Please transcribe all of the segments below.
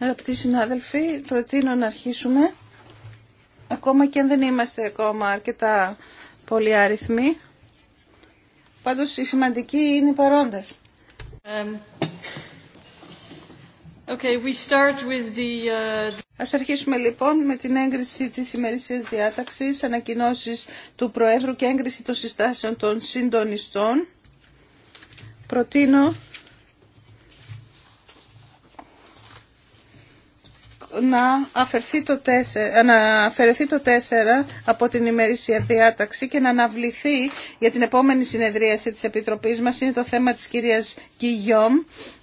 Αγαπητοί συνάδελφοι, προτείνω να αρχίσουμε, ακόμα και αν δεν είμαστε ακόμα αρκετά πολύ αριθμοί. Πάντως η σημαντική είναι οι παρόντες. Um, uh, αρχίσουμε λοιπόν με την έγκριση της ημερησίας διάταξης, ανακοινώσει του Προέδρου και έγκριση των συστάσεων των συντονιστών. Προτείνω να αφαιρεθεί το 4, από την ημερήσια διάταξη και να αναβληθεί για την επόμενη συνεδρίαση της Επιτροπής μας είναι το θέμα της κυρίας Κιγιόμ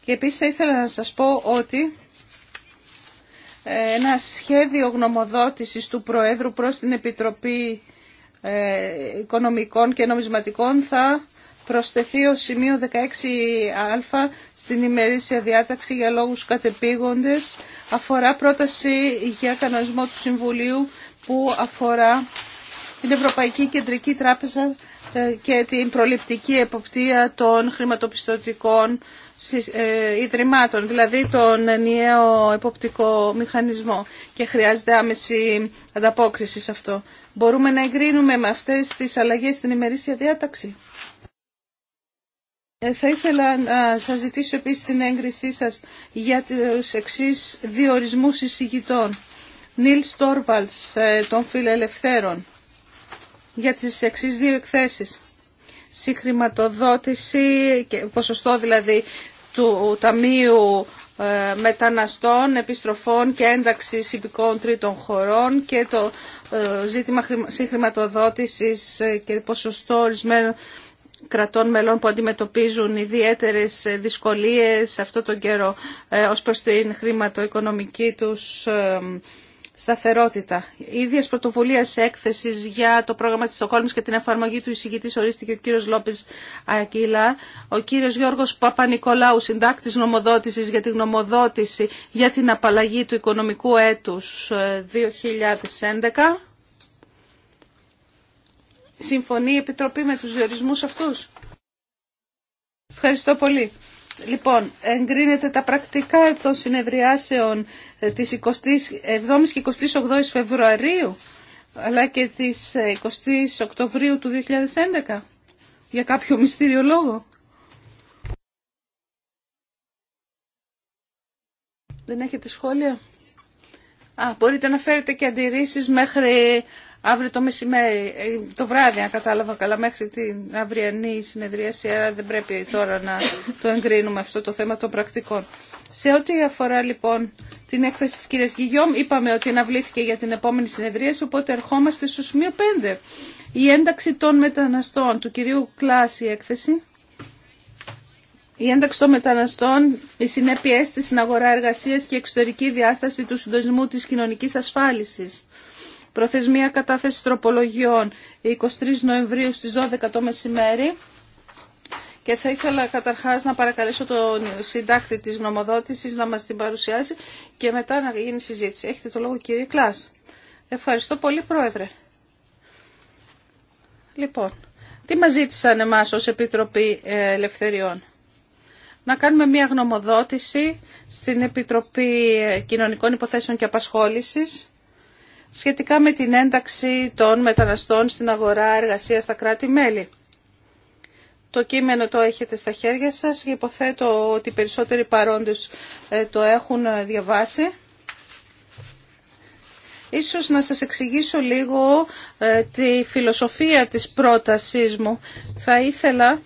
και επίσης θα ήθελα να σας πω ότι ε, ένα σχέδιο γνωμοδότησης του Προέδρου προς την Επιτροπή ε, Οικονομικών και Νομισματικών θα προσθεθεί ο σημείο 16α στην ημερήσια διάταξη για λόγους κατεπήγοντες. Αφορά πρόταση για κανονισμό του Συμβουλίου που αφορά την Ευρωπαϊκή Κεντρική Τράπεζα ε, και την προληπτική εποπτεία των χρηματοπιστωτικών ε, ιδρυμάτων, δηλαδή τον ενιαίο εποπτικό μηχανισμό και χρειάζεται άμεση ανταπόκριση σε αυτό. Μπορούμε να εγκρίνουμε με αυτές τις αλλαγές στην ημερήσια διάταξη. Ε, θα ήθελα να σας ζητήσω επίσης την έγκρισή σας για τους εξής διορισμούς εισηγητών. Νίλ Στόρβαλτς ε, των Φιλελευθέρων για τις εξής δύο εκθέσεις. Συγχρηματοδότηση, και ποσοστό δηλαδή του Ταμείου ε, Μεταναστών, Επιστροφών και ένταξη Υπηκών Τρίτων Χωρών και το ζήτημα συγχρηματοδότησης και ποσοστό ορισμένων κρατών μελών που αντιμετωπίζουν ιδιαίτερες δυσκολίες αυτό τον καιρό ε, ως προς την χρηματοοικονομική τους ε, σταθερότητα. Η ίδια πρωτοβουλία έκθεση για το πρόγραμμα τη Στοκόλμη και την εφαρμογή του εισηγητή ορίστηκε ο κύριο Λόπης Ακύλα. Ο κύριο Γιώργο Παπα-Νικολάου, συντάκτη νομοδότηση για την νομοδότηση για την απαλλαγή του οικονομικού έτου 2011. Ε, συμφωνεί η Επιτροπή με τους διορισμούς αυτούς. Ευχαριστώ πολύ. Λοιπόν, εγκρίνεται τα πρακτικά των συνεδριάσεων της 27ης και 28ης Φεβρουαρίου, αλλά και της 20ης Οκτωβρίου του 2011, για κάποιο μυστήριο λόγο. Δεν έχετε σχόλια. Α, μπορείτε να φέρετε και αντιρρήσεις μέχρι αύριο το μεσημέρι, ε, το βράδυ αν κατάλαβα καλά μέχρι την αυριανή συνεδρίαση, άρα δεν πρέπει τώρα να το εγκρίνουμε αυτό το θέμα των πρακτικών. Σε ό,τι αφορά λοιπόν την έκθεση της κυρίας Γιγιόμ, είπαμε ότι αναβλήθηκε για την επόμενη συνεδρίαση, οπότε ερχόμαστε στο σημείο 5. Η ένταξη των μεταναστών του κυρίου Κλάση έκθεση. Η ένταξη των μεταναστών, οι συνέπειε τη στην αγορά εργασία και η εξωτερική διάσταση του συντονισμού τη κοινωνική ασφάλιση. Προθεσμία κατάθεση τροπολογιών 23 Νοεμβρίου στις 12 το μεσημέρι. Και θα ήθελα καταρχάς να παρακαλέσω τον συντάκτη της γνωμοδότησης να μας την παρουσιάσει και μετά να γίνει συζήτηση. Έχετε το λόγο κύριε Κλάς. Ευχαριστώ πολύ πρόεδρε. Λοιπόν, τι μας ζήτησαν εμάς ως Επιτροπή ε, Ελευθεριών. Να κάνουμε μια γνωμοδότηση στην Επιτροπή ε, Κοινωνικών Υποθέσεων και Απασχόλησης σχετικά με την ένταξη των μεταναστών στην αγορά εργασίας στα κράτη-μέλη. Το κείμενο το έχετε στα χέρια σας και υποθέτω ότι οι περισσότεροι παρόντες ε, το έχουν ε, διαβάσει. Ίσως να σας εξηγήσω λίγο ε, τη φιλοσοφία της πρότασής μου. Θα ήθελα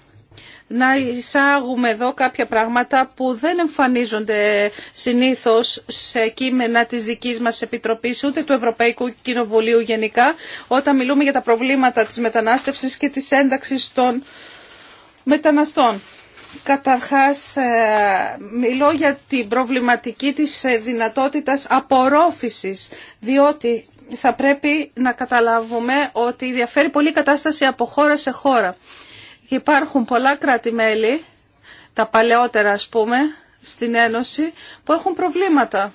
να εισάγουμε εδώ κάποια πράγματα που δεν εμφανίζονται συνήθως σε κείμενα της δικής μας Επιτροπής ούτε του Ευρωπαϊκού Κοινοβουλίου γενικά όταν μιλούμε για τα προβλήματα της μετανάστευσης και της ένταξης των μεταναστών. Καταρχάς ε, μιλώ για την προβληματική της ε, δυνατότητας απορρόφησης διότι θα πρέπει να καταλάβουμε ότι διαφέρει πολύ η κατάσταση από χώρα σε χώρα. Υπάρχουν πολλά κράτη-μέλη, τα παλαιότερα ας πούμε, στην Ένωση, που έχουν προβλήματα.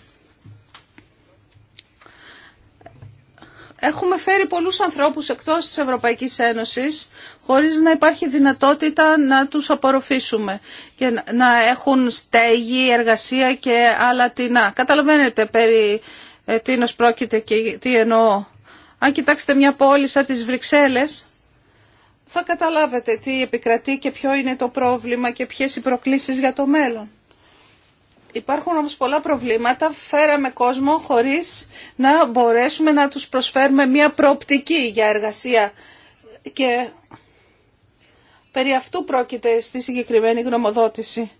Έχουμε φέρει πολλούς ανθρώπους εκτός της Ευρωπαϊκής Ένωσης, χωρίς να υπάρχει δυνατότητα να τους απορροφήσουμε και να έχουν στέγη, εργασία και άλλα τινά. Καταλαβαίνετε περί ε, τίνος πρόκειται και τι εννοώ. Αν κοιτάξετε μια πόλη σαν τις Βρυξέλλες, θα καταλάβετε τι επικρατεί και ποιο είναι το πρόβλημα και ποιες οι προκλήσεις για το μέλλον. Υπάρχουν όμως πολλά προβλήματα, φέραμε κόσμο χωρίς να μπορέσουμε να τους προσφέρουμε μια προοπτική για εργασία και περί αυτού πρόκειται στη συγκεκριμένη γνωμοδότηση.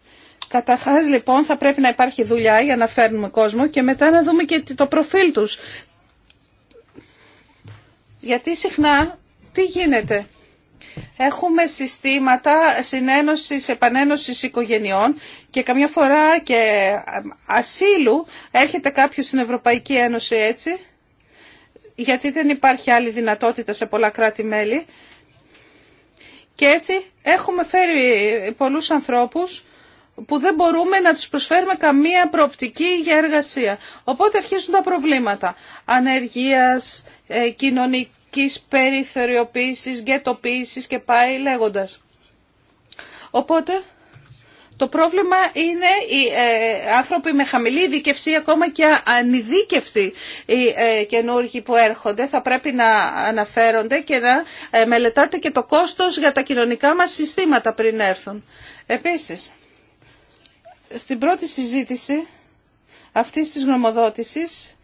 Καταρχάς λοιπόν θα πρέπει να υπάρχει δουλειά για να φέρνουμε κόσμο και μετά να δούμε και το προφίλ τους. Γιατί συχνά τι γίνεται. Έχουμε συστήματα συνένωσης, επανένωσης οικογενειών και καμιά φορά και ε, ασύλου έρχεται κάποιος στην Ευρωπαϊκή Ένωση έτσι, γιατί δεν υπάρχει άλλη δυνατότητα σε πολλά κράτη-μέλη. Και έτσι έχουμε φέρει πολλούς ανθρώπους που δεν μπορούμε να τους προσφέρουμε καμία προοπτική για εργασία. Οπότε αρχίζουν τα προβλήματα ανεργίας, ε, κοινωνική κοινωνικής περιθωριοποίησης, γετοποίησης και πάει λέγοντας. Οπότε... Το πρόβλημα είναι οι ε, άνθρωποι με χαμηλή ειδικευση, ακόμα και ανειδίκευτοι οι ε, καινούργοι που έρχονται. Θα πρέπει να αναφέρονται και να ε, μελετάτε και το κόστος για τα κοινωνικά μας συστήματα πριν έρθουν. Επίσης, στην πρώτη συζήτηση αυτής της γνωμοδότησης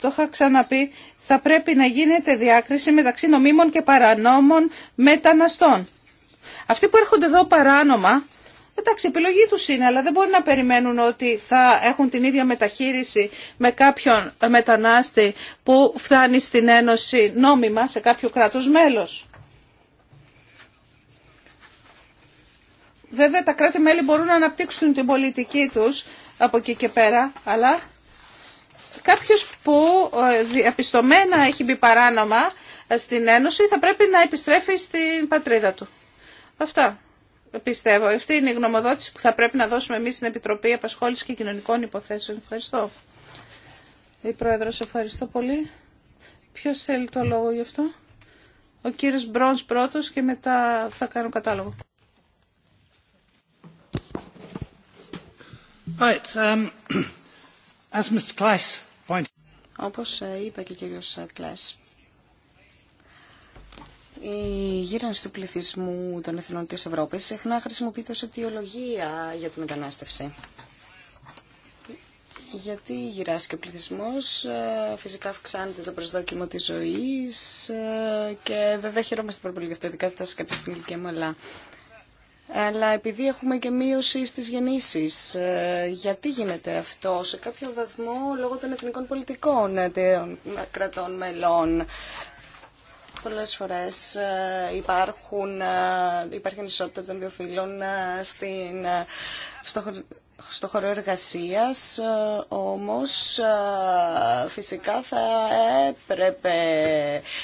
το είχα ξαναπεί, θα πρέπει να γίνεται διάκριση μεταξύ νομίμων και παρανόμων μεταναστών. Αυτοί που έρχονται εδώ παράνομα, εντάξει, επιλογή του είναι, αλλά δεν μπορεί να περιμένουν ότι θα έχουν την ίδια μεταχείριση με κάποιον μετανάστη που φτάνει στην Ένωση νόμιμα σε κάποιο κράτος μέλος. Βέβαια τα κράτη-μέλη μπορούν να αναπτύξουν την πολιτική τους από εκεί και πέρα, αλλά κάποιος που ε, διαπιστωμένα έχει μπει παράνομα ε, στην Ένωση θα πρέπει να επιστρέφει στην πατρίδα του. Αυτά πιστεύω. Αυτή είναι η γνωμοδότηση που θα πρέπει να δώσουμε εμείς στην Επιτροπή Απασχόλησης και Κοινωνικών Υποθέσεων. Ευχαριστώ. Η Πρόεδρος, ευχαριστώ πολύ. Ποιος θέλει το λόγο γι' αυτό. Ο κύριος Μπρόνς πρώτος και μετά θα κάνω κατάλογο. Right, um, as Mr. Όπως ε, είπε και ο κύριος ε, Κλάς, η γύρανση του πληθυσμού των εθνών της Ευρώπης συχνά χρησιμοποιείται ως αιτιολογία για τη μετανάστευση. Γιατί γυράσει και ο πληθυσμός, ε, φυσικά αυξάνεται το προσδόκιμο της ζωής και βέβαια χαιρόμαστε πάρα πολύ γι' αυτό, ειδικά θα σας κάποια στην ηλικία μου, αλλά αλλά επειδή έχουμε και μείωση στις γεννήσεις, ε, γιατί γίνεται αυτό σε κάποιο βαθμό λόγω των εθνικών πολιτικών ε, των κρατών μελών. Πολλές φορές ε, υπάρχουν, υπάρχει ανισότητα των δύο φύλων στην, στο, στο χώρο εργασίας, ε, όμως ε, φυσικά θα έπρεπε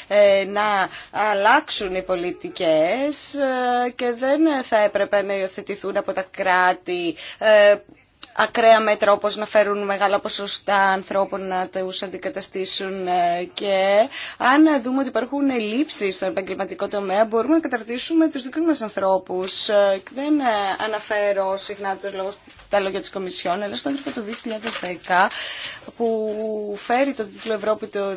ε, να αλλάξουν οι πολιτικές και δεν θα έπρεπε να υιοθετηθούν από τα κράτη ακραία μέτρα όπως να φέρουν μεγάλα ποσοστά ανθρώπων να τους αντικαταστήσουν ε, και αν δούμε ότι υπάρχουν ελλείψεις στον επαγγελματικό τομέα μπορούμε να καταρτήσουμε τους δικούς μας ανθρώπους. Ε, δεν ε, αναφέρω συχνά τους λόγους τα λόγια της Κομισιόν, αλλά στο έγγραφο του 2010 που φέρει το τίτλο Ευρώπη το 2020,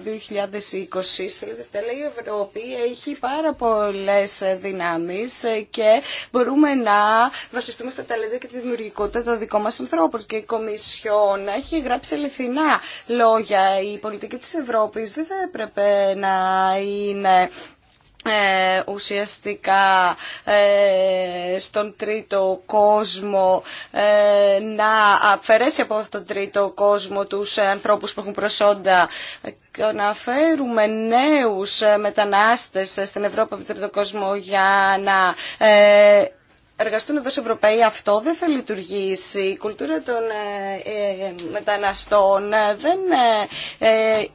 σε λέει η Ευρώπη έχει πάρα πολλές δυνάμεις και μπορούμε να βασιστούμε στα ταλέντα και τη δημιουργικότητα των δικών μας ανθρώπων και η Κομισιόν έχει γράψει αληθινά λόγια. Η πολιτική της Ευρώπης δεν θα έπρεπε να είναι ε, ουσιαστικά ε, στον τρίτο κόσμο ε, να αφαιρέσει από αυτόν τον τρίτο κόσμο τους ανθρώπους που έχουν προσόντα να φέρουμε νέους μετανάστες στην Ευρώπη από τον τρίτο κόσμο για να εργαστούν εδώ σε Ευρωπαίοι. Αυτό δεν θα λειτουργήσει. Η κουλτούρα των ε, ε, μεταναστών ε, δεν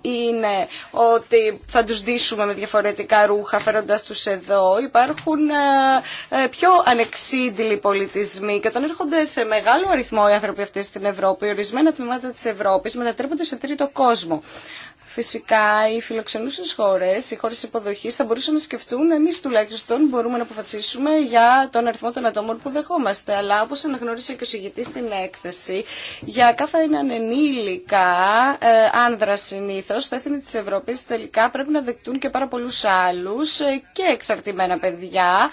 είναι ότι θα τους δίσουμε με διαφορετικά ρούχα φέροντας τους εδώ. Υπάρχουν πιο ανεξίδηλοι πολιτισμοί και όταν έρχονται σε μεγάλο αριθμό οι άνθρωποι αυτοί στην Ευρώπη, ορισμένα τμήματα της Ευρώπης μετατρέπονται σε τρίτο κόσμο. Φυσικά οι φιλοξενούσε χώρε, οι χώρε υποδοχή θα μπορούσαν να σκεφτούν εμεί τουλάχιστον μπορούμε να αποφασίσουμε για τον αριθμό των ατόμων που δεχόμαστε. Αλλά όπω αναγνώρισε και ο συγητής στην έκθεση, για κάθε έναν ενήλικα ε, άνδρα συνήθω, τα έθνη τη Ευρώπη, τελικά πρέπει να δεκτούν και πάρα πολλού άλλου ε, και εξαρτημένα παιδιά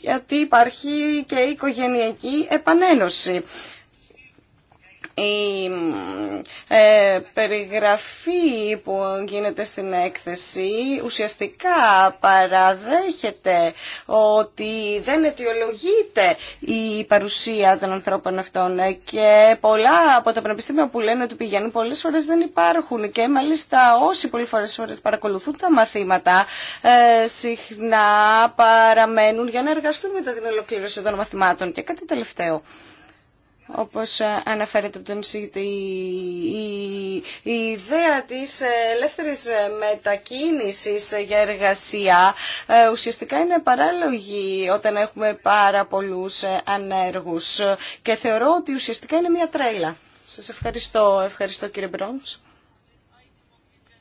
γιατί υπάρχει και η οικογενειακή επανένωση η ε, περιγραφή που γίνεται στην έκθεση ουσιαστικά παραδέχεται ότι δεν αιτιολογείται η παρουσία των ανθρώπων αυτών και πολλά από τα πανεπιστήμια που λένε ότι πηγαίνουν πολλές φορές δεν υπάρχουν και μάλιστα όσοι πολλές φορές παρακολουθούν τα μαθήματα ε, συχνά παραμένουν για να εργαστούν μετά την ολοκλήρωση των μαθημάτων και κάτι τελευταίο όπως ε, αναφέρεται από τον Σίτη, η, ιδέα της ελεύθερης μετακίνησης για εργασία ε, ουσιαστικά είναι παράλογη όταν έχουμε πάρα πολλούς ε, ανέργους και θεωρώ ότι ουσιαστικά είναι μια τρέλα. Σας ευχαριστώ, ευχαριστώ κύριε Μπρόντς.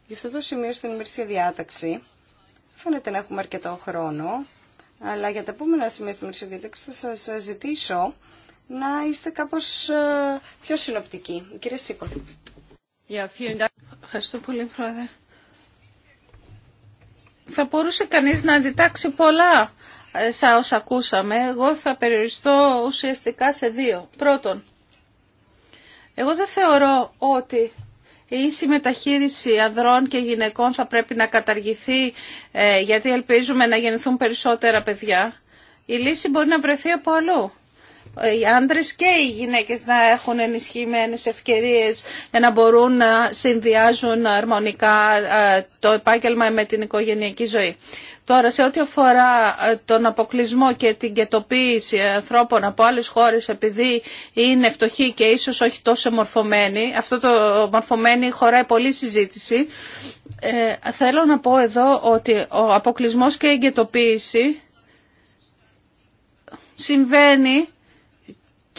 Γι' αυτό το σημείο στην ημερήσια διάταξη φαίνεται να έχουμε αρκετό χρόνο, αλλά για τα επόμενα σημεία στην ημερήσια διάταξη θα σας ζητήσω να είστε κάπως ε, πιο συνοπτικοί. Κύριε Σίκολ. Ευχαριστώ πολύ, Πρόεδρε. Θα μπορούσε κανείς να αντιτάξει πολλά ε, σαν όσα ακούσαμε. Εγώ θα περιοριστώ ουσιαστικά σε δύο. Πρώτον, εγώ δεν θεωρώ ότι η ίση μεταχείριση ανδρών και γυναικών θα πρέπει να καταργηθεί ε, γιατί ελπίζουμε να γεννηθούν περισσότερα παιδιά. Η λύση μπορεί να βρεθεί από αλλού οι άντρες και οι γυναίκες να έχουν ενισχυμένες ευκαιρίες για να μπορούν να συνδυάζουν αρμονικά ε, το επάγγελμα με την οικογενειακή ζωή. Τώρα, σε ό,τι αφορά ε, τον αποκλεισμό και την κετοποίηση ανθρώπων από άλλες χώρες επειδή είναι φτωχοί και ίσως όχι τόσο μορφωμένοι, αυτό το μορφωμένοι χωράει πολλή συζήτηση, ε, θέλω να πω εδώ ότι ο αποκλεισμός και η εγκαιτοποίηση συμβαίνει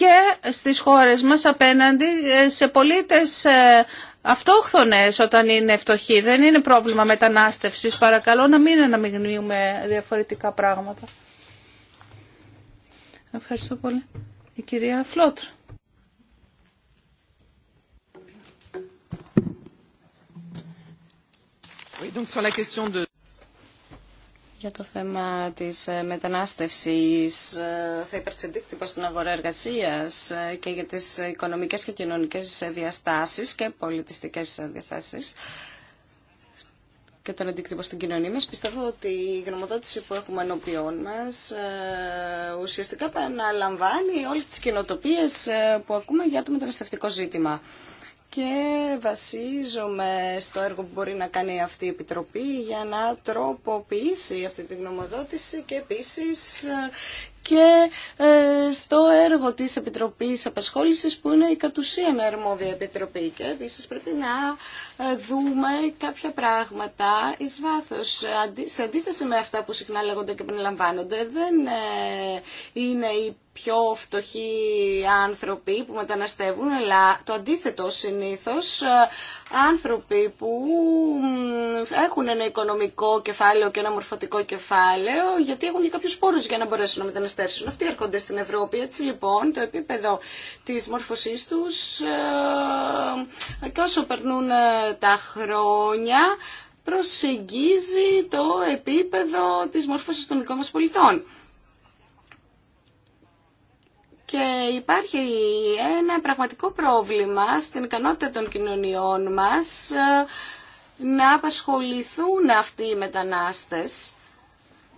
και στις χώρες μας απέναντι ε, σε πολίτες ε, αυτόχθονες όταν είναι φτωχοί. Δεν είναι πρόβλημα μετανάστευσης. Παρακαλώ να μην αναμειγνύουμε διαφορετικά πράγματα. Ευχαριστώ πολύ. Η κυρία Φλότρ. Για το θέμα της ε, μετανάστευσης ε, θα υπάρξει αντίκτυπο στην αγορά εργασίας ε, και για τις οικονομικές και κοινωνικές διαστάσεις και πολιτιστικές διαστάσεις και τον αντίκτυπο στην κοινωνία μας. Πιστεύω ότι η γνωμοδότηση που έχουμε ενώπιόν μας ουσιαστικά παραλαμβάνει όλες τις κοινοτοπίες που ακούμε για το μεταναστευτικό ζήτημα και βασίζομαι στο έργο που μπορεί να κάνει αυτή η Επιτροπή για να τροποποιήσει αυτή τη γνωμοδότηση και επίσης ε, και ε, στο έργο της Επιτροπής Απασχόλησης που είναι η κατουσίαν αρμόδια επιτροπή και επίση πρέπει να ε, δούμε κάποια πράγματα εις βάθος. Σε αντίθεση με αυτά που συχνά λέγονται και επαναλαμβάνονται δεν είναι η πιο φτωχοί άνθρωποι που μεταναστεύουν, αλλά το αντίθετο συνήθως ε, άνθρωποι που έχουν ένα οικονομικό κεφάλαιο και ένα μορφωτικό κεφάλαιο, γιατί έχουν και κάποιους πόρους για να μπορέσουν να μεταναστεύσουν. Αυτοί έρχονται στην Ευρώπη, έτσι λοιπόν το επίπεδο της μόρφωσής τους ε, και όσο περνούν ε, τα χρόνια προσεγγίζει το επίπεδο της μόρφωσης των δικών μας πολιτών και υπάρχει ένα πραγματικό πρόβλημα στην ικανότητα των κοινωνιών μας ε, να απασχοληθούν αυτοί οι μετανάστες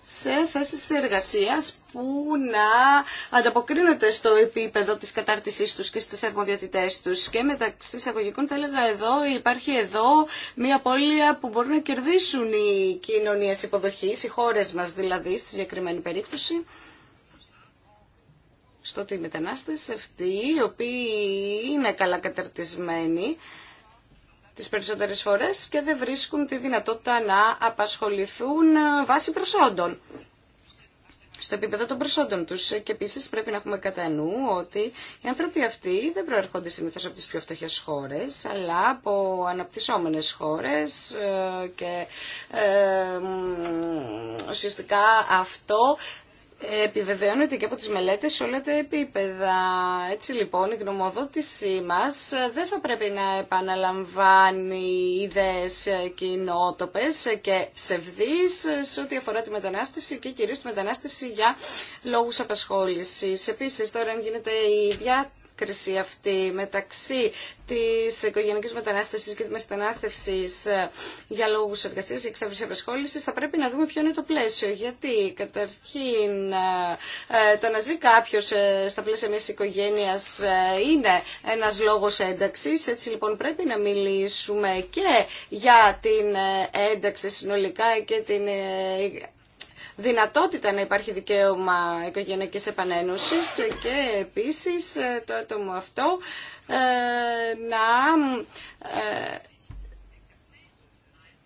σε θέσεις εργασίας που να ανταποκρίνονται στο επίπεδο της κατάρτισής τους και στις αρμοδιότητές τους. Και μεταξύ εισαγωγικών θα έλεγα εδώ υπάρχει εδώ μια απώλεια που μπορούν να κερδίσουν οι κοινωνίες υποδοχής, οι χώρες μας δηλαδή στη συγκεκριμένη περίπτωση στο ότι οι μετανάστες αυτοί, οι οποίοι είναι καλά καταρτισμένοι, τις περισσότερες φορές και δεν βρίσκουν τη δυνατότητα να απασχοληθούν βάσει προσόντων στο επίπεδο των προσόντων τους. Και επίσης πρέπει να έχουμε κατά νου ότι οι άνθρωποι αυτοί δεν προέρχονται συνήθως από τις πιο φτωχές χώρες, αλλά από αναπτυσσόμενες χώρες ε, και ε, ουσιαστικά αυτό επιβεβαιώνεται και από τις μελέτες σε όλα τα επίπεδα. Έτσι λοιπόν η γνωμοδότησή μας ε, δεν θα πρέπει να επαναλαμβάνει ιδέες ε, κοινότοπες και ψευδείς ε, σε ό,τι αφορά τη μετανάστευση και κυρίως τη μετανάστευση για λόγους απασχόλησης. Επίσης τώρα αν γίνεται η ίδια κρισία αυτή μεταξύ της οικογενικής μετανάστευσης και της μετανάστευσης ε, για λόγους εργασίας και εξάφρησης απασχόλησης θα πρέπει να δούμε ποιο είναι το πλαίσιο. Γιατί καταρχήν ε, ε, το να ζει κάποιος στα πλαίσια μιας οικογένειας είναι ένας λόγος ένταξης. Έτσι λοιπόν πρέπει να μιλήσουμε και για την ένταξη συνολικά και την δυνατότητα να υπάρχει δικαίωμα οικογενειακής επανένωσης και επίσης ε, το άτομο αυτό ε, να ε,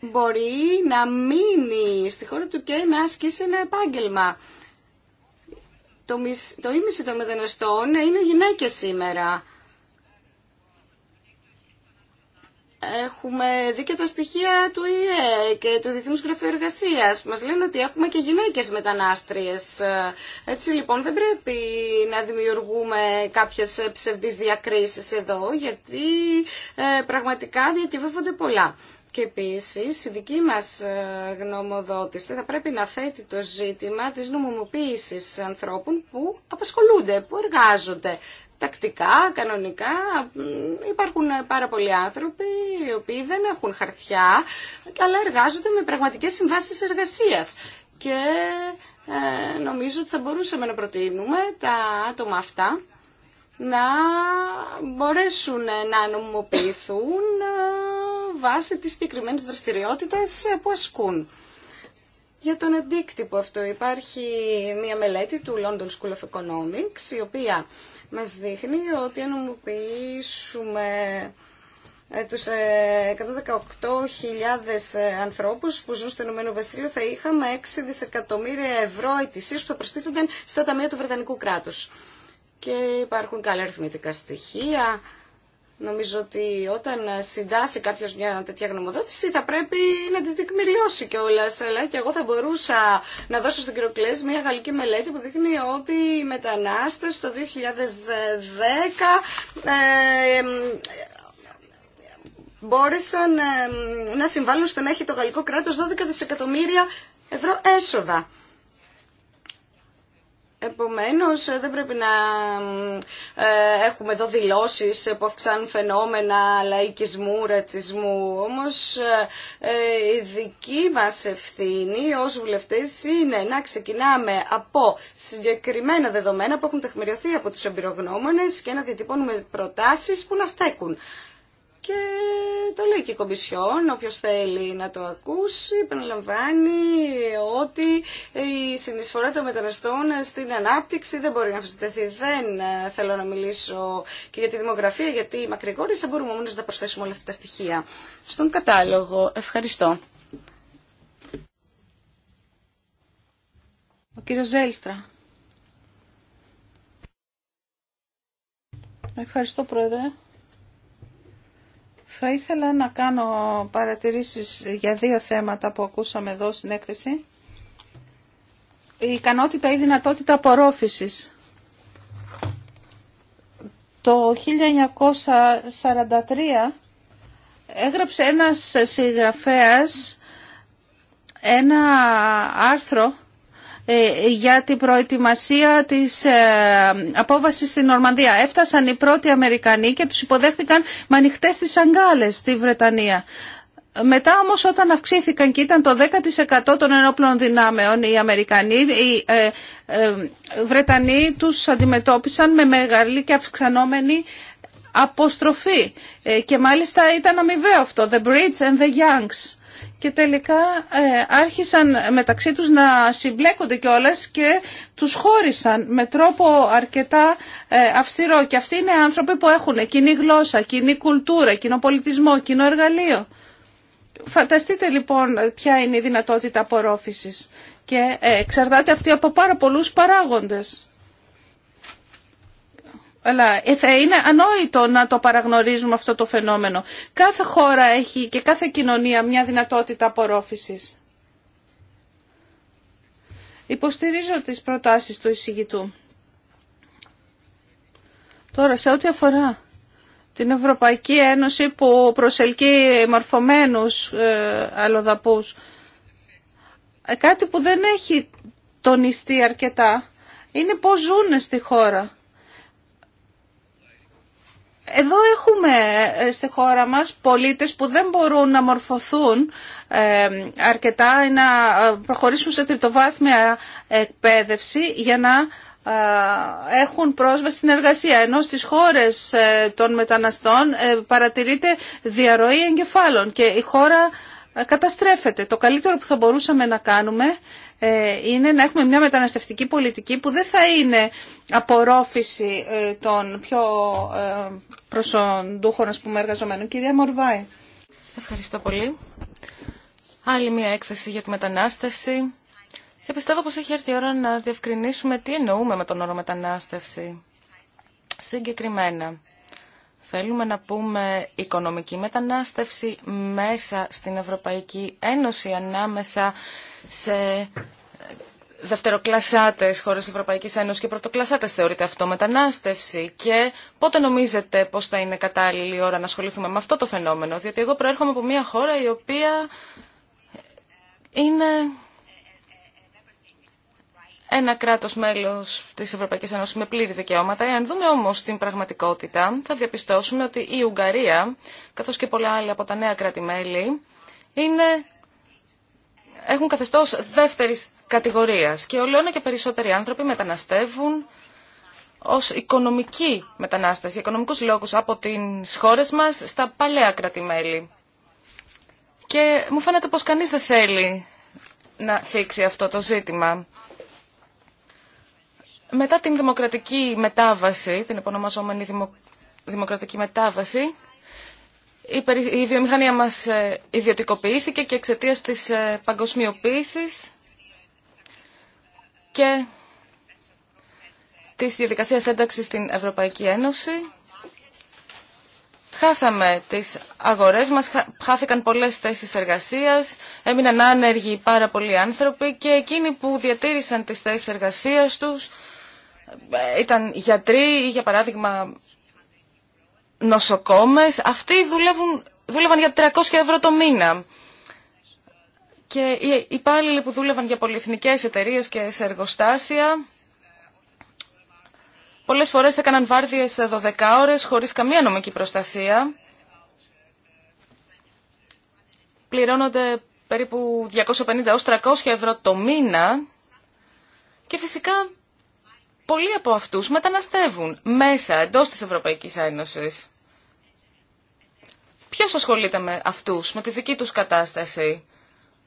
μπορεί να μείνει στη χώρα του και να ασκήσει ένα επάγγελμα. Το, μισ... το ίμιση των μεταναστών είναι γυναίκες σήμερα. Έχουμε δει και τα στοιχεία του ΙΕ και του Διεθνού Γραφείου Εργασία μα λένε ότι έχουμε και γυναίκε μετανάστριε. Έτσι λοιπόν δεν πρέπει να δημιουργούμε κάποιε ψευδεί διακρίσει εδώ γιατί ε, πραγματικά διακυβεύονται πολλά. Και επίση η δική μα ε, γνωμοδότηση θα πρέπει να θέτει το ζήτημα τη νομιμοποίηση ανθρώπων που απασχολούνται, που εργάζονται τακτικά, κανονικά. Υπάρχουν πάρα πολλοί άνθρωποι οι οποίοι δεν έχουν χαρτιά, αλλά εργάζονται με πραγματικές συμβάσεις εργασίας. Και ε, νομίζω ότι θα μπορούσαμε να προτείνουμε τα άτομα αυτά να μπορέσουν να νομιμοποιηθούν ε, βάσει τις συγκεκριμένε δραστηριότητες που ασκούν. Για τον αντίκτυπο αυτό υπάρχει μια μελέτη του London School of Economics, η οποία μας δείχνει ότι αν ομοποιήσουμε ε, τους 118.000 ε, ε, ανθρώπους που ζουν στο Ηνωμένο Βασίλειο θα είχαμε 6 δισεκατομμύρια ευρώ ετησίως που θα προστίθενταν στα ταμεία του Βρετανικού κράτους. Και υπάρχουν καλά αριθμητικά στοιχεία Νομίζω ότι όταν συντάσσει κάποιο μια τέτοια γνωμοδότηση θα πρέπει να την τεκμηριώσει κιόλα. Αλλά και εγώ θα μπορούσα να δώσω στον κύριο Κλέζ μια γαλλική μελέτη που δείχνει ότι οι μετανάστε το 2010 ε, μπόρεσαν ε, να συμβάλλουν στο να έχει το γαλλικό κράτο 12 δισεκατομμύρια ευρώ έσοδα. Επομένως ε, δεν πρέπει να ε, έχουμε εδώ δηλώσεις ε, που αυξάνουν φαινόμενα λαϊκισμού, ρατσισμού. Όμως η δική μας ευθύνη ως βουλευτές είναι να ξεκινάμε από συγκεκριμένα δεδομένα που έχουν τεχμηριωθεί από τους εμπειρογνώμονες και να διατυπώνουμε προτάσεις που να στέκουν. Και το λέει και η Κομπισιόν, όποιος θέλει να το ακούσει, επαναλαμβάνει ότι η συνεισφορά των μεταναστών στην ανάπτυξη δεν μπορεί να αφιστεθεί. Δεν ε, θέλω να μιλήσω και για τη δημογραφία, γιατί μακρηγόρησα μπορούμε μόνος να προσθέσουμε όλα αυτά τα στοιχεία. Στον κατάλογο. Ευχαριστώ. Ο κύριος Ζέλστρα. Ευχαριστώ, Πρόεδρε. Θα ήθελα να κάνω παρατηρήσεις για δύο θέματα που ακούσαμε εδώ στην έκθεση. Η ικανότητα ή δυνατότητα απορρόφησης. Το 1943 έγραψε ένας συγγραφέας ένα άρθρο ε, για την προετοιμασία της ε, απόβασης στην Ορμανδία. Έφτασαν οι πρώτοι Αμερικανοί και τους υποδέχτηκαν με ανοιχτέ τις αγκάλες στη Βρετανία. Μετά όμως όταν αυξήθηκαν και ήταν το 10% των ενόπλων δυνάμεων οι Αμερικανοί, οι ε, Βρετανοί τους αντιμετώπισαν με μεγάλη και αυξανόμενη αποστροφή. Και μάλιστα ήταν αμοιβαίο αυτό, the bridge and the youngs και τελικά ε, άρχισαν μεταξύ τους να συμπλέκονται κιόλας και τους χώρισαν με τρόπο αρκετά ε, αυστηρό. Και αυτοί είναι άνθρωποι που έχουν κοινή γλώσσα, κοινή κουλτούρα, κοινό πολιτισμό, κοινό εργαλείο. Φανταστείτε λοιπόν ποια είναι η δυνατότητα απορρόφησης και ε, εξαρτάται αυτή από πάρα πολλούς παράγοντες. Αλλά ε, θα είναι ανόητο να το παραγνωρίζουμε αυτό το φαινόμενο. Κάθε χώρα έχει και κάθε κοινωνία μια δυνατότητα απορρόφησης. Υποστηρίζω τις προτάσεις του εισηγητού. Τώρα, σε ό,τι αφορά την Ευρωπαϊκή Ένωση που προσελκύει μορφωμένους ε, αλλοδαπούς, ε, κάτι που δεν έχει τονιστεί αρκετά είναι πώς ζουν στη χώρα. Εδώ έχουμε ε, στη χώρα μας πολίτες που δεν μπορούν να μορφωθούν ε, αρκετά ή να ε, προχωρήσουν σε τριτοβάθμια εκπαίδευση για να έχουν πρόσβαση στην εργασία. Ενώ στις χώρες των μεταναστών παρατηρείται διαρροή εγκεφάλων και η χώρα καταστρέφεται. Το καλύτερο που θα μπορούσαμε να κάνουμε ε, είναι να έχουμε μια μεταναστευτική πολιτική που δεν θα είναι απορρόφηση ε, των πιο ε, προσοντούχων ας πούμε, εργαζομένων. Κυρία Μορβάη. Ευχαριστώ πολύ. Άλλη μια έκθεση για τη μετανάστευση. Και πιστεύω πως έχει έρθει η ώρα να διευκρινίσουμε τι εννοούμε με τον όρο μετανάστευση. Συγκεκριμένα, θέλουμε να πούμε οικονομική μετανάστευση μέσα στην Ευρωπαϊκή Ένωση, ανάμεσα σε δευτεροκλασσάτες χώρες Ευρωπαϊκής Ένωσης και πρωτοκλασσάτες θεωρείται αυτό μετανάστευση και πότε νομίζετε πως θα είναι κατάλληλη η ώρα να ασχοληθούμε με αυτό το φαινόμενο διότι εγώ προέρχομαι από μια χώρα η οποία είναι ένα κράτος μέλος της Ευρωπαϊκής Ένωσης με πλήρη δικαιώματα. Εάν δούμε όμω την πραγματικότητα θα διαπιστώσουμε ότι η Ουγγαρία καθώ και πολλά άλλα από τα νέα κράτη-μέλη είναι έχουν καθεστώς δεύτερης κατηγορίας και ολόνα και περισσότεροι άνθρωποι μεταναστεύουν ως οικονομική μετανάστες, οικονομικού λόγου από τι χώρε μας στα παλαιά κρατημέλη. Και μου φαίνεται πως κανείς δεν θέλει να θίξει αυτό το ζήτημα. Μετά την δημοκρατική μετάβαση, την επωνομαζόμενη δημοκρατική μετάβαση, η βιομηχανία μας ε, ιδιωτικοποιήθηκε και εξαιτίας της ε, παγκοσμιοποίησης και της διαδικασίας ένταξης στην Ευρωπαϊκή Ένωση. Χάσαμε τις αγορές μας, χάθηκαν πολλές θέσεις εργασίας, έμειναν άνεργοι πάρα πολλοί άνθρωποι και εκείνοι που διατήρησαν τις θέσεις εργασίας τους ε, ήταν γιατροί ή για παράδειγμα νοσοκόμες, αυτοί δουλεύουν, δούλευαν για 300 ευρώ το μήνα. Και οι υπάλληλοι που δούλευαν για πολυεθνικές εταιρείες και σε εργοστάσια, πολλές φορές έκαναν βάρδιες 12 ώρες χωρίς καμία νομική προστασία. Πληρώνονται περίπου 250 έως 300 ευρώ το μήνα και φυσικά πολλοί από αυτούς μεταναστεύουν μέσα εντός της Ευρωπαϊκής Ένωσης. Ποιο ασχολείται με αυτού, με τη δική τους κατάσταση.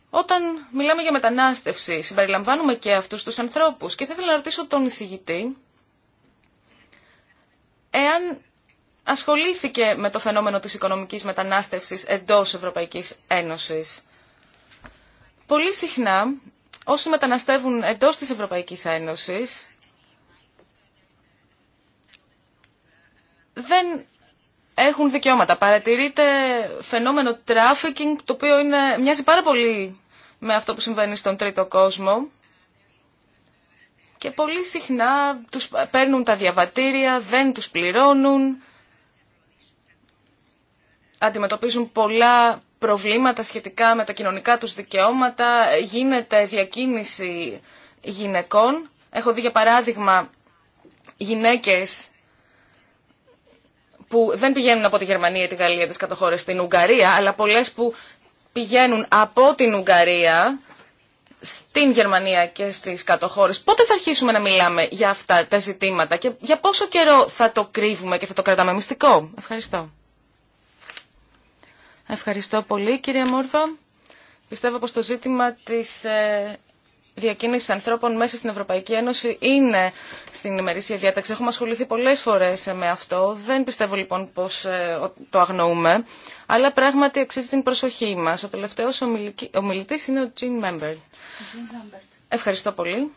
Όταν μιλάμε για μετανάστευση, συμπεριλαμβάνουμε και αυτού τους ανθρώπους. Και θα ήθελα να ρωτήσω τον εισηγητή, εάν ασχολήθηκε με το φαινόμενο της οικονομικής μετανάστευσης εντός Ευρωπαϊκής Ένωσης. Πολύ συχνά, όσοι μεταναστεύουν εντός της Ευρωπαϊκής Ένωσης, δεν έχουν δικαιώματα. Παρατηρείται φαινόμενο τράφικινγκ, το οποίο είναι, μοιάζει πάρα πολύ με αυτό που συμβαίνει στον τρίτο κόσμο. Και πολύ συχνά τους παίρνουν τα διαβατήρια, δεν τους πληρώνουν, αντιμετωπίζουν πολλά προβλήματα σχετικά με τα κοινωνικά τους δικαιώματα, γίνεται διακίνηση γυναικών. Έχω δει για παράδειγμα γυναίκες που δεν πηγαίνουν από τη Γερμανία, τη Γαλλία, τις κατοχώρες στην Ουγγαρία, αλλά πολλές που πηγαίνουν από την Ουγγαρία στην Γερμανία και στις κατοχώρες. Πότε θα αρχίσουμε να μιλάμε για αυτά τα ζητήματα και για πόσο καιρό θα το κρύβουμε και θα το κρατάμε μυστικό. Ευχαριστώ. Ευχαριστώ πολύ κύριε Μόρφα. Πιστεύω πως το ζήτημα της ε, διακίνηση ανθρώπων μέσα στην Ευρωπαϊκή Ένωση είναι στην ημερήσια διάταξη. Έχουμε ασχοληθεί πολλέ φορέ με αυτό. Δεν πιστεύω λοιπόν πώ ε, το αγνοούμε. Αλλά πράγματι αξίζει την προσοχή μα. Ο τελευταίο ομιλητή είναι ο Τζιν Μέμπερ. Ευχαριστώ πολύ.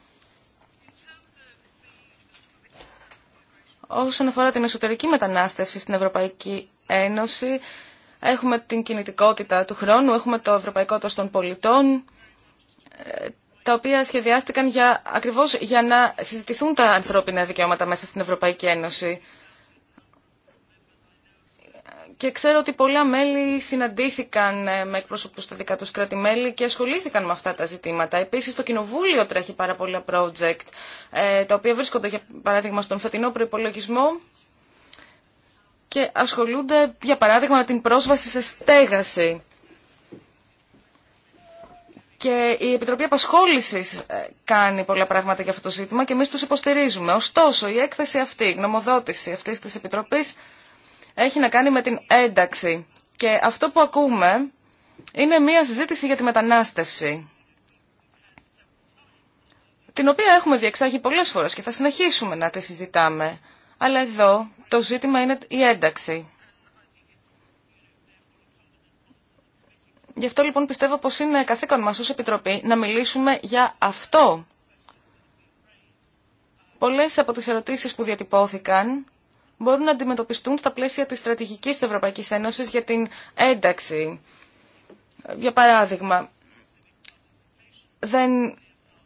Όσον αφορά την εσωτερική μετανάστευση στην Ευρωπαϊκή Ένωση, έχουμε την κινητικότητα του χρόνου, έχουμε το ευρωπαϊκό των πολιτών, ε, τα οποία σχεδιάστηκαν για, ακριβώς για να συζητηθούν τα ανθρώπινα δικαιώματα μέσα στην Ευρωπαϊκή Ένωση. Και ξέρω ότι πολλά μέλη συναντήθηκαν ε, με εκπρόσωπους στα δικά τους κράτη-μέλη και ασχολήθηκαν με αυτά τα ζητήματα. Επίσης, το Κοινοβούλιο τρέχει πάρα πολλά project, ε, τα οποία βρίσκονται, για παράδειγμα, στον φετινό προϋπολογισμό και ασχολούνται, για παράδειγμα, με την πρόσβαση σε στέγαση. Και η Επιτροπή Απασχόληση ε, κάνει πολλά πράγματα για αυτό το ζήτημα και εμεί του υποστηρίζουμε. Ωστόσο, η έκθεση αυτή, η γνωμοδότηση αυτή τη Επιτροπή έχει να κάνει με την ένταξη. Και αυτό που ακούμε είναι μία συζήτηση για τη μετανάστευση, την οποία έχουμε διεξάγει πολλέ φορές και θα συνεχίσουμε να τη συζητάμε. Αλλά εδώ το ζήτημα είναι η ένταξη. Γι' αυτό λοιπόν πιστεύω πως είναι καθήκον μας ως Επιτροπή να μιλήσουμε για αυτό. Πολλές από τις ερωτήσεις που διατυπώθηκαν μπορούν να αντιμετωπιστούν στα πλαίσια της στρατηγικής της Ευρωπαϊκής Ένωσης για την ένταξη. Για παράδειγμα, δεν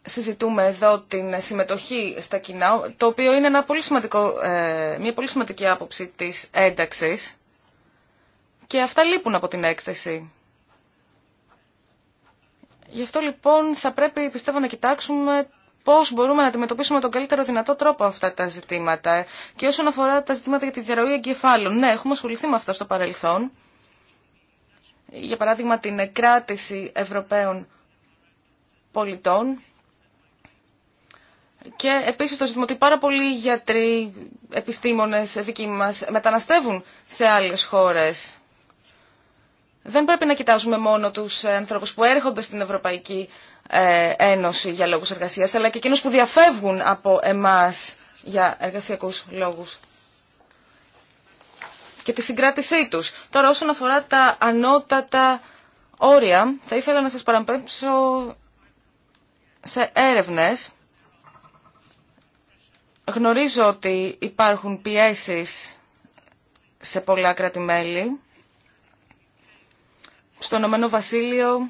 συζητούμε εδώ την συμμετοχή στα κοινά, το οποίο είναι ε, μια πολύ σημαντική άποψη της ένταξης και αυτά λείπουν από την έκθεση. Γι' αυτό λοιπόν θα πρέπει πιστεύω να κοιτάξουμε πώς μπορούμε να αντιμετωπίσουμε τον καλύτερο δυνατό τρόπο αυτά τα ζητήματα. Και όσον αφορά τα ζητήματα για τη διαρροή εγκεφάλων, ναι, έχουμε ασχοληθεί με αυτό στο παρελθόν. Για παράδειγμα την κράτηση Ευρωπαίων πολιτών. Και επίσης το ζήτημα ότι πάρα πολλοί γιατροί, επιστήμονες δικοί μας μεταναστεύουν σε άλλες χώρες δεν πρέπει να κοιτάζουμε μόνο τους ε, ανθρώπους που έρχονται στην Ευρωπαϊκή ε, Ένωση για λόγους εργασίας, αλλά και εκείνους που διαφεύγουν από εμάς για εργασιακούς λόγους και τη συγκράτησή τους. Τώρα όσον αφορά τα ανώτατα όρια, θα ήθελα να σας παραπέμψω σε έρευνες. Γνωρίζω ότι υπάρχουν πιέσεις σε πολλά κράτη-μέλη στο Ηνωμένο Βασίλειο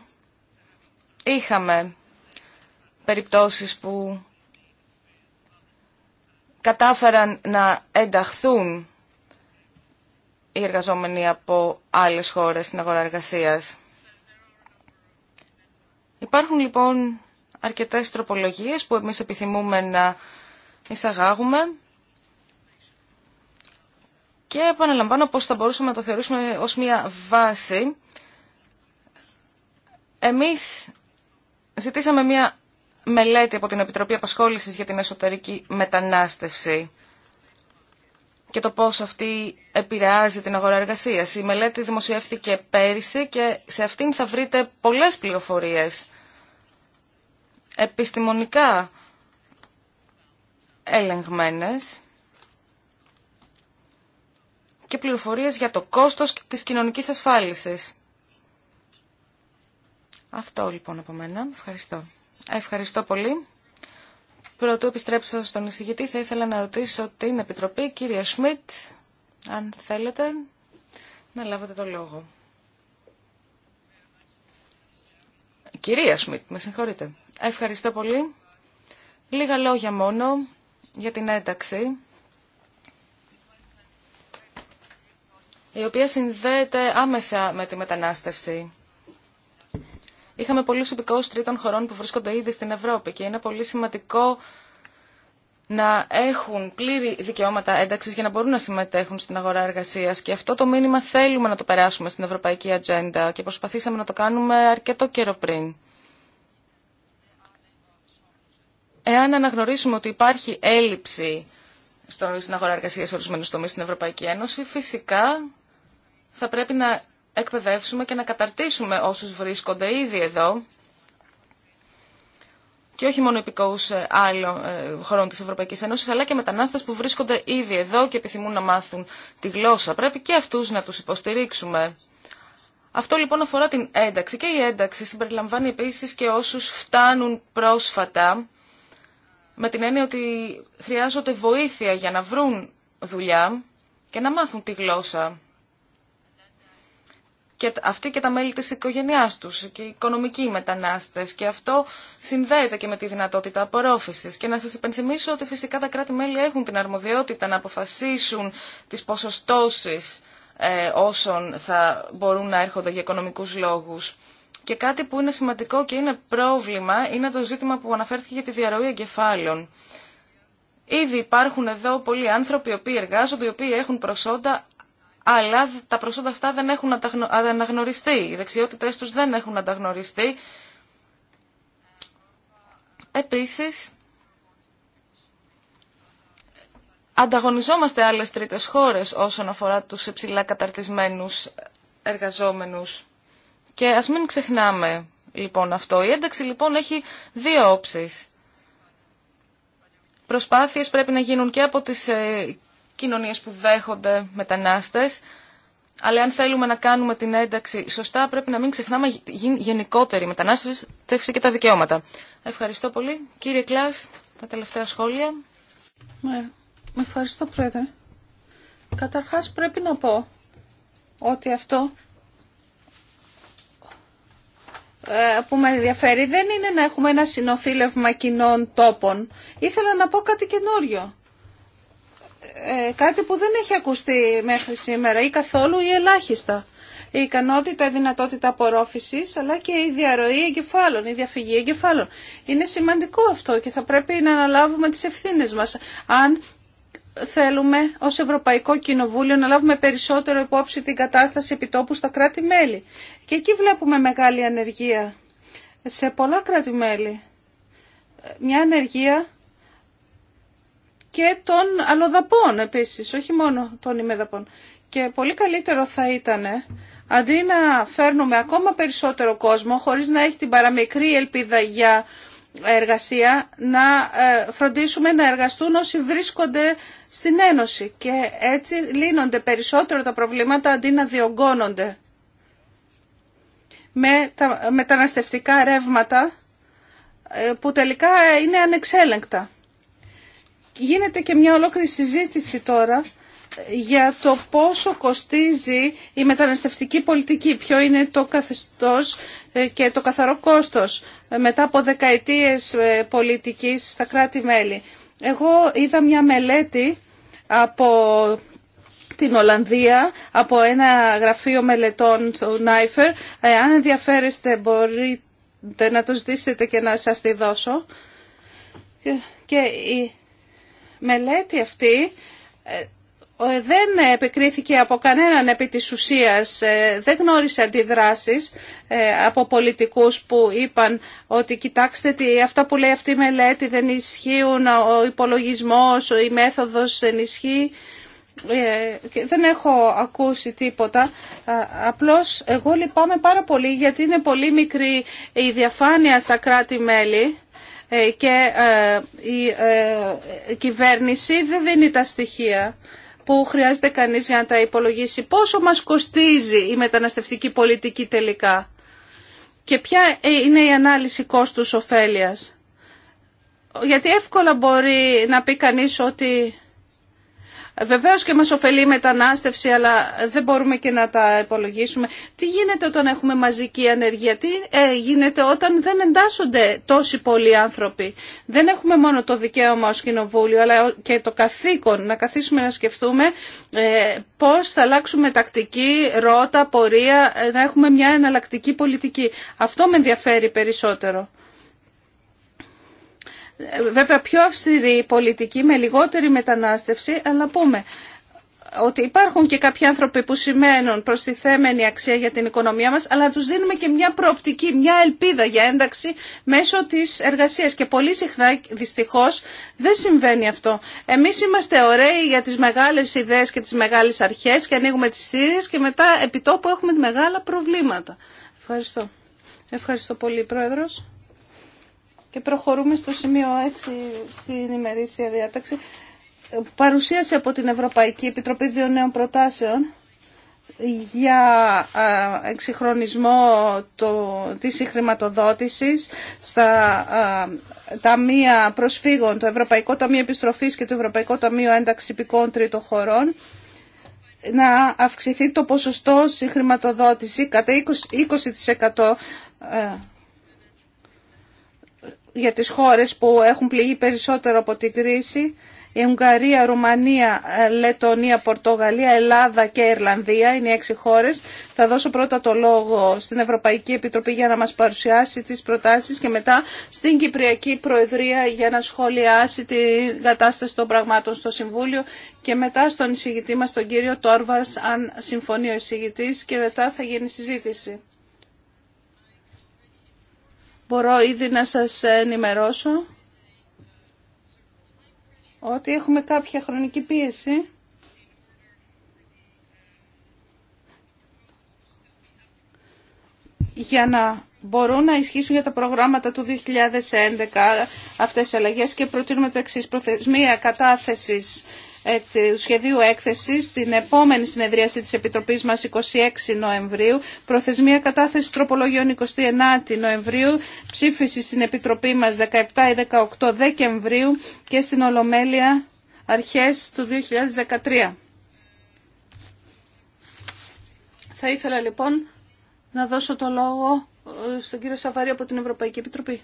είχαμε περιπτώσεις που κατάφεραν να ενταχθούν οι εργαζόμενοι από άλλες χώρες στην αγορά εργασίας. Υπάρχουν λοιπόν αρκετές τροπολογίες που εμείς επιθυμούμε να εισαγάγουμε και επαναλαμβάνω πως θα μπορούσαμε να το θεωρήσουμε ως μια βάση εμείς ζητήσαμε μια μελέτη από την Επιτροπή Απασχόλησης για την Εσωτερική Μετανάστευση και το πώς αυτή επηρεάζει την αγορά εργασίας. Η μελέτη δημοσιεύθηκε πέρυσι και σε αυτήν θα βρείτε πολλές πληροφορίες επιστημονικά ελεγμένες και πληροφορίες για το κόστος της κοινωνικής ασφάλισης. Αυτό λοιπόν από μένα. Ευχαριστώ. Ευχαριστώ πολύ. Πρωτού επιστρέψω στον εισηγητή, θα ήθελα να ρωτήσω την Επιτροπή, κύριε Σμιτ, αν θέλετε να λάβετε το λόγο. Κυρία Σμιτ, με συγχωρείτε. Ευχαριστώ πολύ. Λίγα λόγια μόνο για την ένταξη, η οποία συνδέεται άμεσα με τη μετανάστευση. Είχαμε πολλούς υπηκόους τρίτων χωρών που βρίσκονται ήδη στην Ευρώπη και είναι πολύ σημαντικό να έχουν πλήρη δικαιώματα ένταξη για να μπορούν να συμμετέχουν στην αγορά εργασία. Και αυτό το μήνυμα θέλουμε να το περάσουμε στην Ευρωπαϊκή Ατζέντα και προσπαθήσαμε να το κάνουμε αρκετό καιρό πριν. Εάν αναγνωρίσουμε ότι υπάρχει έλλειψη στην αγορά εργασία σε ορισμένου τομεί στην Ευρωπαϊκή Ένωση, φυσικά θα πρέπει να εκπαιδεύσουμε και να καταρτήσουμε όσους βρίσκονται ήδη εδώ και όχι μόνο υπηκόους ε, άλλων ε, χωρών της Ευρωπαϊκής Ένωσης, αλλά και μετανάστες που βρίσκονται ήδη εδώ και επιθυμούν να μάθουν τη γλώσσα. Πρέπει και αυτούς να τους υποστηρίξουμε. Αυτό λοιπόν αφορά την ένταξη και η ένταξη συμπεριλαμβάνει επίσης και όσους φτάνουν πρόσφατα με την έννοια ότι χρειάζονται βοήθεια για να βρουν δουλειά και να μάθουν τη γλώσσα και αυτοί και τα μέλη της οικογένειάς τους και οι οικονομικοί μετανάστες και αυτό συνδέεται και με τη δυνατότητα απορρόφησης. Και να σας υπενθυμίσω ότι φυσικά τα κράτη-μέλη έχουν την αρμοδιότητα να αποφασίσουν τις ποσοστώσεις ε, όσων θα μπορούν να έρχονται για οικονομικούς λόγους. Και κάτι που είναι σημαντικό και είναι πρόβλημα είναι το ζήτημα που αναφέρθηκε για τη διαρροή εγκεφάλων. Ήδη υπάρχουν εδώ πολλοί άνθρωποι οι οποίοι εργάζονται, οι οποίοι έχουν προσόντα, αλλά τα προσόντα αυτά δεν έχουν αναγνωριστεί, οι δεξιότητε του δεν έχουν αναγνωριστεί. Επίση, ανταγωνιζόμαστε άλλες τρίτε χώρες όσον αφορά τους υψηλά καταρτισμένους εργαζόμενους. Και α μην ξεχνάμε λοιπόν αυτό. Η ένταξη λοιπόν έχει δύο όψεις. Προσπάθειες πρέπει να γίνουν και από τις ε, κοινωνίες που δέχονται μετανάστες, αλλά αν θέλουμε να κάνουμε την ένταξη σωστά πρέπει να μην ξεχνάμε γενικότερη μετανάστευση και τα δικαιώματα. Ευχαριστώ πολύ. Κύριε Κλάς, τα τελευταία σχόλια. Ναι, με ευχαριστώ Πρόεδρε. Καταρχάς πρέπει να πω ότι αυτό ε, που με ενδιαφέρει δεν είναι να έχουμε ένα συνοθήλευμα κοινών τόπων. Ήθελα να πω κάτι καινούριο. Ε, κάτι που δεν έχει ακουστεί μέχρι σήμερα ή καθόλου ή ελάχιστα. Η ικανότητα, η δυνατότητα απορρόφησης, αλλά και η διαρροή εγκεφάλων, η διαφυγή εγκεφάλων. Είναι σημαντικό αυτό και θα πρέπει να αναλάβουμε τις ευθύνες μας. Αν θέλουμε ως Ευρωπαϊκό Κοινοβούλιο να λάβουμε περισσότερο υπόψη την κατάσταση επιτόπου στα κράτη-μέλη. Και εκεί βλέπουμε μεγάλη ανεργία σε πολλά κράτη-μέλη. Μια ανεργία και των αλλοδαπών επίσης, όχι μόνο των ημεδαπών. Και πολύ καλύτερο θα ήταν αντί να φέρνουμε ακόμα περισσότερο κόσμο χωρίς να έχει την παραμικρή ελπίδα για εργασία, να ε, φροντίσουμε να εργαστούν όσοι βρίσκονται στην Ένωση και έτσι λύνονται περισσότερο τα προβλήματα αντί να διωγγώνονται. Με τα μεταναστευτικά ρεύματα ε, που τελικά είναι ανεξέλεγκτα. Γίνεται και μια ολόκληρη συζήτηση τώρα για το πόσο κοστίζει η μεταναστευτική πολιτική, ποιο είναι το καθεστώς ε, και το καθαρό κόστος ε, μετά από δεκαετίες ε, πολιτικής στα κράτη-μέλη. Εγώ είδα μια μελέτη από την Ολλανδία, από ένα γραφείο μελετών του Νάιφερ. Αν ενδιαφέρεστε μπορείτε να το ζητήσετε και να σας τη δώσω. Και η μελέτη αυτή ε, ε, δεν επικρίθηκε από κανέναν επί της ουσίας, ε, δεν γνώρισε αντιδράσεις από πολιτικούς που είπαν ότι κοιτάξτε τι, αυτά που λέει αυτή η μελέτη δεν ισχύουν, ο υπολογισμός, η μέθοδος δεν ισχύει. Δεν έχω ακούσει τίποτα, απλώς εγώ λυπάμαι πάρα πολύ γιατί είναι πολύ μικρή η διαφάνεια στα κράτη-μέλη ε, και ε, η ε, κυβέρνηση δεν δίνει τα στοιχεία που χρειάζεται κανείς για να τα υπολογίσει. Πόσο μας κοστίζει η μεταναστευτική πολιτική τελικά και ποια είναι η ανάλυση κόστους ωφέλειας. Γιατί εύκολα μπορεί να πει κανείς ότι Βεβαίω και μας ωφελεί η μετανάστευση, αλλά δεν μπορούμε και να τα υπολογίσουμε. Τι γίνεται όταν έχουμε μαζική ανεργία, τι ε, γίνεται όταν δεν εντάσσονται τόσοι πολλοί άνθρωποι. Δεν έχουμε μόνο το δικαίωμα ως κοινοβούλιο, αλλά και το καθήκον να καθίσουμε να σκεφτούμε ε, πώς θα αλλάξουμε τακτική, ρότα, πορεία, ε, να έχουμε μια εναλλακτική πολιτική. Αυτό με ενδιαφέρει περισσότερο. Ε, βέβαια πιο αυστηρή πολιτική με λιγότερη μετανάστευση, αλλά πούμε ότι υπάρχουν και κάποιοι άνθρωποι που σημαίνουν προστιθέμενη αξία για την οικονομία μας, αλλά τους δίνουμε και μια προοπτική, μια ελπίδα για ένταξη μέσω της εργασίας. Και πολύ συχνά, δυστυχώς, δεν συμβαίνει αυτό. Εμείς είμαστε ωραίοι για τις μεγάλες ιδέες και τις μεγάλες αρχές και ανοίγουμε τις θύρες και μετά επιτόπου έχουμε μεγάλα προβλήματα. Ευχαριστώ. Ευχαριστώ πολύ, Πρόεδρος. Και προχωρούμε στο σημείο 6 στην ημερήσια διάταξη. Παρουσίαση από την Ευρωπαϊκή Επιτροπή δύο νέων προτάσεων για εξυγχρονισμό το, της συγχρηματοδότησης στα ταμεία προσφύγων, το Ευρωπαϊκό Ταμείο Επιστροφής και το Ευρωπαϊκό Ταμείο Ένταξη Υπηκών Τρίτων Χωρών να αυξηθεί το ποσοστό συγχρηματοδότηση κατά 20%, 20% για τις χώρες που έχουν πληγεί περισσότερο από την κρίση, η Ουγγαρία, Ρουμανία, Λετωνία, Πορτογαλία, Ελλάδα και Ιρλανδία είναι οι έξι χώρες. Θα δώσω πρώτα το λόγο στην Ευρωπαϊκή Επιτροπή για να μας παρουσιάσει τις προτάσεις και μετά στην Κυπριακή Προεδρία για να σχολιάσει την κατάσταση των πραγμάτων στο Συμβούλιο και μετά στον εισηγητή μας τον κύριο Τόρβας αν συμφωνεί ο εισηγητής και μετά θα γίνει συζήτηση μπορώ ήδη να σας ενημερώσω ότι έχουμε κάποια χρονική πίεση. για να μπορούν να ισχύσουν για τα προγράμματα του 2011 αυτές οι αλλαγές και προτείνουμε το εξής προθεσμία κατάθεσης ε, του σχεδίου έκθεση, στην επόμενη συνεδρίαση τη Επιτροπή μα 26 Νοεμβρίου, προθεσμία κατάθεση τροπολογιών 29 Νοεμβρίου, ψήφιση στην Επιτροπή μα 17 ή 18 Δεκεμβρίου και στην Ολομέλεια αρχέ του 2013. Θα ήθελα λοιπόν να δώσω το λόγο ε, στον κύριο Σαβαρή από την Ευρωπαϊκή Επιτροπή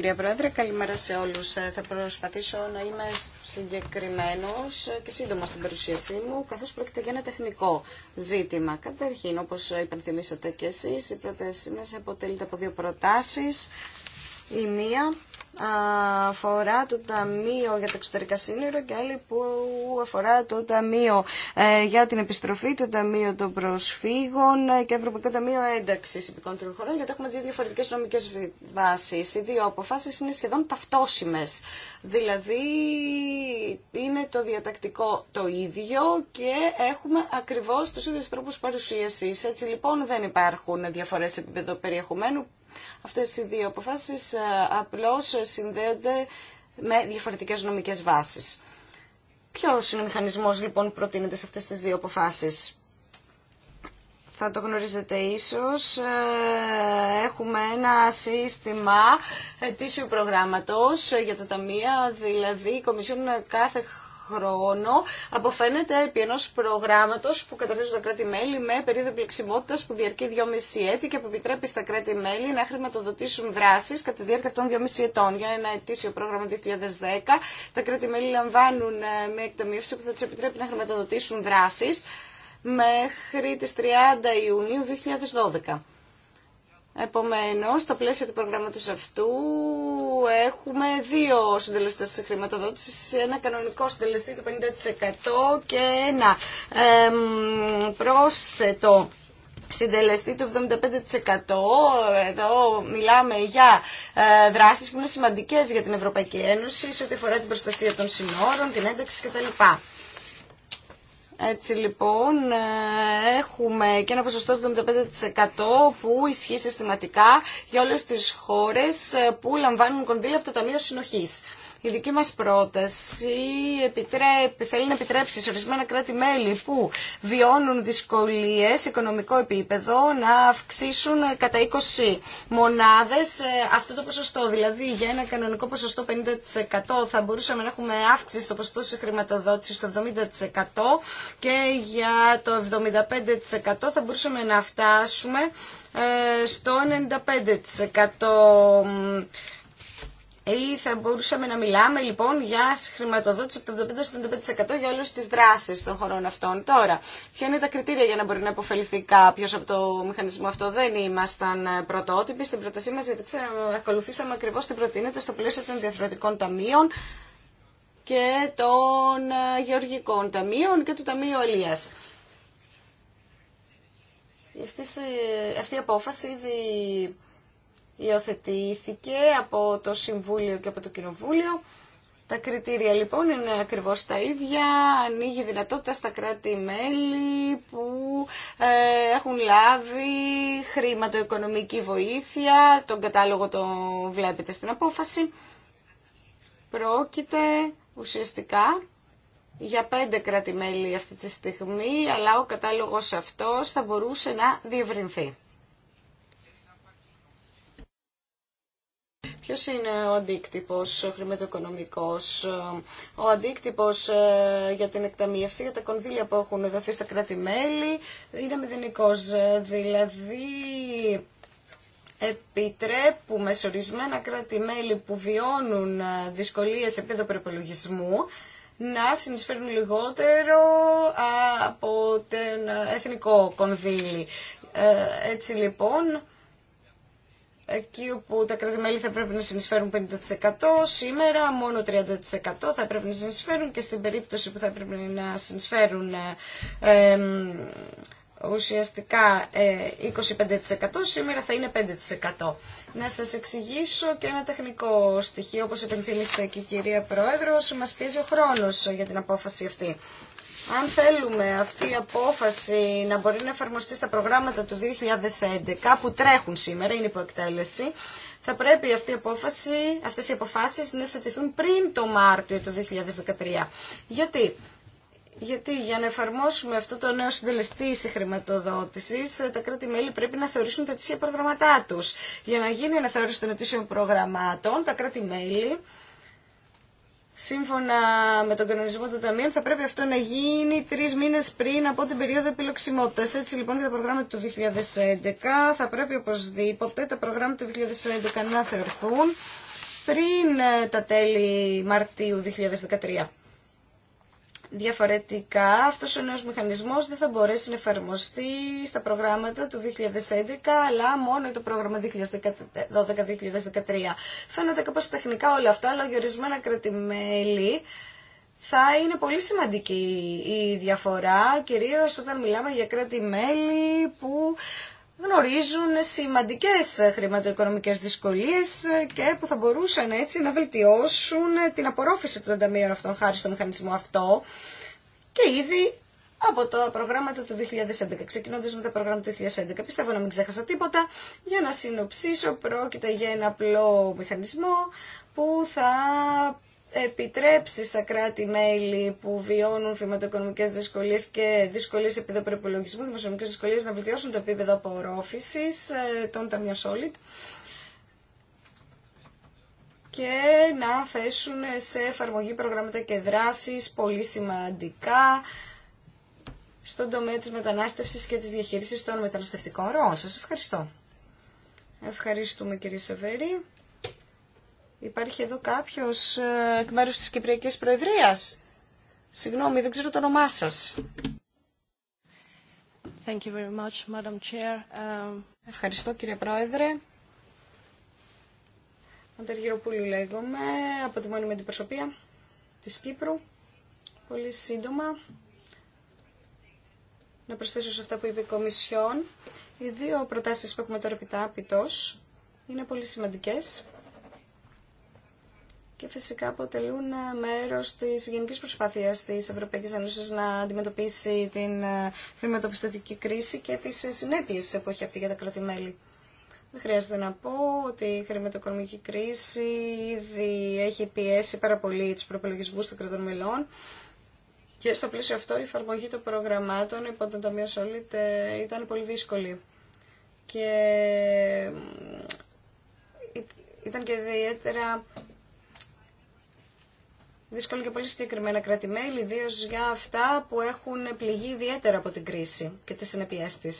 κυρία Πρόεδρε. Καλημέρα σε όλους. Ε, θα προσπαθήσω να είμαι συγκεκριμένος και σύντομα στην παρουσίασή μου, καθώς πρόκειται για ένα τεχνικό ζήτημα. Καταρχήν, όπως υπενθυμίσατε και εσείς, η πρότασή μας αποτελείται από δύο προτάσεις. Η μία αφορά το Ταμείο για τα Εξωτερικά Σύνορα και άλλη που αφορά το Ταμείο ε, για την Επιστροφή, το Ταμείο των Προσφύγων και Ευρωπαϊκό Ταμείο Ένταξη Υπηκών Χωρών, γιατί έχουμε δύο διαφορετικέ νομικέ βάσει. Οι δύο αποφάσει είναι σχεδόν ταυτόσιμε. Δηλαδή είναι το διατακτικό το ίδιο και έχουμε ακριβώ του ίδιου τρόπου παρουσίαση. Έτσι λοιπόν δεν υπάρχουν διαφορέ επίπεδο περιεχομένου Αυτές οι δύο αποφάσεις ε, απλώς συνδέονται με διαφορετικές νομικές βάσεις. Ποιος είναι ο μηχανισμός λοιπόν που προτείνεται σε αυτές τις δύο αποφάσεις. Θα το γνωρίζετε ίσως, ε, έχουμε ένα σύστημα ετήσιου προγράμματος για τα ταμεία, δηλαδή η Κομισιόν κάθε χρόνο αποφαίνεται επί ενός προγράμματος που καταρτίζουν τα κράτη-μέλη με περίοδο πλεξιμότητας που διαρκεί 2,5 έτη και που επιτρέπει στα κράτη-μέλη να χρηματοδοτήσουν δράσεις κατά τη διάρκεια των 2,5 ετών. Για ένα ετήσιο πρόγραμμα 2010 τα κράτη-μέλη λαμβάνουν ε, μια εκταμίευση που θα του επιτρέπει να χρηματοδοτήσουν δράσεις μέχρι τις 30 Ιουνίου 2012. Επομένως, στο πλαίσιο του προγράμματος αυτού έχουμε δύο συντελεστές χρηματοδότηση, ένα κανονικό συντελεστή του 50% και ένα πρόσθετο συντελεστή του 75%. Εδώ μιλάμε για ε, δράσεις που είναι σημαντικές για την Ευρωπαϊκή Ένωση σε ό,τι αφορά την προστασία των συνόρων, την ένταξη κτλ. Έτσι λοιπόν ε, έχουμε και ένα ποσοστό 75% που ισχύει συστηματικά για όλες τις χώρες ε, που λαμβάνουν κονδύλια από το Ταμείο Συνοχής. Η δική μας πρόταση επιτρέπει, θέλει να επιτρέψει σε ορισμένα κράτη-μέλη που βιώνουν δυσκολίες σε οικονομικό επίπεδο να αυξήσουν κατά 20 μονάδες ε, αυτό το ποσοστό. Δηλαδή για ένα κανονικό ποσοστό 50% θα μπορούσαμε να έχουμε αύξηση στο ποσοστό της χρηματοδότησης στο 70% και για το 75% θα μπορούσαμε να φτάσουμε ε, στο 95% ε, ή θα μπορούσαμε να μιλάμε λοιπόν για χρηματοδότηση από το 75-75% για όλε τι δράσει των χωρών αυτών. Τώρα, ποια είναι τα κριτήρια για να μπορεί να υποφεληθεί κάποιο από το μηχανισμό αυτό. Δεν ήμασταν πρωτότυποι στην πρότασή μα, γιατί ακολουθήσαμε ακριβώ την προτείνεται στο πλαίσιο των διαφορετικών ταμείων και των ε, γεωργικών ταμείων και του Ταμείου Ελίας. Ε, αυτή η απόφαση ήδη υιοθετήθηκε από το Συμβούλιο και από το Κοινοβούλιο. Τα κριτήρια λοιπόν είναι ακριβώς τα ίδια, ανοίγει δυνατότητα στα κράτη-μέλη που ε, έχουν λάβει χρηματοοικονομική βοήθεια, τον κατάλογο το βλέπετε στην απόφαση. Πρόκειται ουσιαστικά για πέντε κράτη-μέλη αυτή τη στιγμή, αλλά ο κατάλογος αυτός θα μπορούσε να διευρυνθεί. Ποιος είναι ο αντίκτυπος χρηματοοικονομικό, χρηματοοικονομικός, ο αντίκτυπος ε, για την εκταμίευση, για τα κονδύλια που έχουν δοθεί στα κράτη-μέλη, είναι μηδενικό. Ε, δηλαδή, επιτρέπουμε σε ορισμένα κράτη-μέλη που βιώνουν ε, δυσκολίες σε επίπεδο προπολογισμού να συνεισφέρουν λιγότερο από το εθνικό κονδύλι. Έτσι λοιπόν, εκεί όπου τα κράτη-μέλη θα πρέπει να συνεισφέρουν 50%, σήμερα μόνο 30% θα πρέπει να συνεισφέρουν και στην περίπτωση που θα πρέπει να συνεισφέρουν ουσιαστικά 25% ε, σήμερα θα είναι 5%. Να σας εξηγήσω και ένα τεχνικό στοιχείο, όπως επενθύμησε και η κυρία Πρόεδρος, μας πιέζει ο χρόνος για την απόφαση αυτή αν θέλουμε αυτή η απόφαση να μπορεί να εφαρμοστεί στα προγράμματα του 2011 που τρέχουν σήμερα, είναι υποεκτέλεση, θα πρέπει αυτή η απόφαση, αυτές οι αποφάσεις να θετηθούν πριν το Μάρτιο του 2013. Γιατί? Γιατί για να εφαρμόσουμε αυτό το νέο συντελεστή χρηματοδότηση, τα κράτη-μέλη πρέπει να θεωρήσουν τα αιτήσια προγραμματά του. Για να γίνει αναθεώρηση των αιτήσιων προγραμμάτων, τα κράτη-μέλη Σύμφωνα με τον κανονισμό των ταμείων θα πρέπει αυτό να γίνει τρει μήνε πριν από την περίοδο επιλοξιμότητα. Έτσι λοιπόν και τα προγράμματα του 2011 θα πρέπει οπωσδήποτε τα προγράμματα του 2011 να θεωρηθούν πριν ε, τα τέλη Μαρτίου 2013. Διαφορετικά, αυτός ο νέος μηχανισμός δεν θα μπορέσει να εφαρμοστεί στα προγράμματα του 2011, αλλά μόνο το πρόγραμμα 2012-2013. Φαίνονται κάπως τεχνικά όλα αυτά, αλλά για ορισμένα κρατημέλη θα είναι πολύ σημαντική η διαφορά, κυρίως όταν μιλάμε για κρατη που γνωρίζουν σημαντικές χρηματοοικονομικές δυσκολίες και που θα μπορούσαν έτσι να βελτιώσουν την απορρόφηση των ταμείων αυτών χάρη στο μηχανισμό αυτό και ήδη από τα προγράμματα του 2011. Ξεκινώντας με τα προγράμματα του 2011, πιστεύω να μην ξέχασα τίποτα. Για να συνοψίσω, πρόκειται για ένα απλό μηχανισμό που θα επιτρέψει στα κράτη-μέλη που βιώνουν χρηματοοικονομικέ δυσκολίε και δυσκολίες επίπεδο προπολογισμού, δημοσιονομικέ δυσκολίε να βελτιώσουν το επίπεδο απορρόφησης ε, των ταμείων Solid και να θέσουν σε εφαρμογή προγράμματα και δράσεις πολύ σημαντικά στον τομέα της μετανάστευσης και της διαχείρισης των μεταναστευτικών ροών. Σας ευχαριστώ. Ευχαριστούμε κύριε Σεβέρη. Υπάρχει εδώ κάποιος ε, εκ μέρους της Κυπριακής Προεδρίας. Συγγνώμη, δεν ξέρω το όνομά σας. you very much, Madam um, Ευχαριστώ κύριε Πρόεδρε. Ανταργυροπούλου λέγομαι, από τη μόνιμη αντιπροσωπεία της Κύπρου. Πολύ σύντομα, να προσθέσω σε αυτά που είπε η Κομισιόν. Οι δύο προτάσεις που έχουμε τώρα επιτάπητος είναι πολύ σημαντικές και φυσικά αποτελούν ε, μέρος της γενικής προσπάθειας της Ευρωπαϊκής Ένωσης να αντιμετωπίσει την ε, χρηματοπιστωτική κρίση και τις ε, συνέπειες που έχει αυτή για τα κράτη-μέλη. Δεν χρειάζεται να πω ότι η χρηματοοικονομική κρίση ήδη έχει πιέσει πάρα πολύ τους προπολογισμού των κρατών μελών και στο πλαίσιο αυτό η εφαρμογή των προγραμμάτων υπό τον Ταμείο Solid ήταν πολύ δύσκολη. Και ήταν και ιδιαίτερα δύσκολο και πολύ συγκεκριμένα κράτη-μέλη, ιδίω για αυτά που έχουν πληγεί ιδιαίτερα από την κρίση και τι συνεπιέ τη.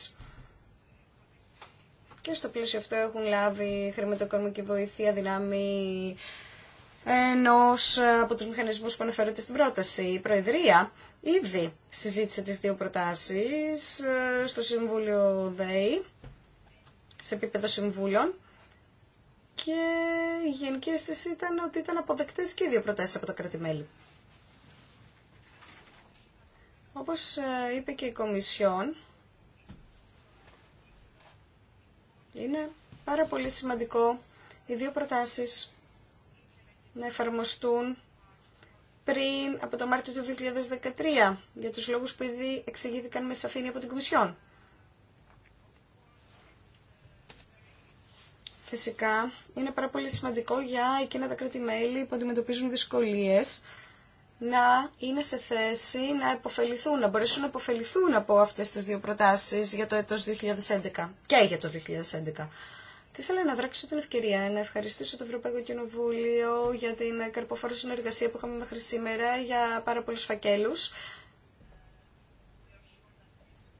Και στο πλαίσιο αυτό έχουν λάβει χρηματοοικονομική βοήθεια, δυνάμει ενό από τους μηχανισμούς που αναφέρεται στην πρόταση. Η Προεδρία ήδη συζήτησε τις δύο προτάσεις ε, στο Συμβούλιο ΔΕΗ, σε επίπεδο συμβούλων και η γενική αίσθηση ήταν ότι ήταν αποδεκτές και οι δύο προτάσεις από το κράτη-μέλη. Όπως ε, είπε και η Κομισιόν, είναι πάρα πολύ σημαντικό οι δύο προτάσεις να εφαρμοστούν πριν από το Μάρτιο του 2013, για τους λόγους που ήδη εξηγήθηκαν με σαφήνεια από την Κομισιόν. Φυσικά, είναι πάρα πολύ σημαντικό για εκείνα τα κράτη-μέλη που αντιμετωπίζουν δυσκολίε να είναι σε θέση να υποφεληθούν, να μπορέσουν να υποφεληθούν από αυτέ τι δύο προτάσει για το έτος 2011 και για το 2011. Θα ήθελα να δράξω την ευκαιρία να ευχαριστήσω το Ευρωπαϊκό Κοινοβούλιο για την καρποφόρη συνεργασία που είχαμε μέχρι σήμερα για πάρα πολλού φακέλου.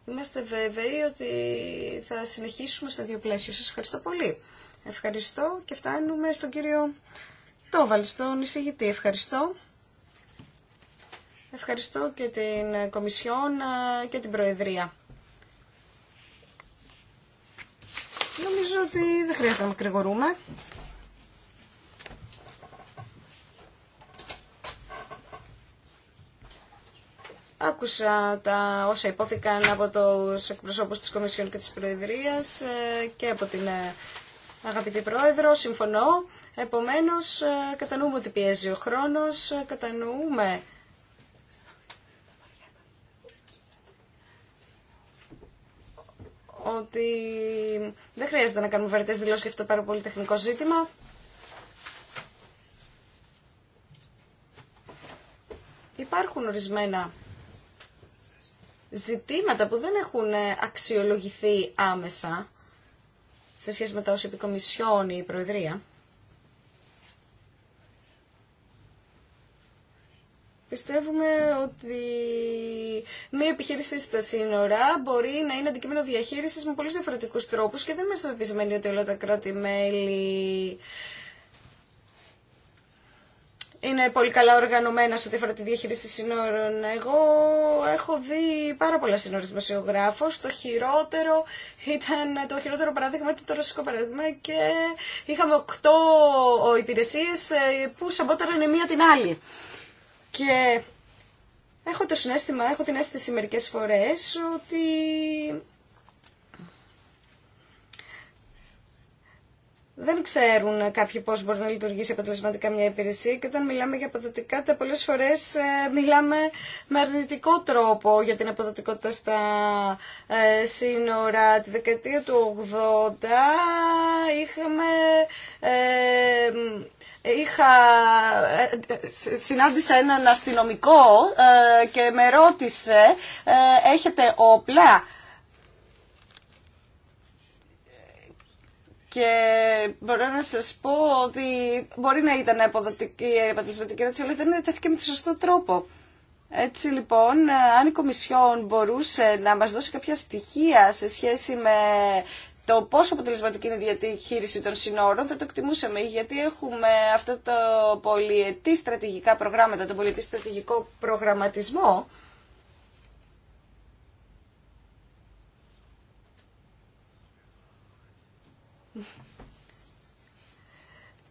Είμαστε βέβαιοι ότι θα συνεχίσουμε στο δύο πλαίσιο. Σας ευχαριστώ πολύ. Ευχαριστώ και φτάνουμε στον κύριο Τόβαλ, στον εισηγητή. Ευχαριστώ. Ευχαριστώ και την Κομισιόν και την Προεδρία. Νομίζω ότι δεν χρειάζεται να μακρηγορούμε. Άκουσα τα όσα υπόθηκαν από τους εκπροσώπους της Κομισιόν και της Προεδρίας ε, και από την ε, Αγαπητή Πρόεδρο, συμφωνώ. Επομένως, ε, κατανοούμε ότι πιέζει ο χρόνος, ε, κατανοούμε ότι δεν χρειάζεται να κάνουμε βαρετές δηλώσεις για αυτό το πάρα πολύ τεχνικό ζήτημα. Υπάρχουν ορισμένα ζητήματα που δεν έχουν αξιολογηθεί άμεσα σε σχέση με τα όσα επικομισιώνει η Προεδρία. Πιστεύουμε ότι μία επιχείρηση στα σύνορα μπορεί να είναι αντικείμενο διαχείρισης με πολλούς διαφορετικούς τρόπους και δεν είμαστε πεπισμένοι ότι όλα τα κράτη-μέλη είναι πολύ καλά οργανωμένα σε ό,τι αφορά τη διαχείριση σύνορων. Εγώ έχω δει πάρα πολλά σύνορα δημοσιογράφο. Το χειρότερο ήταν το χειρότερο παράδειγμα, ήταν το ρωσικό παράδειγμα και είχαμε οκτώ υπηρεσίε ε, που σαμπόταραν η μία την άλλη. Και έχω το συνέστημα, έχω την αίσθηση μερικές φορέ, ότι δεν ξέρουν κάποιοι πώς μπορεί να λειτουργήσει αποτελεσματικά μια υπηρεσία και όταν μιλάμε για αποδοτικά, πολλές φορές ε, μιλάμε με αρνητικό τρόπο για την αποδοτικότητα στα ε, σύνορα. Τη δεκαετία του 80 είχαμε... Ε, είχα, ε, συνάντησα έναν αστυνομικό και με ρώτησε «Έχετε όπλα» Και μπορώ να σα πω ότι μπορεί να ήταν αποδοτική η επαγγελματική ερώτηση, αλλά δεν τέθηκε με τον σωστό τρόπο. Έτσι λοιπόν, αν η Κομισιόν μπορούσε να μας δώσει κάποια στοιχεία σε σχέση με το πόσο αποτελεσματική είναι η διαχείριση των συνόρων θα το εκτιμούσαμε, γιατί έχουμε αυτό το πολυετή στρατηγικά προγράμματα, τον πολυετή στρατηγικό προγραμματισμό,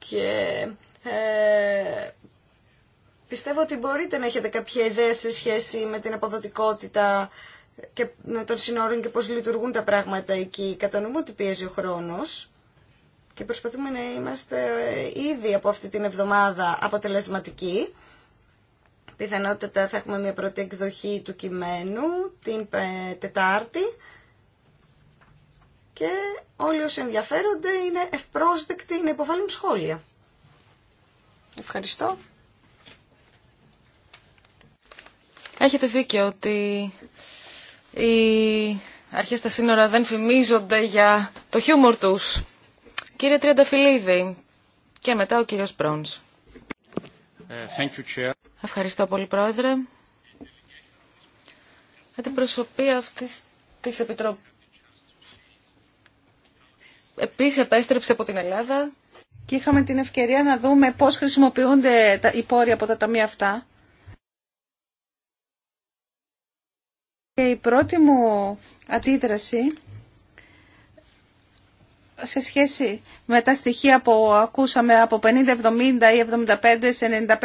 Και ε, πιστεύω ότι μπορείτε να έχετε κάποια ιδέα σε σχέση με την αποδοτικότητα και με τον συνόρων και πώς λειτουργούν τα πράγματα εκεί. Κατανοούμε ότι πιέζει ο χρόνος και προσπαθούμε να είμαστε ήδη από αυτή την εβδομάδα αποτελεσματικοί. Πιθανότητα θα έχουμε μια πρώτη εκδοχή του κειμένου την Τετάρτη και όλοι όσοι ενδιαφέρονται είναι ευπρόσδεκτοι να υποβάλουν σχόλια. Ευχαριστώ. Έχετε δίκιο ότι οι αρχές στα σύνορα δεν φημίζονται για το χιούμορ τους. Κύριε Τριανταφυλλίδη και μετά ο κύριος Μπρόνς. Ευχαριστώ πολύ, Πρόεδρε. προσωπία αυτής της Επιτροπής επίσης επέστρεψε από την Ελλάδα. Και είχαμε την ευκαιρία να δούμε πώς χρησιμοποιούνται οι πόροι από τα ταμεία αυτά. Και η πρώτη μου αντίδραση σε σχέση με τα στοιχεία που ακούσαμε από 50, 70 ή 75 σε 95%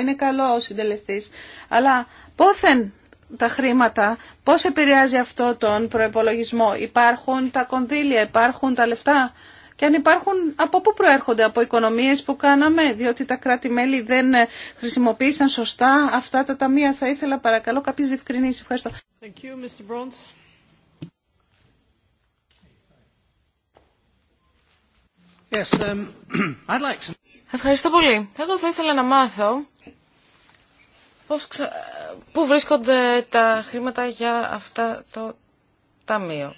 είναι καλό ο συντελεστής. Αλλά πόθεν τα χρήματα, πώς επηρεάζει αυτό τον προϋπολογισμό. Υπάρχουν τα κονδύλια, υπάρχουν τα λεφτά. Και αν υπάρχουν, από πού προέρχονται, από οικονομίες που κάναμε, διότι τα κράτη-μέλη δεν χρησιμοποίησαν σωστά αυτά τα ταμεία. Θα ήθελα παρακαλώ κάποιες διευκρινήσεις. Ευχαριστώ. Thank you, Mr. Yes, um, I'd like to... Ευχαριστώ πολύ. Εγώ θα ήθελα να μάθω πώς πού βρίσκονται τα χρήματα για αυτά το ταμείο.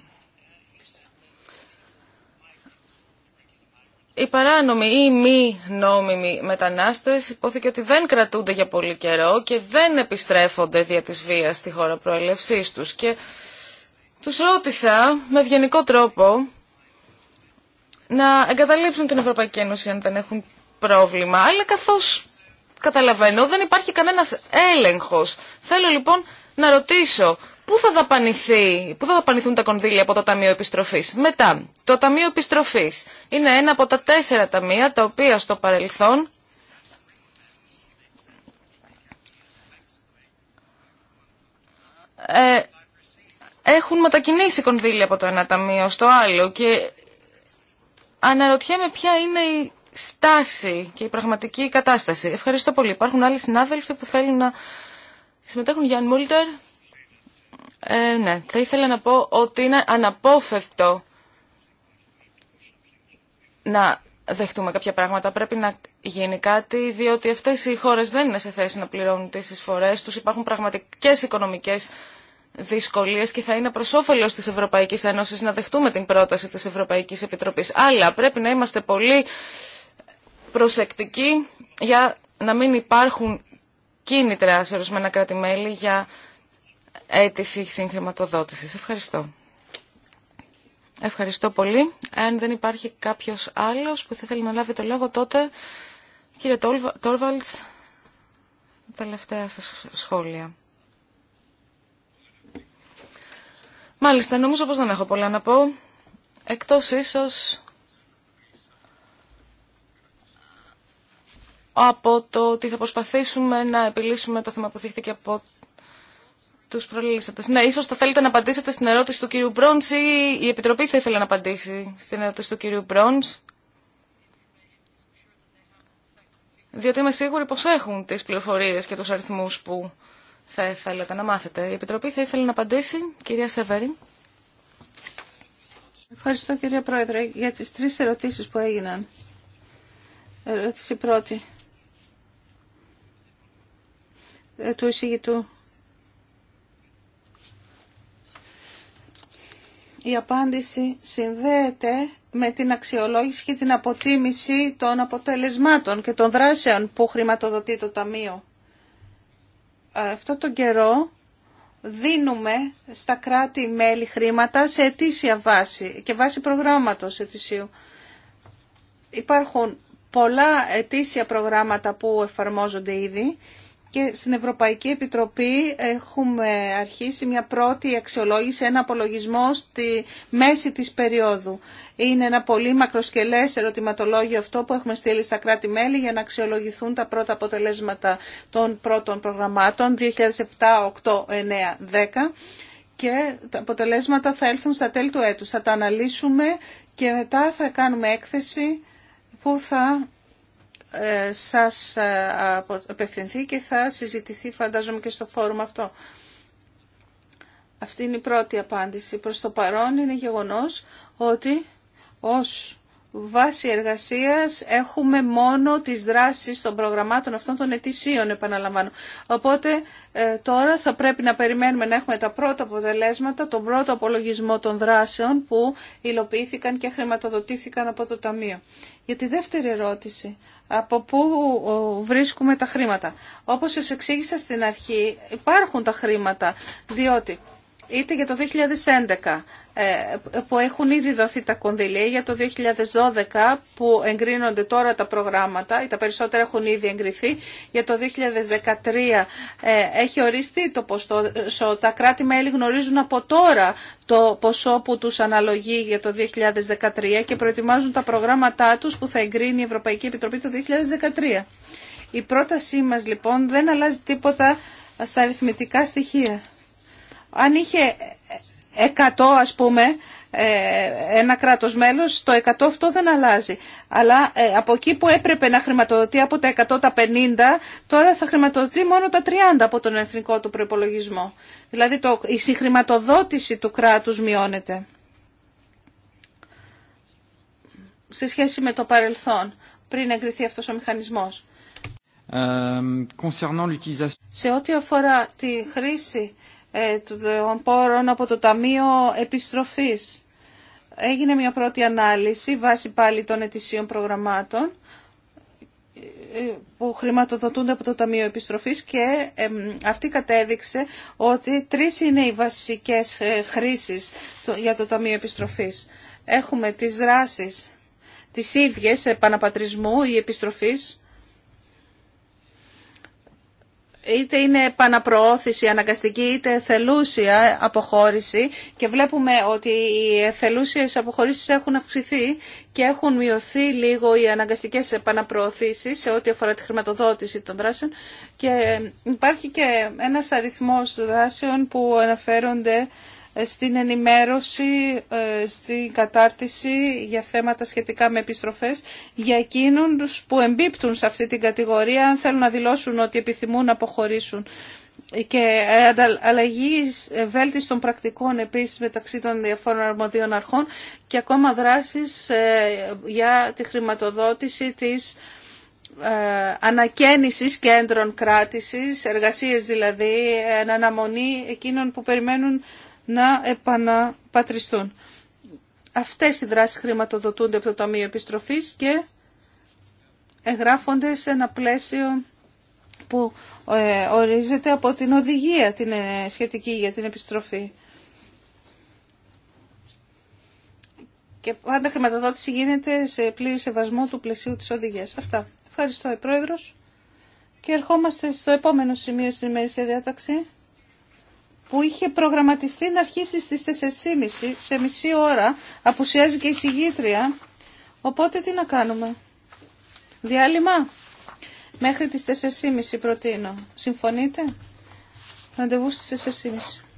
Οι παράνομοι ή μη νόμιμοι μετανάστες υπόθηκε ότι δεν κρατούνται για πολύ καιρό και δεν επιστρέφονται δια της βίας στη χώρα προελευσής τους. Και τους ρώτησα με ευγενικό τρόπο να εγκαταλείψουν την Ευρωπαϊκή Ένωση αν δεν έχουν πρόβλημα. Αλλά καθώς καταλαβαίνω δεν υπάρχει κανένας έλεγχος. Θέλω λοιπόν να ρωτήσω πού θα, δαπανηθεί, πού θα δαπανηθούν τα κονδύλια από το Ταμείο Επιστροφής. Μετά, το Ταμείο Επιστροφής είναι ένα από τα τέσσερα ταμεία τα οποία στο παρελθόν ε, έχουν μετακινήσει κονδύλια από το ένα ταμείο στο άλλο και αναρωτιέμαι ποια είναι η στάση και η πραγματική κατάσταση. Ευχαριστώ πολύ. Υπάρχουν άλλοι συνάδελφοι που θέλουν να συμμετέχουν. Γιάννη Μούλτερ. Ε, ναι, θα ήθελα να πω ότι είναι αναπόφευκτο να δεχτούμε κάποια πράγματα. Πρέπει να γίνει κάτι, διότι αυτές οι χώρες δεν είναι σε θέση να πληρώνουν τις εισφορές τους. Υπάρχουν πραγματικές οικονομικές δυσκολίες και θα είναι προ όφελο της Ευρωπαϊκής Ένωσης να δεχτούμε την πρόταση της Ευρωπαϊκής Επιτροπής. Αλλά πρέπει να είμαστε πολύ προσεκτική για να μην υπάρχουν κίνητρα σε ορισμένα κράτη-μέλη για αίτηση συγχρηματοδότησης. Ευχαριστώ. Ευχαριστώ πολύ. Αν δεν υπάρχει κάποιος άλλος που θα θέλει να λάβει το λόγο τότε, κύριε Τόρβαλτς, τελευταία σας σχόλια. Μάλιστα, νομίζω πως δεν έχω πολλά να πω, εκτός ίσως από το ότι θα προσπαθήσουμε να επιλύσουμε το θέμα που θίχτηκε από τους προλήσατες. Ναι, ίσως θα θέλετε να απαντήσετε στην ερώτηση του κύριου Μπρόντς ή η Επιτροπή θα ήθελε να απαντήσει στην ερώτηση του κύριου Μπρόντς. Διότι είμαι σίγουρη πως έχουν τις πληροφορίες και τους αριθμούς που θα θέλετε να μάθετε. Η Επιτροπή θα ήθελε να απαντήσει. Κυρία Σεβέρη. Ευχαριστώ κυρία Πρόεδρε για τις τρεις ερωτήσεις που έγιναν. Ερώτηση πρώτη. Ε, του Η απάντηση συνδέεται με την αξιολόγηση και την αποτίμηση των αποτελεσμάτων και των δράσεων που χρηματοδοτεί το Ταμείο. Ε, αυτό τον καιρό δίνουμε στα κράτη-μέλη χρήματα σε αιτήσια βάση και βάση προγράμματος ετησίου. Υπάρχουν πολλά αιτήσια προγράμματα που εφαρμόζονται ήδη και στην Ευρωπαϊκή Επιτροπή έχουμε αρχίσει μια πρώτη αξιολόγηση, ένα απολογισμό στη μέση της περίοδου. Είναι ένα πολύ μακροσκελές ερωτηματολόγιο αυτό που έχουμε στείλει στα κράτη-μέλη για να αξιολογηθούν τα πρώτα αποτελέσματα των πρώτων προγραμμάτων 2007, 2008, 2009, 2010 και τα αποτελέσματα θα έλθουν στα τέλη του έτους. Θα τα αναλύσουμε και μετά θα κάνουμε έκθεση που θα ε, σας ε, απευθυνθεί και θα συζητηθεί φαντάζομαι και στο φόρουμ αυτό. Αυτή είναι η πρώτη απάντηση. Προς το παρόν είναι γεγονός ότι ως βάση εργασίας έχουμε μόνο τις δράσεις των προγραμμάτων αυτών των ετησίων, επαναλαμβάνω. Οπότε ε, τώρα θα πρέπει να περιμένουμε να έχουμε τα πρώτα αποτελέσματα, τον πρώτο απολογισμό των δράσεων που υλοποιήθηκαν και χρηματοδοτήθηκαν από το Ταμείο. Για τη δεύτερη ερώτηση, από πού βρίσκουμε τα χρήματα. Όπως σας εξήγησα στην αρχή, υπάρχουν τα χρήματα, διότι είτε για το 2011 ε, που έχουν ήδη δοθεί τα κονδυλία για το 2012 που εγκρίνονται τώρα τα προγράμματα ή τα περισσότερα έχουν ήδη εγκριθεί για το 2013 ε, έχει οριστεί το ποσό τα κράτη-μέλη γνωρίζουν από τώρα το ποσό που τους αναλογεί για το 2013 και προετοιμάζουν τα προγράμματά τους που θα εγκρίνει η Ευρωπαϊκή Επιτροπή το 2013 η πρότασή μας λοιπόν δεν αλλάζει τίποτα στα αριθμητικά στοιχεία αν είχε 100 ας πούμε ε, ένα κράτος μέλος, το 100 αυτό δεν αλλάζει. Αλλά ε, από εκεί που έπρεπε να χρηματοδοτεί από τα 100 τα 50, τώρα θα χρηματοδοτεί μόνο τα 30 από τον εθνικό του προπολογισμό. Δηλαδή το, η συγχρηματοδότηση του κράτους μειώνεται. Σε σχέση με το παρελθόν, πριν εγκριθεί αυτός ο μηχανισμός. Ε, σε ό,τι αφορά τη χρήση ε, των πόρων από το Ταμείο Επιστροφής. Έγινε μια πρώτη ανάλυση βάσει πάλι των ετησίων προγραμμάτων ε, που χρηματοδοτούνται από το Ταμείο Επιστροφής και αυτή κατέδειξε ότι τρεις είναι οι βασικές ε, χρήσεις για το Ταμείο Επιστροφής. Έχουμε τις δράσεις τις ίδιες επαναπατρισμού ή επιστροφής είτε είναι επαναπροώθηση αναγκαστική είτε θελούσια αποχώρηση και βλέπουμε ότι οι θελούσιες αποχωρήσεις έχουν αυξηθεί και έχουν μειωθεί λίγο οι αναγκαστικές επαναπροωθήσεις σε ό,τι αφορά τη χρηματοδότηση των δράσεων και υπάρχει και ένας αριθμός δράσεων που αναφέρονται στην ενημέρωση, ε, στην κατάρτιση για θέματα σχετικά με επιστροφές για εκείνους που εμπίπτουν σε αυτή την κατηγορία αν θέλουν να δηλώσουν ότι επιθυμούν να αποχωρήσουν και ε, αλλαγή ε, των πρακτικών επίσης μεταξύ των διαφόρων αρμοδίων αρχών και ακόμα δράσεις για τη χρηματοδότηση της ανακαίνησης κέντρων κράτησης, εργασίες δηλαδή, αναμονή εκείνων που περιμένουν να επαναπατριστούν. Αυτές οι δράσεις χρηματοδοτούνται από το Ταμείο Επιστροφής και εγγράφονται σε ένα πλαίσιο που ε, ορίζεται από την οδηγία την ε, σχετική για την επιστροφή. Και πάντα χρηματοδότηση γίνεται σε πλήρη σεβασμό του πλαισίου της οδηγίας. Αυτά. Ευχαριστώ, Πρόεδρος. Και ερχόμαστε στο επόμενο σημείο στην ημερήσια διάταξη που είχε προγραμματιστεί να αρχίσει στις 4.30 σε μισή ώρα. Απουσιάζει και η συγγήτρια. Οπότε τι να κάνουμε. Διάλειμμα. Μέχρι τις 4.30 προτείνω. Συμφωνείτε. Ραντεβού στις 4.30.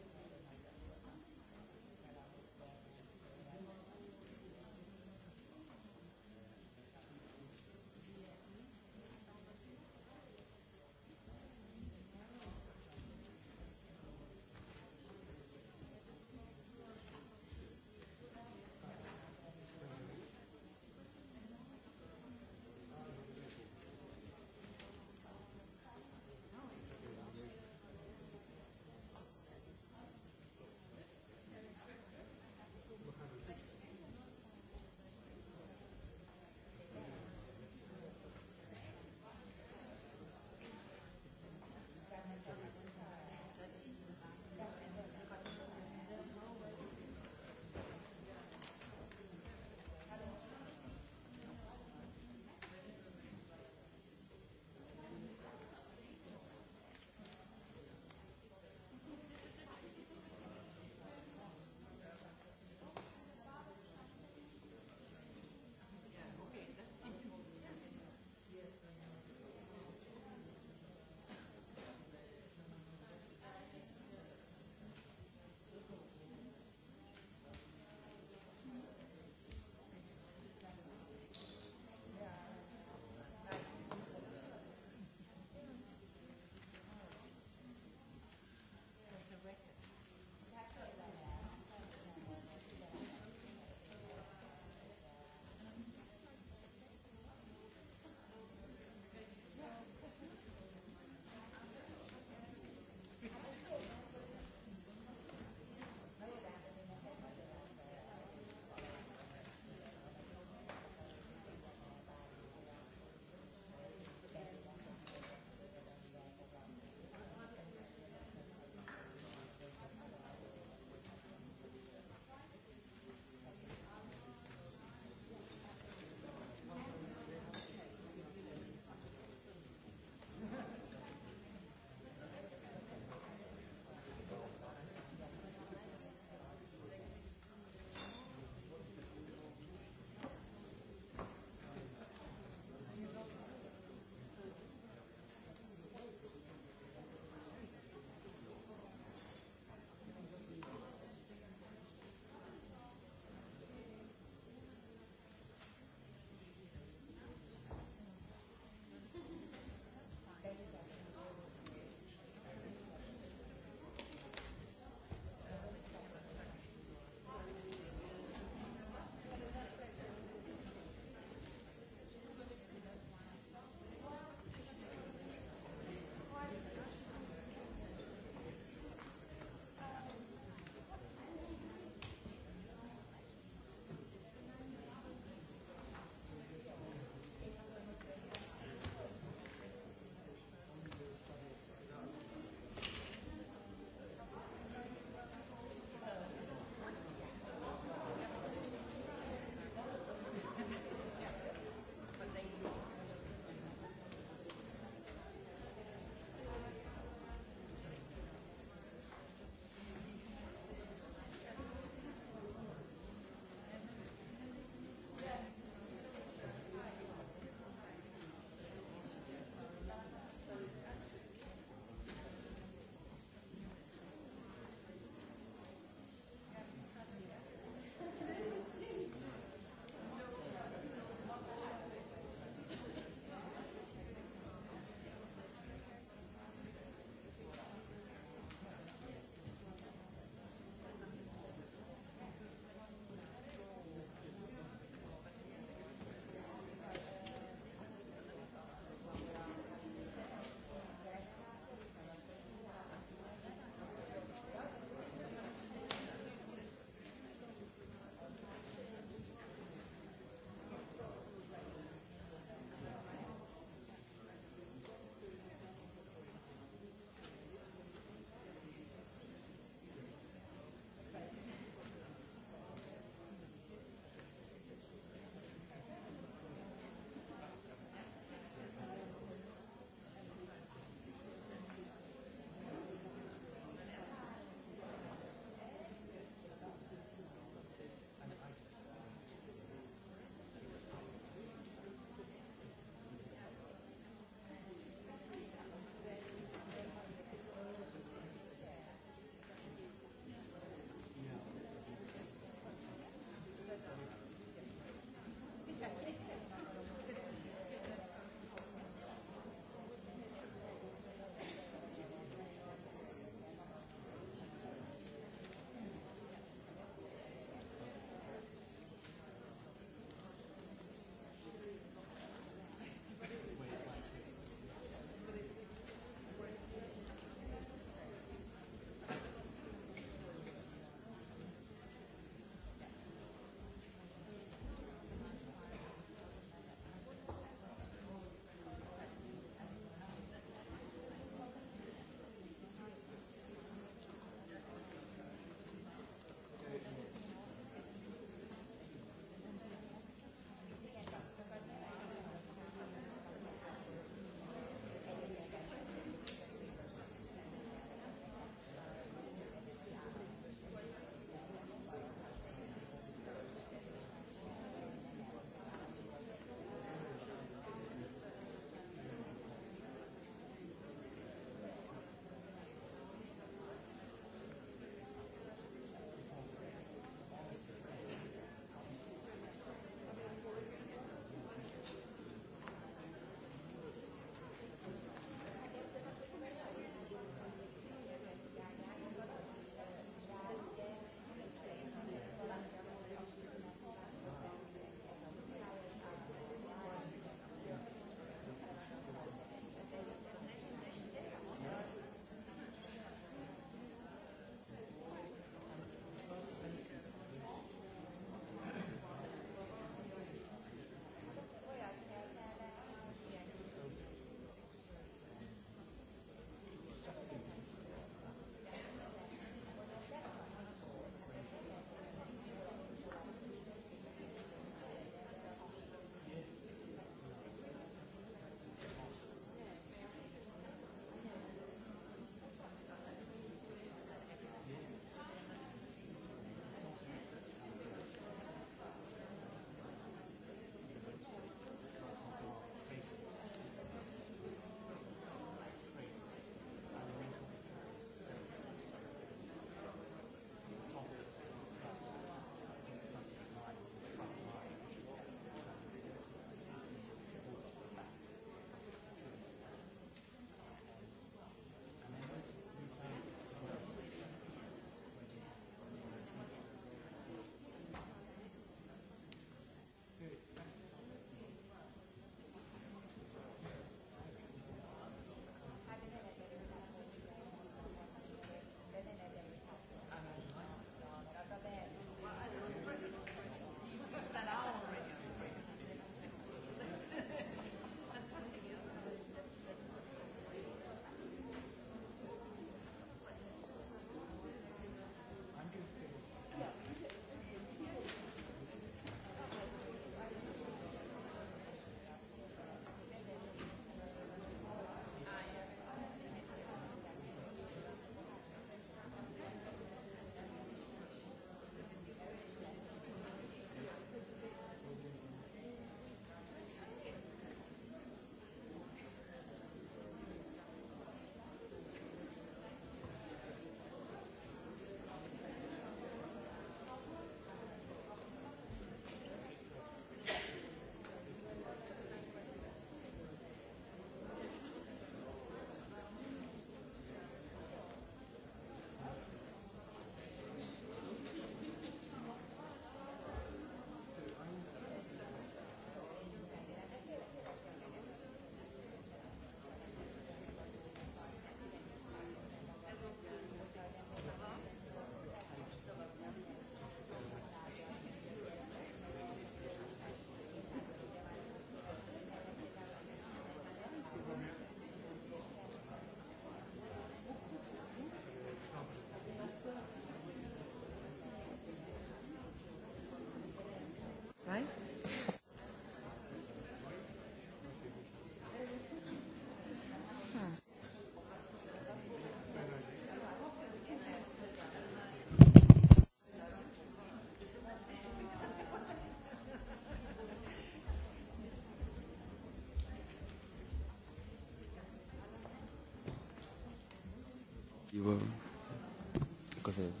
Thank you.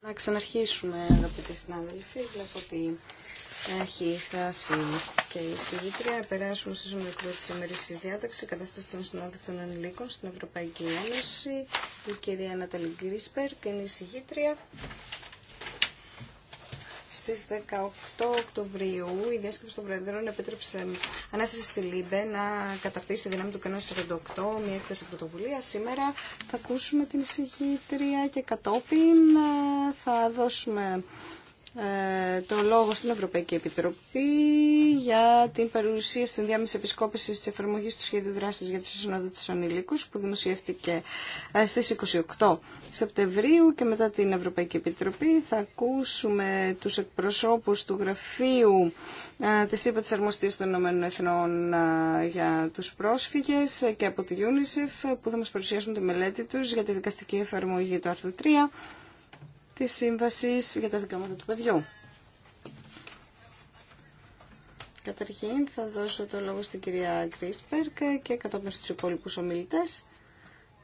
Να ξαναρχίσουμε, αγαπητοί συνάδελφοι. Βλέπω ότι έχει φτάσει και η συγγήτρια. περάσουμε στο συνολικό τη ημερήσια διάταξη κατάσταση των συνόδευτων ανηλίκων στην Ευρωπαϊκή Ένωση. Η κυρία Ναταλή Γκρίσπερ και είναι η συγγήτρια στις 18 Οκτωβρίου η διάσκεψη των Προεδρών επέτρεψε ανάθεση στη ΛΥΜΠΕ να καταρτήσει δυνάμει του κανόνα 48, μια έκθεση πρωτοβουλία. Σήμερα θα ακούσουμε την εισηγήτρια και κατόπιν ε, θα δώσουμε ε, το λόγο στην Ευρωπαϊκή Επιτροπή για την παρουσία στην διάμεση επισκόπηση τη εφαρμογή του σχέδιου δράση για του συνόδου ανηλίκου που δημοσιεύτηκε ε, στι 28 Σεπτεμβρίου και μετά την Ευρωπαϊκή Επιτροπή θα ακούσουμε του εκπροσώπου του γραφείου ε, τη ΥΠΑ των Εθνών για του πρόσφυγε και από τη UNICEF που θα μα παρουσιάσουν τη μελέτη του για τη δικαστική εφαρμογή του άρθρου 3 της Σύμβασης για τα Δικαιώματα του Παιδιού. Καταρχήν θα δώσω το λόγο στην κυρία Κρίσπερκ και κατόπιν στους υπόλοιπους ομιλητές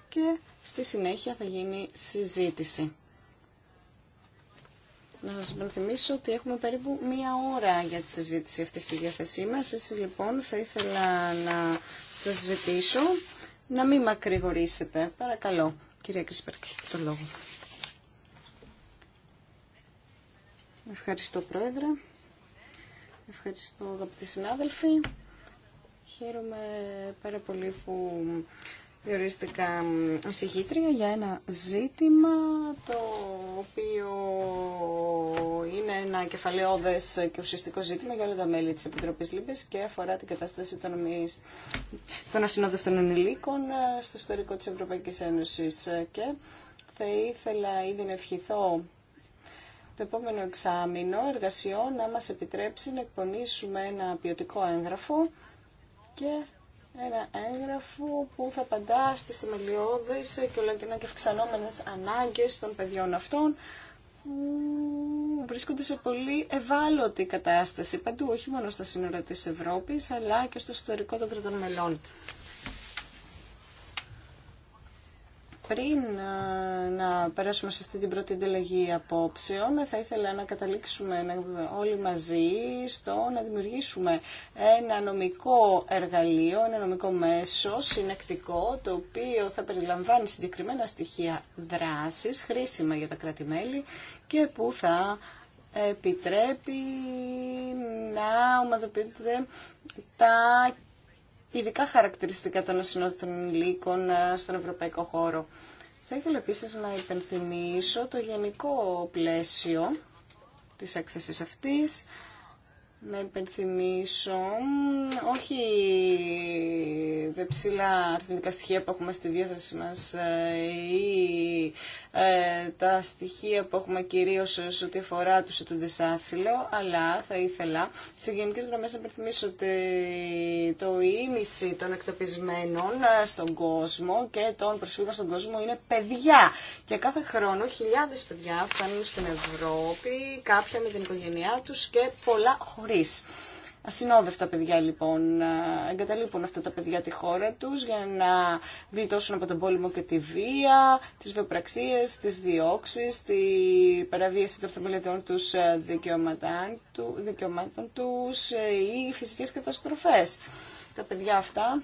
και στη συνέχεια θα γίνει συζήτηση. Να σας υπενθυμίσω ότι έχουμε περίπου μία ώρα για τη συζήτηση αυτή στη διάθεσή μας. Εσείς λοιπόν θα ήθελα να σας ζητήσω να μην μακρηγορήσετε. Παρακαλώ, κυρία Κρίσπερκ, το λόγο. Ευχαριστώ Πρόεδρε. Ευχαριστώ αγαπητοί συνάδελφοι. Χαίρομαι πάρα πολύ που διορίστηκα συγχύτρια για ένα ζήτημα το οποίο είναι ένα κεφαλαιόδες και ουσιαστικό ζήτημα για όλα τα μέλη της Επιτροπής Λίμπης και αφορά την κατάσταση των ασυνόδευτων ενηλίκων ε, στο ιστορικό της Ευρωπαϊκής Ένωσης ε, και θα ήθελα ήδη να ευχηθώ το επόμενο εξάμεινο εργασιών να μας επιτρέψει να εκπονήσουμε ένα ποιοτικό έγγραφο και ένα έγγραφο που θα απαντά στις θεμελιώδεις και ολοκληρών και αυξανόμενες ανάγκες των παιδιών αυτών που βρίσκονται σε πολύ ευάλωτη κατάσταση παντού, όχι μόνο στα σύνορα της Ευρώπης, αλλά και στο ιστορικό των κρατών μελών. Πριν ε, να περάσουμε σε αυτή την πρώτη ανταλλαγή απόψεων, θα ήθελα να καταλήξουμε όλοι μαζί στο να δημιουργήσουμε ένα νομικό εργαλείο, ένα νομικό μέσο συνεκτικό, το οποίο θα περιλαμβάνει συγκεκριμένα στοιχεία δράσης, χρήσιμα για τα κράτη-μέλη και που θα επιτρέπει να ομαδοποιείται τα ειδικά χαρακτηριστικά των ασυνόδευτων υλίκων ε, στον ευρωπαϊκό χώρο. Θα ήθελα επίσης να υπενθυμίσω το γενικό πλαίσιο της έκθεσης αυτής, να υπενθυμίσω όχι δε ψηλά αριθμητικά στοιχεία που έχουμε στη διάθεση μας ε, ή ε, τα στοιχεία που έχουμε κυρίως σε ό,τι αφορά τους ετούντες άσυλο, αλλά θα ήθελα σε γενικές γραμμές να υπενθυμίσω ότι το ίμιση των εκτοπισμένων ε, στον κόσμο και των προσφύγων στον κόσμο είναι παιδιά. Και κάθε χρόνο χιλιάδες παιδιά φτάνουν στην Ευρώπη, κάποια με την οικογένειά τους και πολλά χωρίς βρει. Ασυνόδευτα παιδιά λοιπόν εγκαταλείπουν αυτά τα παιδιά τη χώρα τους για να γλιτώσουν από τον πόλεμο και τη βία, τις βιοπραξίε, τις διώξεις, τη παραβίαση των θεμελιωδών τους ε, δικαιωμάτων τους ε, ή φυσικές καταστροφές. Τα παιδιά αυτά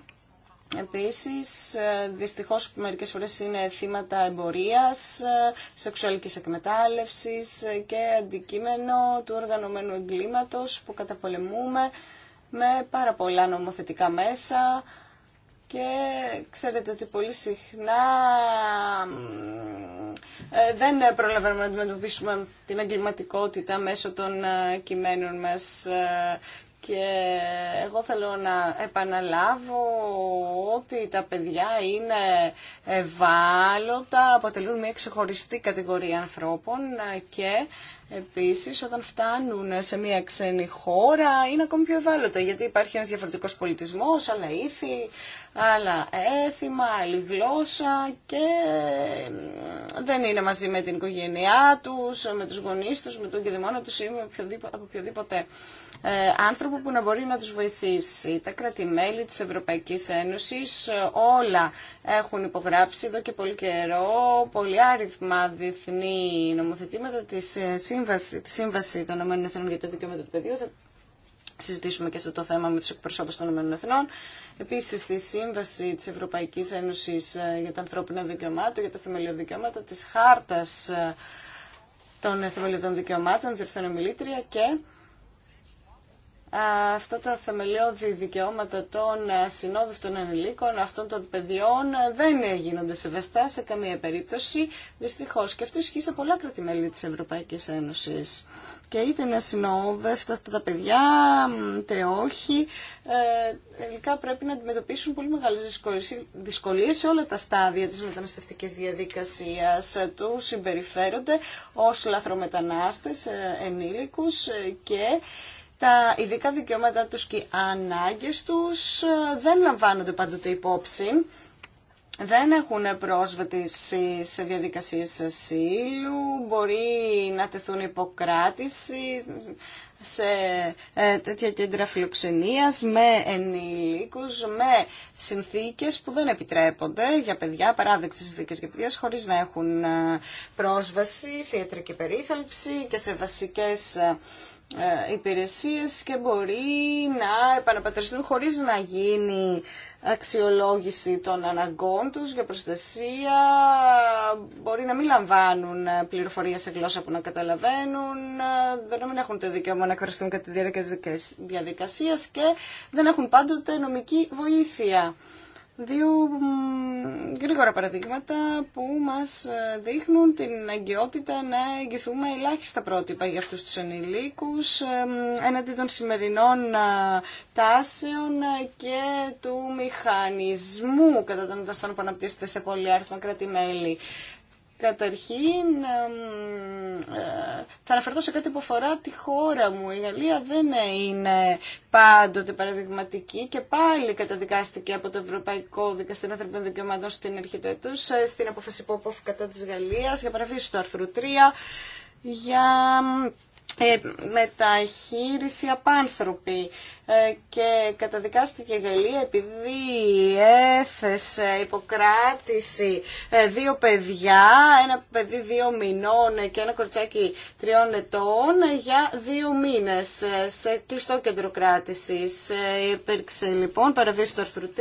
Επίσης, ε, δυστυχώς μερικές φορές είναι θύματα εμπορίας, ε, σεξουαλικής εκμετάλλευσης ε, και αντικείμενο του οργανωμένου εγκλήματος που καταπολεμούμε με πάρα πολλά νομοθετικά μέσα και ξέρετε ότι πολύ συχνά δεν προλαβαίνουμε να αντιμετωπίσουμε την εγκληματικότητα μέσω των κειμένων μας και εγώ θέλω να επαναλάβω ότι τα παιδιά είναι ευάλωτα, αποτελούν μια ξεχωριστή κατηγορία ανθρώπων και επίσης όταν φτάνουν σε μια ξένη χώρα είναι ακόμη πιο ευάλωτα γιατί υπάρχει ένας διαφορετικός πολιτισμός, άλλα ήθη, άλλα έθιμα, άλλη γλώσσα και δεν είναι μαζί με την οικογένειά τους, με τους γονείς τους, με τον κεδεμόνα τους ή με οποιοδήποτε, από οποιοδήποτε ε, άνθρωπο που να μπορεί να τους βοηθήσει. Τα κράτη-μέλη της Ευρωπαϊκής Ένωσης ε, όλα έχουν υπογράψει εδώ και πολύ καιρό πολύ άριθμα διεθνή νομοθετήματα της ε, Σύμβαση, τη Σύμβαση των ΗΠΑ για τα Δικαιώματα του Παιδιού. Θα συζητήσουμε και αυτό το θέμα με τους εκπροσώπους των ΗΠΑ. Επίσης, τη Σύμβαση της Ευρωπαϊκής Ένωσης για τα ανθρώπινα δικαιωμάτων, για τα θεμελιώδη δικαιώματα, της Χάρτας των θεμελιωδών δικαιωμάτων, διορθώνω μιλήτρια και αυτά τα θεμελιώδη δικαιώματα των ε, συνόδου των ανηλίκων, αυτών των παιδιών, ε, δεν γίνονται σεβαστά σε καμία περίπτωση, Δυστυχώ Και αυτό ισχύει σε πολλά κράτη-μέλη τη Ευρωπαϊκή Ένωση. Και είτε να ασυνόδευτα αυτά τα παιδιά, είτε όχι, ε, τελικά πρέπει να αντιμετωπίσουν πολύ μεγάλε. Δυσκολίε σε όλα τα στάδια τη μεταναστευτική διαδικασία Του συμπεριφέρονται ως λαθρομετανάστες, ενήλικου και τα ειδικά δικαιώματα τους και οι ανάγκες τους ε, δεν λαμβάνονται πάντοτε υπόψη. Δεν έχουν πρόσβαση σε διαδικασίες ασύλου, μπορεί να τεθούν υποκράτηση σε ε, τέτοια κέντρα φιλοξενίας με ενηλίκους, με συνθήκες που δεν επιτρέπονται για παιδιά, παράδειξη συνθήκες για παιδιά, χωρίς να έχουν ε, πρόσβαση σε ιατρική περίθαλψη και σε βασικές ε, υπηρεσίες και μπορεί να επαναπατριστούν χωρίς να γίνει αξιολόγηση των αναγκών τους για προστασία, μπορεί να μην λαμβάνουν ε, πληροφορία σε γλώσσα που να καταλαβαίνουν, ε, δεν έχουν το δικαίωμα να εκφραστούν κατά τη διάρκεια διαδικασίας και δεν έχουν πάντοτε νομική βοήθεια δύο γρήγορα παραδείγματα που μας ε, δείχνουν την αγκαιότητα να εγγυθούμε ελάχιστα πρότυπα για αυτούς τους ενηλίκους ε, έναντι των σημερινών ε, τάσεων και του μηχανισμού κατά των δαστών που αναπτύσσεται σε πολυ άριθμα κράτη-μέλη. Καταρχήν, ε, θα αναφερθώ σε κάτι που αφορά τη χώρα μου. Η Γαλλία δεν είναι πάντοτε παραδειγματική και πάλι καταδικάστηκε από το Ευρωπαϊκό Δικαστήριο Ανθρωπίνων Δικαιωμάτων στην αρχή του ε, στην απόφαση Πόποφ κατά της Γαλλίας για παραβίαση του άρθρου 3, για ε, μεταχείριση απάνθρωπη. Ε, και καταδικάστηκε η Γαλλία επειδή έθεσε υποκράτηση ε, δύο παιδιά, ένα παιδί δύο μηνών και ένα κορτσάκι τριών ετών για δύο μήνες ε, σε κλειστό κέντρο κράτησης. Υπήρξε λοιπόν παραβίαση του άρθρου 3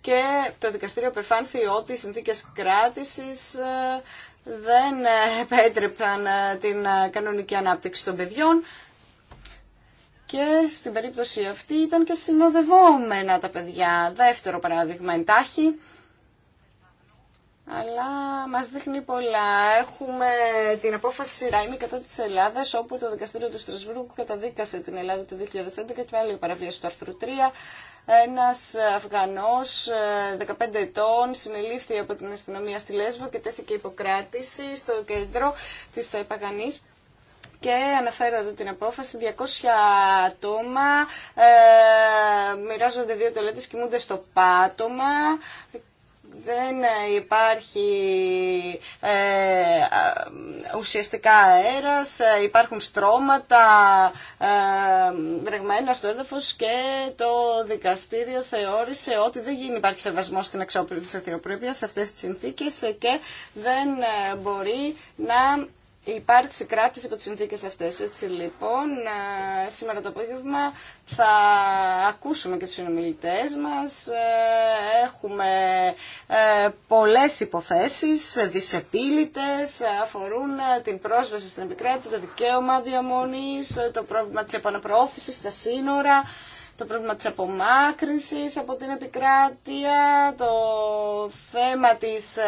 και το δικαστήριο απεφάνθη ότι οι συνθήκες κράτησης δεν επέτρεπαν την κανονική ανάπτυξη των παιδιών και στην περίπτωση αυτή ήταν και συνοδευόμενα τα παιδιά. Δεύτερο παράδειγμα εντάχει. Αλλά μας δείχνει πολλά. Έχουμε την απόφαση Ράιμι κατά της Ελλάδας, όπου το δικαστήριο του Στρασβούργου καταδίκασε την Ελλάδα το 2011 και άλλη παραβίαση του άρθρου 3. Ένας Αφγανός 15 ετών συνελήφθη από την αστυνομία στη Λέσβο και τέθηκε υποκράτηση στο κέντρο της Παγανής και αναφέρω εδώ την απόφαση 200 άτομα ε, μοιράζονται δύο τολέτες, κοιμούνται στο πάτωμα δεν υπάρχει ε, ουσιαστικά αέρας, ε, υπάρχουν στρώματα ε, βρεγμένα στο έδαφος και το δικαστήριο θεώρησε ότι δεν γίνει, υπάρχει σεβασμός στην αξιόπινη της σε αυτές τις συνθήκες και δεν μπορεί να υπάρξει κράτηση από τι συνθήκε αυτές. Έτσι λοιπόν, ε, σήμερα το απόγευμα θα ακούσουμε και του συνομιλητέ μας. Ε, έχουμε ε, πολλές υποθέσεις, δυσεπίλητε. αφορούν την πρόσβαση στην επικράτεια, το δικαίωμα διαμονής, το πρόβλημα της επαναπροώθησης, στα σύνορα, το πρόβλημα της απομάκρυνσης από την επικράτεια, το θέμα της ε,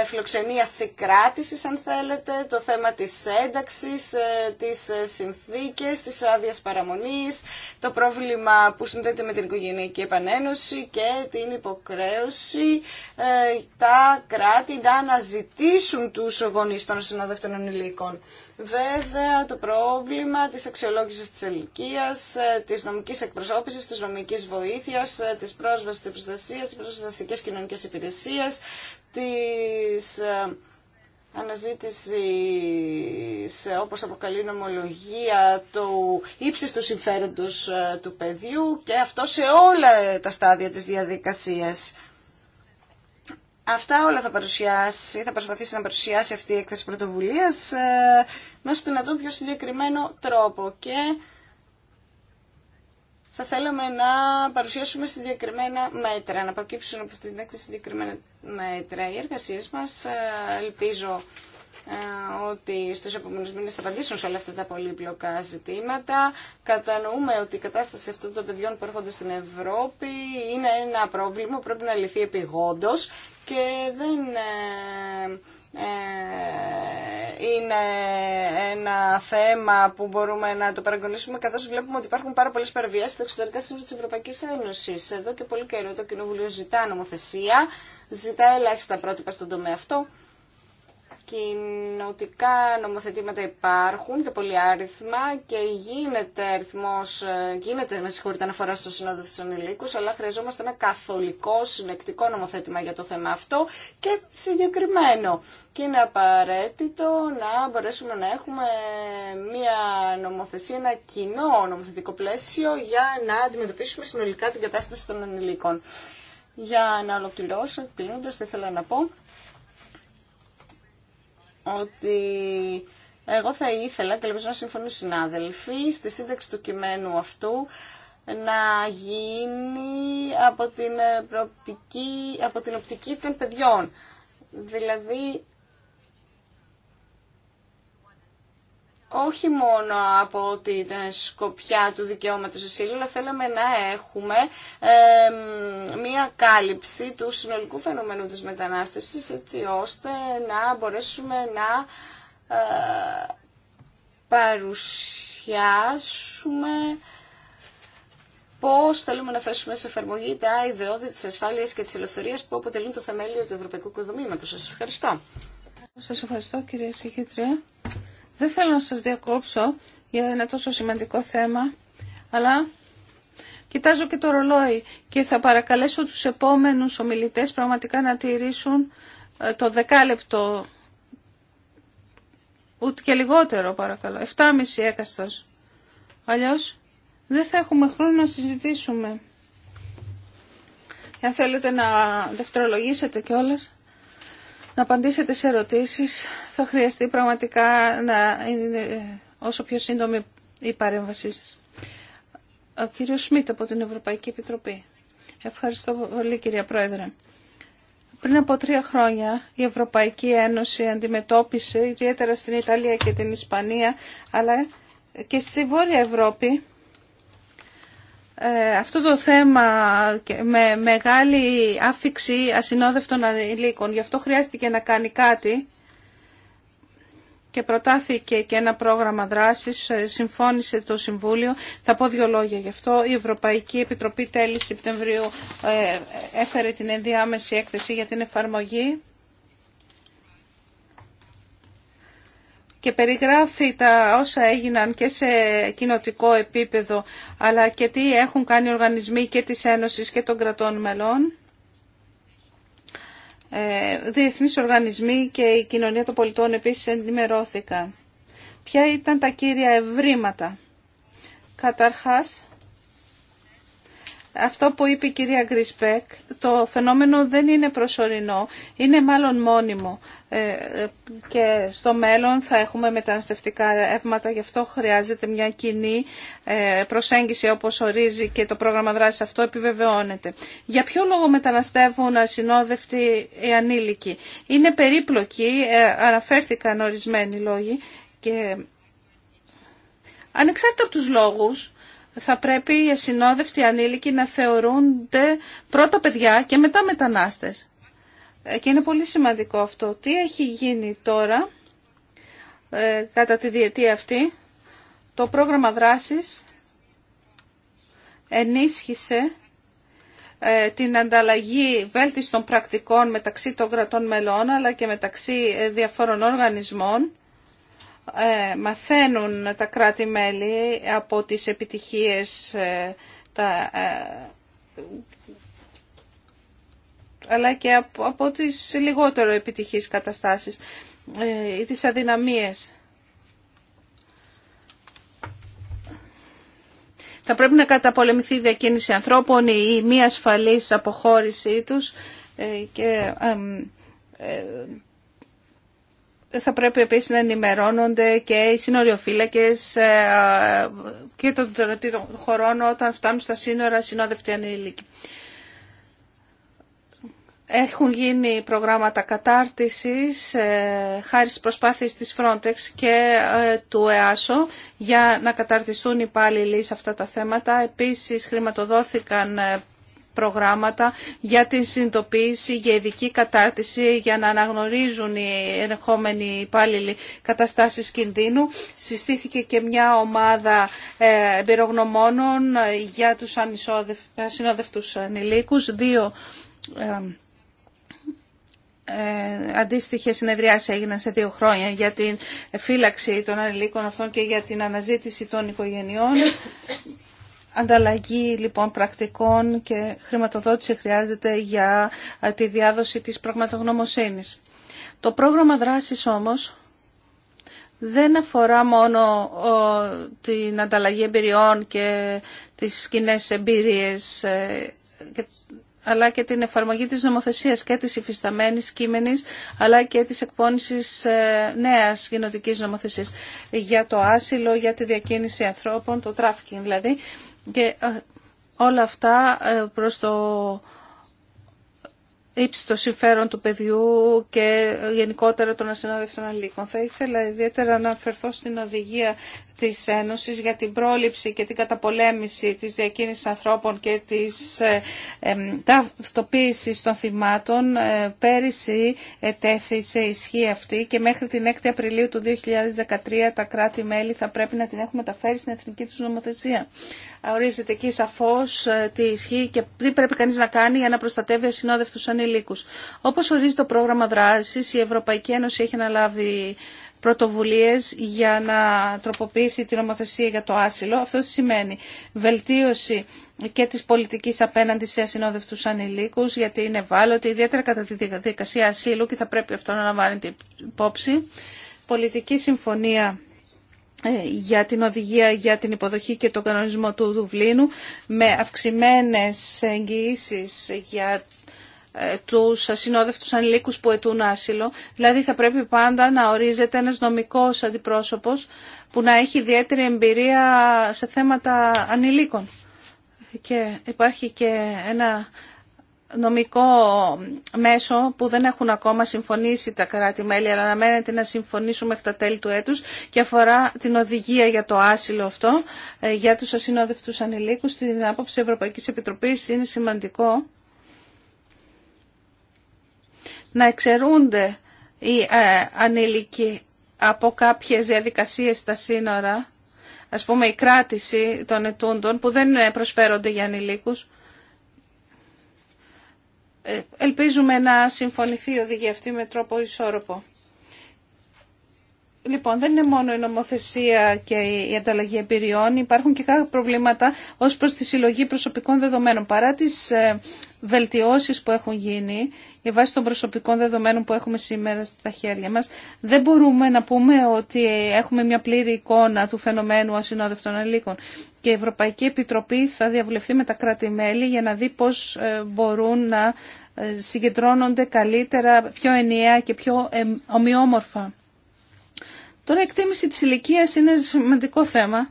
ε φιλοξενίας συγκράτησης αν θέλετε, το θέμα της ένταξης, ε, της ε, συνθήκες, της άδεια παραμονής, το πρόβλημα που συνδέεται με την οικογενειακή επανένωση και την υποκρέωση τα κράτη να αναζητήσουν τους γονείς των συνοδευτών ενηλίκων. Βέβαια, το πρόβλημα της αξιολόγησης της ηλικία, ε, της νομικής εκπροσώπησης, της νομικής βοήθειας, ε, της πρόσβασης της προστασίας, της προστασικής κοινωνικής υπηρεσίας, της αναζήτηση σε όπως αποκαλεί η νομολογία του του συμφέροντος ε, του παιδιού και αυτό σε όλα τα στάδια της διαδικασίας. Αυτά όλα θα παρουσιάσει, θα προσπαθήσει να παρουσιάσει αυτή η έκθεση πρωτοβουλία ε, το του να πιο συγκεκριμένο τρόπο. Και θα θέλαμε να παρουσιάσουμε συγκεκριμένα μέτρα, να προκύψουν από αυτή την έκθεση συγκεκριμένα μέτρα. Οι εργασίε μα ε, ελπίζω ε, ότι στους επόμενους μήνες θα απαντήσουν σε όλα αυτά τα πολύπλοκά ζητήματα. Κατανοούμε ότι η κατάσταση αυτών των παιδιών που έρχονται στην Ευρώπη είναι ένα πρόβλημα που πρέπει να λυθεί επιγόντως και δεν ε, ε, είναι ένα θέμα που μπορούμε να το παραγωνίσουμε καθώς βλέπουμε ότι υπάρχουν πάρα πολλές παραβιάσεις στα εξωτερικά σύνορα της Ευρωπαϊκής Ένωσης. Εδώ και πολύ καιρό το Κοινοβουλίο ζητά νομοθεσία, ζητά ελάχιστα πρότυπα στον τομέα αυτό κοινοτικά νομοθετήματα υπάρχουν και πολλοί άριθμα και γίνεται αριθμός, ε, γίνεται με συγχωρείτε αναφορά στο Συνόδο της Ανηλίκου, αλλά χρειαζόμαστε ένα καθολικό συνεκτικό νομοθετήμα για το θέμα αυτό και συγκεκριμένο. Και είναι απαραίτητο να μπορέσουμε να έχουμε μια νομοθεσία, ένα κοινό νομοθετικό πλαίσιο για να αντιμετωπίσουμε συνολικά την κατάσταση των ανηλίκων. Για να ολοκληρώσω, κλείνοντας, θα ήθελα να πω ότι εγώ θα ήθελα, και ελπίζω να συμφωνούν συνάδελφοι, στη σύνταξη του κειμένου αυτού να γίνει από την, ε, από την οπτική των παιδιών. Δηλαδή όχι μόνο από την σκοπιά του δικαιώματος ασύλου, αλλά θέλαμε να έχουμε μία κάλυψη του συνολικού φαινομένου της μετανάστευσης, έτσι ώστε να μπορέσουμε να ε, παρουσιάσουμε πώς θέλουμε να θέσουμε σε εφαρμογή τα ιδεώδη της ασφάλειας και της ελευθερίας που αποτελούν το θεμέλιο του Ευρωπαϊκού Οικοδομήματος. Σας ευχαριστώ. Σας ευχαριστώ κυρία Συγχύτρια. Δεν θέλω να σας διακόψω για ένα τόσο σημαντικό θέμα, αλλά κοιτάζω και το ρολόι και θα παρακαλέσω τους επόμενους ομιλητές πραγματικά να τηρήσουν ε, το δεκάλεπτο ούτε και λιγότερο παρακαλώ. 7,5 έκαστος. Αλλιώς δεν θα έχουμε χρόνο να συζητήσουμε. Αν θέλετε να δευτερολογήσετε κιόλας να απαντήσετε σε ερωτήσεις. Θα χρειαστεί πραγματικά να είναι όσο πιο σύντομη η παρέμβασή σας. Ο κύριος Σμίτ από την Ευρωπαϊκή Επιτροπή. Ευχαριστώ πολύ κυρία Πρόεδρε. Πριν από τρία χρόνια η Ευρωπαϊκή Ένωση αντιμετώπισε, ιδιαίτερα στην Ιταλία και την Ισπανία, αλλά και στη Βόρεια Ευρώπη, ε, αυτό το θέμα με μεγάλη άφηξη ασυνόδευτων ανηλίκων. Γι' αυτό χρειάστηκε να κάνει κάτι και προτάθηκε και ένα πρόγραμμα δράσης, ε, συμφώνησε το Συμβούλιο. Θα πω δύο λόγια γι' αυτό. Η Ευρωπαϊκή Επιτροπή τέλη Σεπτεμβρίου ε, έφερε την ενδιάμεση έκθεση για την εφαρμογή και περιγράφει τα όσα έγιναν και σε κοινοτικό επίπεδο αλλά και τι έχουν κάνει οι οργανισμοί και της Ένωσης και των κρατών μελών ε, διεθνείς οργανισμοί και η κοινωνία των πολιτών επίσης ενημερώθηκαν. Ποια ήταν τα κύρια ευρήματα. Καταρχάς, αυτό που είπε η κυρία Γκρισπέκ, το φαινόμενο δεν είναι προσωρινό, είναι μάλλον μόνιμο ε, ε, και στο μέλλον θα έχουμε μεταναστευτικά ρεύματα, γι' αυτό χρειάζεται μια κοινή ε, προσέγγιση όπως ορίζει και το πρόγραμμα δράσης αυτό επιβεβαιώνεται. Για ποιο λόγο μεταναστεύουν ασυνόδευτοι οι ανήλικοι. Είναι περίπλοκοι, αναφέρθηκαν ορισμένοι λόγοι και ανεξάρτητα από τους λόγους, θα πρέπει οι ασυνόδευτοι ανήλικοι να θεωρούνται πρώτα παιδιά και μετά μετανάστες. Ε, και είναι πολύ σημαντικό αυτό. Τι έχει γίνει τώρα ε, κατά τη διετία αυτή. Το πρόγραμμα δράσης ενίσχυσε ε, την ανταλλαγή βέλτιστων πρακτικών μεταξύ των κρατών μελών αλλά και μεταξύ διαφόρων οργανισμών ε, μαθαίνουν τα κράτη-μέλη από τις επιτυχίες ε, τα, ε, αλλά και από, από τις λιγότερο επιτυχείς καταστάσεις ή τις αδυναμίες. Θα πρέπει να καταπολεμηθεί η διακίνηση ανθρώπων ή μη ασφαλής αποχώρησή τους και θα πρέπει επίσης να ενημερώνονται και οι συνοριοφύλακες ε, και των χωρών όταν φτάνουν στα σύνορα συνόδευτοι ανήλικοι. Έχουν γίνει προγράμματα κατάρτισης ε, χάρη στις προσπάθειες της Frontex και ε, του ΕΑΣΟ για να καταρτιστούν οι υπάλληλοι σε αυτά τα θέματα. Επίσης χρηματοδόθηκαν προγράμματα για την συνειδητοποίηση, για ειδική κατάρτιση, για να αναγνωρίζουν οι ενεχόμενοι υπάλληλοι καταστάσεις κινδύνου. Συστήθηκε και μια ομάδα ε, εμπειρογνωμόνων για τους ασυνόδευτους ανηλίκους, δύο ε, αντίστοιχε συνεδριάσει έγιναν σε δύο χρόνια για την φύλαξη των ανηλίκων αυτών και για την αναζήτηση των οικογενειών Ανταλλαγή λοιπόν πρακτικών και χρηματοδότηση χρειάζεται για ε, τη διάδοση της πραγματογνωμοσύνης. Το πρόγραμμα δράσης όμως δεν αφορά μόνο την ανταλλαγή εμπειριών και τις κοινέ εμπειρίες, ε, αλλά και την εφαρμογή της νομοθεσίας και της υφισταμένης κείμενης, αλλά και της εκπόνησης ε, νέας γενοτικής νομοθεσίας για το άσυλο, για τη διακίνηση ανθρώπων, το τράφικινγκ δηλαδή. Και ε, όλα αυτά ε, προς το ύψιστο συμφέρον του παιδιού και ε, γενικότερα των ασυνόδευτων αλήκων. Θα ήθελα ιδιαίτερα να αναφερθώ στην οδηγία της Ένωσης για την πρόληψη και την καταπολέμηση της διακίνησης ανθρώπων και της ε, ταυτοποίησης των θυμάτων ε, πέρυσι ετέθη σε ισχύ αυτή και μέχρι την 6η Απριλίου του 2013 τα κράτη-μέλη θα πρέπει να την έχουν μεταφέρει στην εθνική τους νομοθεσία. Ορίζεται εκεί σαφώς ε, τι ισχύει και τι πρέπει κανείς να κάνει για να προστατεύει ασυνόδευτους ανηλίκους. Όπως ορίζει το πρόγραμμα δράσης, η Ευρωπαϊκή Ένωση έχει αναλάβει πρωτοβουλίες για να τροποποιήσει την νομοθεσία για το άσυλο. Αυτό σημαίνει βελτίωση και της πολιτικής απέναντι σε ασυνόδευτους ανηλίκους, γιατί είναι ευάλωτοι, ιδιαίτερα κατά τη διαδικασία ασύλου και θα πρέπει αυτό να την υπόψη. Πολιτική συμφωνία ε, για την οδηγία για την υποδοχή και τον κανονισμό του Δουβλίνου με αυξημένες εγγυήσεις για ε, τους ασυνόδευτους ανηλίκους που αιτούν άσυλο. Δηλαδή θα πρέπει πάντα να ορίζεται ένας νομικός αντιπρόσωπος που να έχει ιδιαίτερη εμπειρία σε θέματα ανηλίκων. Και υπάρχει και ένα νομικό μέσο που δεν έχουν ακόμα συμφωνήσει τα κράτη-μέλη αλλά αναμένεται να συμφωνήσουν μέχρι τα τέλη του έτους και αφορά την οδηγία για το άσυλο αυτό ε, για τους ασυνόδευτους ανηλίκους στην άποψη Ευρωπαϊκής Επιτροπής είναι σημαντικό να εξαιρούνται οι ε, ανήλικοι από κάποιες διαδικασίες στα σύνορα, ας πούμε η κράτηση των ετούντων που δεν προσφέρονται για ανηλίκους. Ε, ελπίζουμε να συμφωνηθεί η οδηγία αυτή με τρόπο ισόρροπο. Λοιπόν, δεν είναι μόνο η νομοθεσία και η ανταλλαγή εμπειριών, υπάρχουν και κάποια προβλήματα ως προς τη συλλογή προσωπικών δεδομένων. Ε, βελτιώσεις που έχουν γίνει για βάση των προσωπικών δεδομένων που έχουμε σήμερα στα χέρια μας, δεν μπορούμε να πούμε ότι έχουμε μια πλήρη εικόνα του φαινομένου ασυνόδευτων αλήκων. Και η Ευρωπαϊκή Επιτροπή θα διαβουλευτεί με τα κράτη-μέλη για να δει πώς ε, μπορούν να ε, συγκεντρώνονται καλύτερα, πιο ενιαία και πιο ε, ομοιόμορφα. Τώρα η εκτίμηση της ηλικία είναι σημαντικό θέμα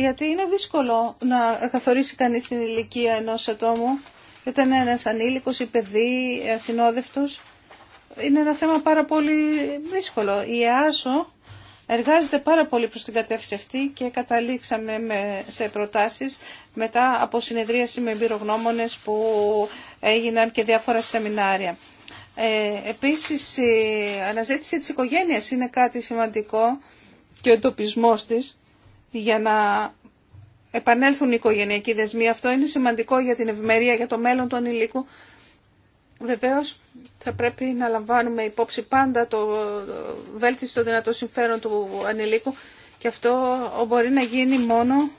γιατί είναι δύσκολο να καθορίσει κανείς την ηλικία ενός ατόμου, όταν είναι ένας ανήλικος ή παιδί, ασυνόδευτος. Είναι ένα θέμα πάρα πολύ δύσκολο. Η ΕΑΣΟ εργάζεται πάρα πολύ προς την κατεύθυνση αυτή και καταλήξαμε σε προτάσεις μετά από συνεδρίαση με εμπειρογνώμονες που έγιναν και διάφορα σεμινάρια. Ε, επίσης η αναζήτηση της οικογένειας είναι κάτι σημαντικό και ο εντοπισμός της για να επανέλθουν οι οικογενειακοί δεσμοί. Αυτό είναι σημαντικό για την ευημερία, για το μέλλον του ανηλίκου. Βεβαίω θα πρέπει να λαμβάνουμε υπόψη πάντα το βέλτιστο δυνατό συμφέρον του ανηλίκου και αυτό μπορεί να γίνει μόνο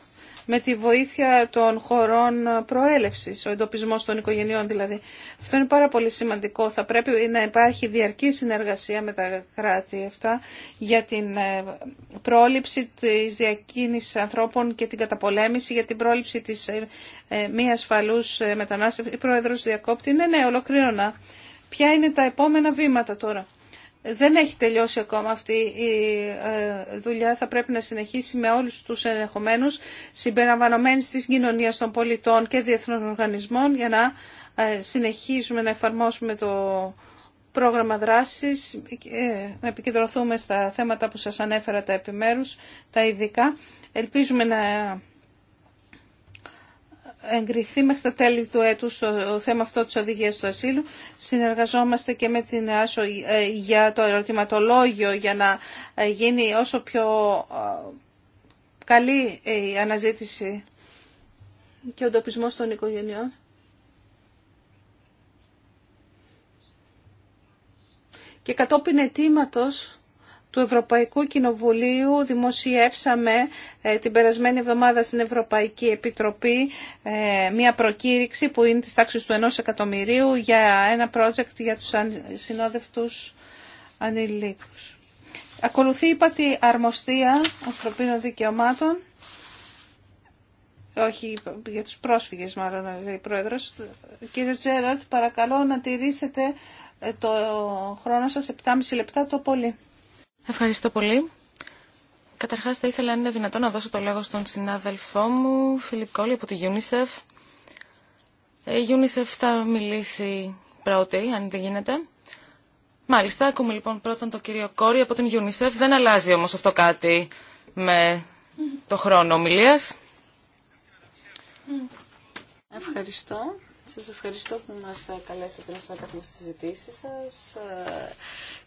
με τη βοήθεια των χωρών προέλευσης, ο εντοπισμός των οικογενειών δηλαδή. Αυτό είναι πάρα πολύ σημαντικό. Θα πρέπει να υπάρχει διαρκή συνεργασία με τα κράτη αυτά για την ε, πρόληψη της διακίνησης ανθρώπων και την καταπολέμηση, για την πρόληψη της ε, ε, μη ασφαλούς μετανάστευσης. Η Πρόεδρος διακόπτη. Ναι, ναι, ολοκλήρωνα. Ποια είναι τα επόμενα βήματα τώρα δεν έχει τελειώσει ακόμα αυτή η ε, δουλειά. Θα πρέπει να συνεχίσει με όλους τους ενεχομένους συμπεριλαμβανομένης της κοινωνία των πολιτών και διεθνών οργανισμών για να ε, συνεχίσουμε να εφαρμόσουμε το πρόγραμμα δράσης, ε, να επικεντρωθούμε στα θέματα που σας ανέφερα τα επιμέρους, τα ειδικά. Ελπίζουμε να εγκριθεί μέχρι τα τέλη του έτους το θέμα αυτό της οδηγίας του ασύλου. Συνεργαζόμαστε και με την ΑΣΟ ε, για το ερωτηματολόγιο για να ε, γίνει όσο πιο ε, καλή η αναζήτηση και ο εντοπισμός των οικογενειών. Και κατόπιν ετήματος του Ευρωπαϊκού Κοινοβουλίου δημοσιεύσαμε ε, την περασμένη εβδομάδα στην Ευρωπαϊκή Επιτροπή ε, μια προκήρυξη που είναι της τάξης του 1 εκατομμυρίου για ένα project για τους συνόδευτους ανηλίκους. Ακολουθεί η Πατή Αρμοστία Ανθρωπίνων Δικαιωμάτων όχι για τους πρόσφυγες μάλλον λέει η Πρόεδρος. Κύριε Τζέραρτ, παρακαλώ να τηρήσετε ε, το χρόνο σας 7,5 λεπτά το πολύ. Ευχαριστώ πολύ. Καταρχάς θα ήθελα αν είναι δυνατόν να δώσω το λόγο στον συνάδελφό μου, Φιλιπ Κόλλη από τη UNICEF. Η ε, UNICEF θα μιλήσει πρώτη, αν δεν γίνεται. Μάλιστα, ακούμε λοιπόν πρώτον τον κύριο Κόρη από την UNICEF. Δεν αλλάζει όμως αυτό κάτι με το χρόνο ομιλίας. Ευχαριστώ. Σας ευχαριστώ που μας ε, καλέσατε να συμμετέχουμε στις συζητήσεις σας. Ε,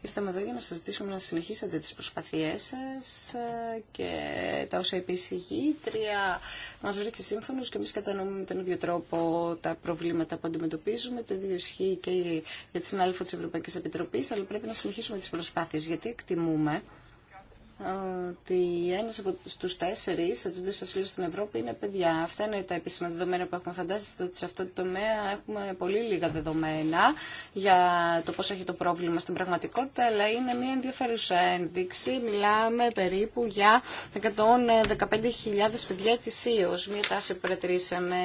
ήρθαμε εδώ για να σας ζητήσουμε να συνεχίσετε τις προσπαθίες σας ε, και τα όσα είπε η συγγήτρια μας βρήκε σύμφωνος και εμείς κατανοούμε με τον ίδιο τρόπο τα προβλήματα που αντιμετωπίζουμε. Το ίδιο ισχύει και για τη συνάδελφο της Ευρωπαϊκής Επιτροπής, αλλά πρέπει να συνεχίσουμε τις προσπάθειες γιατί εκτιμούμε ότι ένα από τους τέσσερις ετούντες ασύλου στην Ευρώπη είναι παιδιά. Αυτά είναι τα επίσημα δεδομένα που έχουμε. Φαντάζεστε ότι σε αυτό το τομέα έχουμε πολύ λίγα δεδομένα για το πώ έχει το πρόβλημα στην πραγματικότητα, αλλά είναι μια ενδιαφέρουσα ένδειξη. Μιλάμε περίπου για 115.000 παιδιά ετησίω. Μια τάση που παρατηρήσαμε.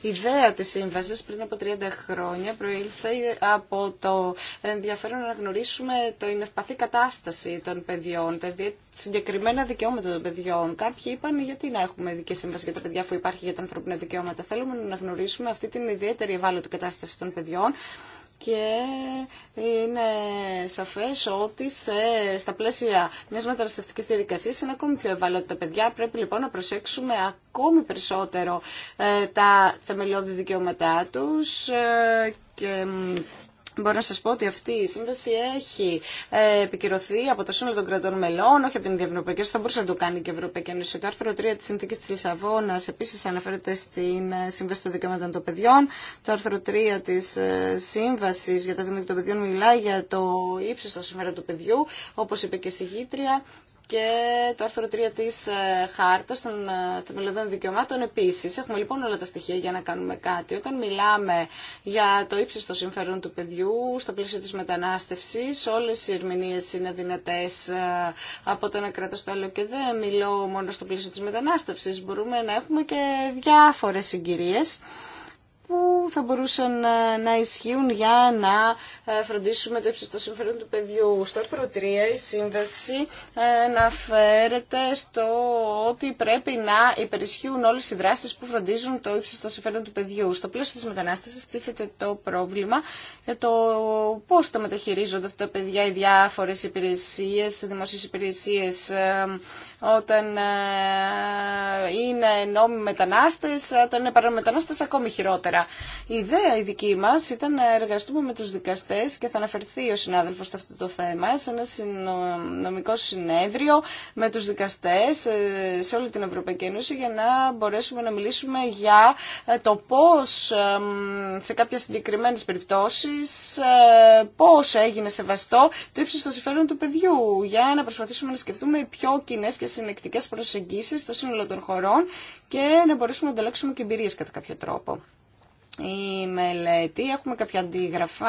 Η ιδέα τη σύμβαση πριν από 30 χρόνια προήλθε από το ενδιαφέρον να γνωρίσουμε την ευπαθή κατάσταση των των παιδιών, τα συγκεκριμένα δικαιώματα των παιδιών. Κάποιοι είπαν γιατί να έχουμε ειδική σύμβαση για τα παιδιά αφού υπάρχει για τα ανθρώπινα δικαιώματα. Θέλουμε να αναγνωρίσουμε αυτή την ιδιαίτερη ευάλωτη κατάσταση των παιδιών και είναι σαφές ότι σε, στα πλαίσια μιας μεταναστευτικής διαδικασίας είναι ακόμη πιο τα παιδιά. Πρέπει λοιπόν να προσέξουμε ακόμη περισσότερο ε, τα θεμελιώδη δικαιώματά τους ε, και Μπορώ να σα πω ότι αυτή η σύμβαση έχει ε, επικυρωθεί από το σύνολο των κρατών μελών, όχι από την Ευρωπαϊκή Ένωση, θα μπορούσε να το κάνει και η Ευρωπαϊκή Ένωση. Το άρθρο 3 τη συνθήκη τη Λισαβόνα επίση αναφέρεται στην ε, Σύμβαση των Δικαιωμάτων των Παιδιών. Το άρθρο 3 τη ε, σύμβαση για τα Δημοκρατία των Παιδιών μιλάει για το ύψιστο σήμερα του παιδιού, όπω είπε και η συγγήτρια και το άρθρο 3 της ε, χάρτας των θεμελιωδών δικαιωμάτων επίσης. Έχουμε λοιπόν όλα τα στοιχεία για να κάνουμε κάτι. Όταν μιλάμε για το ύψιστο συμφέρον του παιδιού στο πλαίσιο της μετανάστευσης, όλες οι ερμηνείες είναι δυνατές ε, από το ένα κράτος στο άλλο και δεν μιλώ μόνο στο πλαίσιο της μετανάστευσης. Μπορούμε να έχουμε και διάφορες συγκυρίες που θα μπορούσαν ε, να ισχύουν για να ε, φροντίσουμε το ύψιστο συμφέρον του παιδιού. Στο άρθρο 3 η σύμβαση ε, αναφέρεται στο ότι πρέπει να υπερισχύουν όλες οι δράσεις που φροντίζουν το ύψιστο συμφέρον του παιδιού. Στο πλαίσιο της μετανάστευσης τίθεται το πρόβλημα για το πώς τα μεταχειρίζονται αυτά τα παιδιά οι διάφορες υπηρεσίες, δημοσίες υπηρεσίες όταν ε, είναι νόμιμοι μετανάστες, όταν είναι παραμετανάστες ακόμη χειρότερα. Η ιδέα η δική μας ήταν να εργαστούμε με τους δικαστές και θα αναφερθεί ο συνάδελφος σε αυτό το θέμα, σε ένα νομικό συνέδριο με τους δικαστές ε, σε όλη την Ευρωπαϊκή Ένωση για να μπορέσουμε να μιλήσουμε για ε, το πώς σε κάποιες συγκεκριμένες περιπτώσεις πώς έγινε σεβαστό το ύψιστο συμφέρον του παιδιού για να προσπαθήσουμε να σκεφτούμε πιο κοινέ και συνεκτικές προσεγγίσεις στο σύνολο των χωρών και να μπορέσουμε να ανταλλάξουμε και εμπειρίες κατά κάποιο τρόπο. Η μελέτη, έχουμε κάποια αντίγραφα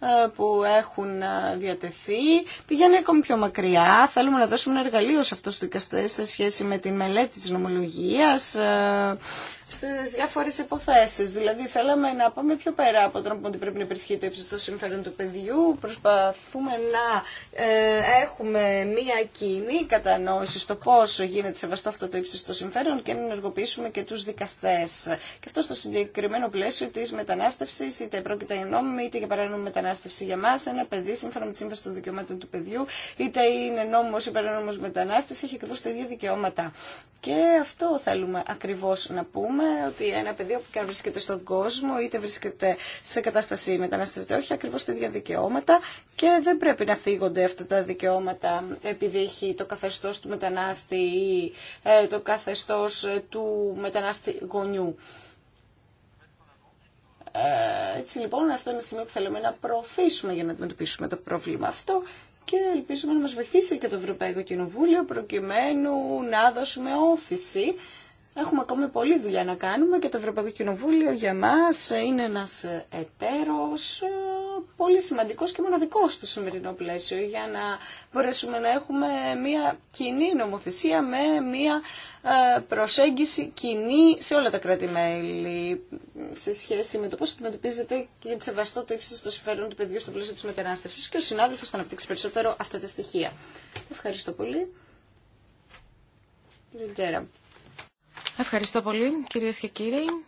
ε, που έχουν ε, διατεθεί. Πηγαίνει ακόμη πιο μακριά. Θέλουμε να δώσουμε ένα εργαλείο σε αυτό το δικαστέ σε σχέση με τη μελέτη της νομολογίας ε, Στι διάφορε υποθέσει. Δηλαδή θέλαμε να πάμε πιο πέρα από τον ότι πρέπει να υπερισχύει το ύψο στο συμφέρον του παιδιού. Προσπαθούμε να ε, έχουμε μία κοινή κατανόηση στο πόσο γίνεται σεβαστό αυτό το ύψο στο συμφέρον και να ενεργοποιήσουμε και του δικαστέ. Και αυτό στο συγκεκριμένο πλαίσιο τη μετανάστευση, είτε πρόκειται για νόμιμη είτε για παράνομη μετανάστευση για μα, ένα παιδί σύμφωνα με τη σύμβαση των δικαιωμάτων του παιδιού, είτε είναι νόμιμο ή παράνομο μετανάστευση, έχει ακριβώ τα ίδια δικαιώματα. Και αυτό θέλουμε ακριβώ να πούμε ότι ένα παιδί που και αν βρίσκεται στον κόσμο, είτε βρίσκεται σε κατάσταση μεταναστευτή, όχι ακριβώ τα ίδια δικαιώματα και δεν πρέπει να θίγονται αυτά τα δικαιώματα επειδή έχει το καθεστώς του μετανάστη ή ε, το καθεστώς ε, του μετανάστη γονιού. Ε, έτσι λοιπόν αυτό είναι σημείο που θέλουμε να προωθήσουμε για να αντιμετωπίσουμε το πρόβλημα αυτό και ελπίζουμε να μας βοηθήσει και το Ευρωπαϊκό Κοινοβούλιο προκειμένου να δώσουμε όφηση Έχουμε ακόμη πολλή δουλειά να κάνουμε και το Ευρωπαϊκό Κοινοβούλιο για μας είναι ένας εταίρος ε, πολύ σημαντικός και μοναδικός στο σημερινό πλαίσιο για να μπορέσουμε να έχουμε μια κοινή νομοθεσία με μια ε, προσέγγιση κοινή σε όλα τα κράτη-μέλη σε σχέση με το πώς αντιμετωπίζεται και για τη σεβαστό το ύψος των συμφέρον του παιδιού στο πλαίσιο της μετανάστευσης και ο συνάδελφος θα αναπτύξει περισσότερο αυτά τα στοιχεία. Ευχαριστώ πολύ. Κύριε Ευχαριστώ πολύ κυρίες και κύριοι.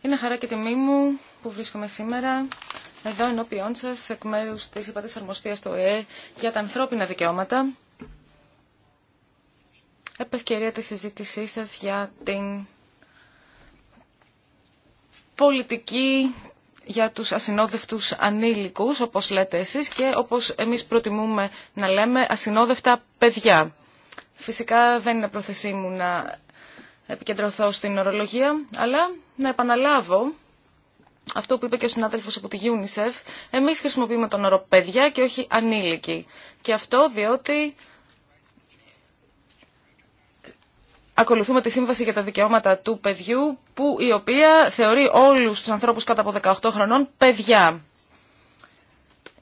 Είναι χαρά και τιμή μου που βρίσκομαι σήμερα εδώ ενώπιόν σα εκ μέρου τη υπατή Αρμοστίας του ΕΕ για τα ανθρώπινα δικαιώματα. Επ' ευκαιρία της συζήτησής σας για την πολιτική για τους ασυνόδευτους ανήλικους, όπως λέτε εσείς, και όπως εμείς προτιμούμε να λέμε ασυνόδευτα παιδιά. Φυσικά δεν είναι πρόθεσή μου να επικεντρωθώ στην ορολογία, αλλά να επαναλάβω αυτό που είπε και ο συνάδελφο από τη UNICEF. Εμεί χρησιμοποιούμε τον όρο παιδιά και όχι ανήλικοι. Και αυτό διότι ακολουθούμε τη Σύμβαση για τα Δικαιώματα του Παιδιού, που η οποία θεωρεί όλους τους ανθρώπους κάτω από 18 χρονών παιδιά,